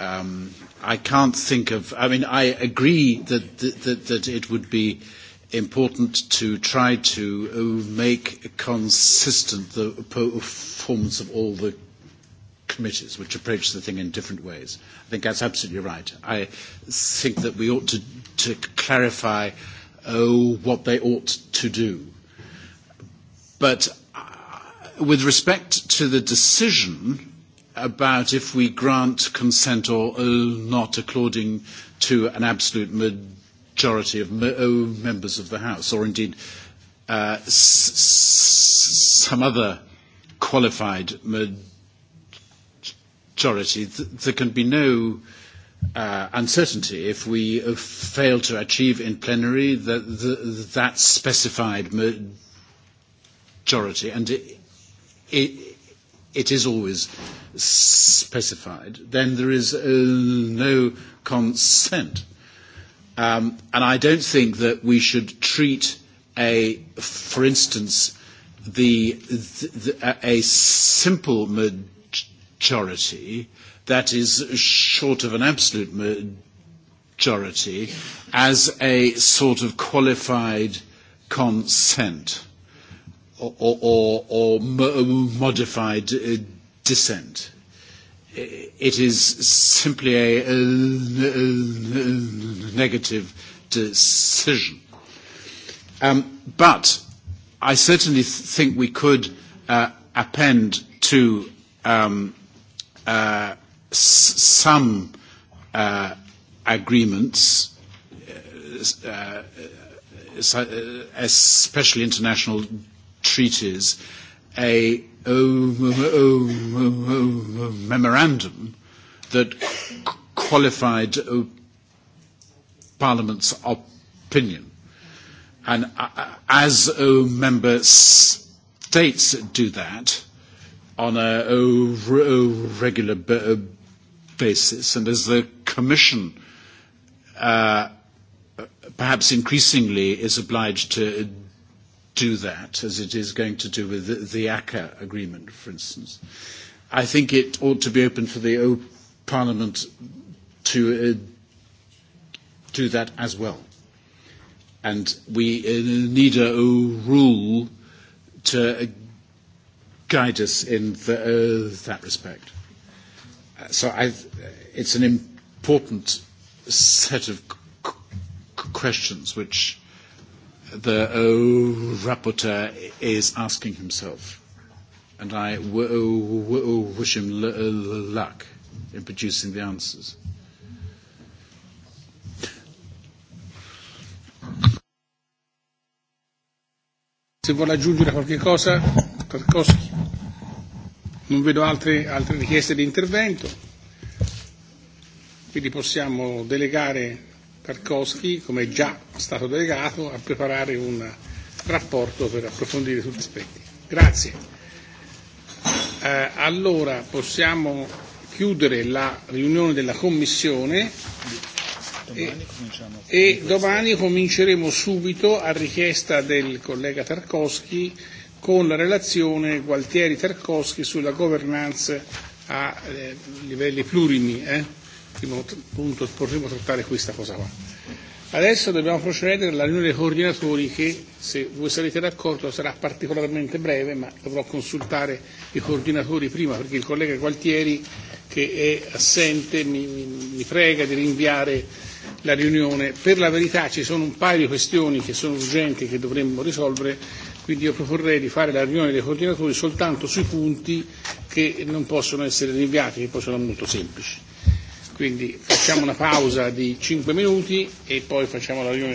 Um, I can't think of. I mean, I agree that, that, that it would be important to try to uh, make consistent the performance of all the committees, which approach the thing in different ways. I think that's absolutely right. I think that we ought to, to clarify oh, what they ought to do. But uh, with respect to the decision about if we grant consent or uh, not according to an absolute majority of uh, members of the House, or indeed uh, some other qualified majority. there can be no uh, uncertainty if we uh, fail to achieve in plenary the, the, that specified majority. And it, it it is always specified, then there is uh, no consent. Um, and I don't think that we should treat a, for instance, the, the, a simple majority that is short of an absolute majority as a sort of qualified consent or, or, or modified uh, dissent. It is simply a negative decision. Um, but I certainly th- think we could uh, append to um, uh, s- some uh, agreements, uh, uh, uh especially international treaties a oh, oh, oh, memorandum that qualified uh, Parliament's opinion. And uh, uh as uh, member states do that on a regular basis, and as the Commission uh, perhaps increasingly is obliged to do that, as it is going to do with the, the ACCA agreement, for instance. I think it ought to be open for the old Parliament to uh, do that as well. And we uh, need a, rule to uh, guide us in the, uh, that respect. Uh, so I've, it's an important set of questions which the uh, rapporteur is asking himself, and I w- uh, w- uh, wish him l- luck in producing the answers. Se vuole aggiungere qualche cosa, Tarkovsky. Non vedo altre, altre richieste di intervento, quindi possiamo delegare Tarkovsky, come già stato delegato, a preparare un rapporto per approfondire tutti gli aspetti. Grazie. Eh, allora possiamo chiudere la riunione della Commissione domani e, e domani cominceremo subito a richiesta del collega Tarkovsky con la relazione Gualtieri Tarkovsky sulla governance a eh, livelli plurimi. Eh? primo punto potremo trattare questa cosa qua. Adesso dobbiamo procedere alla riunione dei coordinatori che, se voi sarete d'accordo, sarà particolarmente breve, ma dovrò consultare i coordinatori prima perché il collega Gualtieri, che è assente, mi, mi, mi prega di rinviare la riunione. Per la verità ci sono un paio di questioni che sono urgenti e che dovremmo risolvere, quindi io proporrei di fare la riunione dei coordinatori soltanto sui punti che non possono essere rinviati, che poi sono molto semplici. Quindi facciamo una pausa di 5 minuti e poi facciamo la riunione.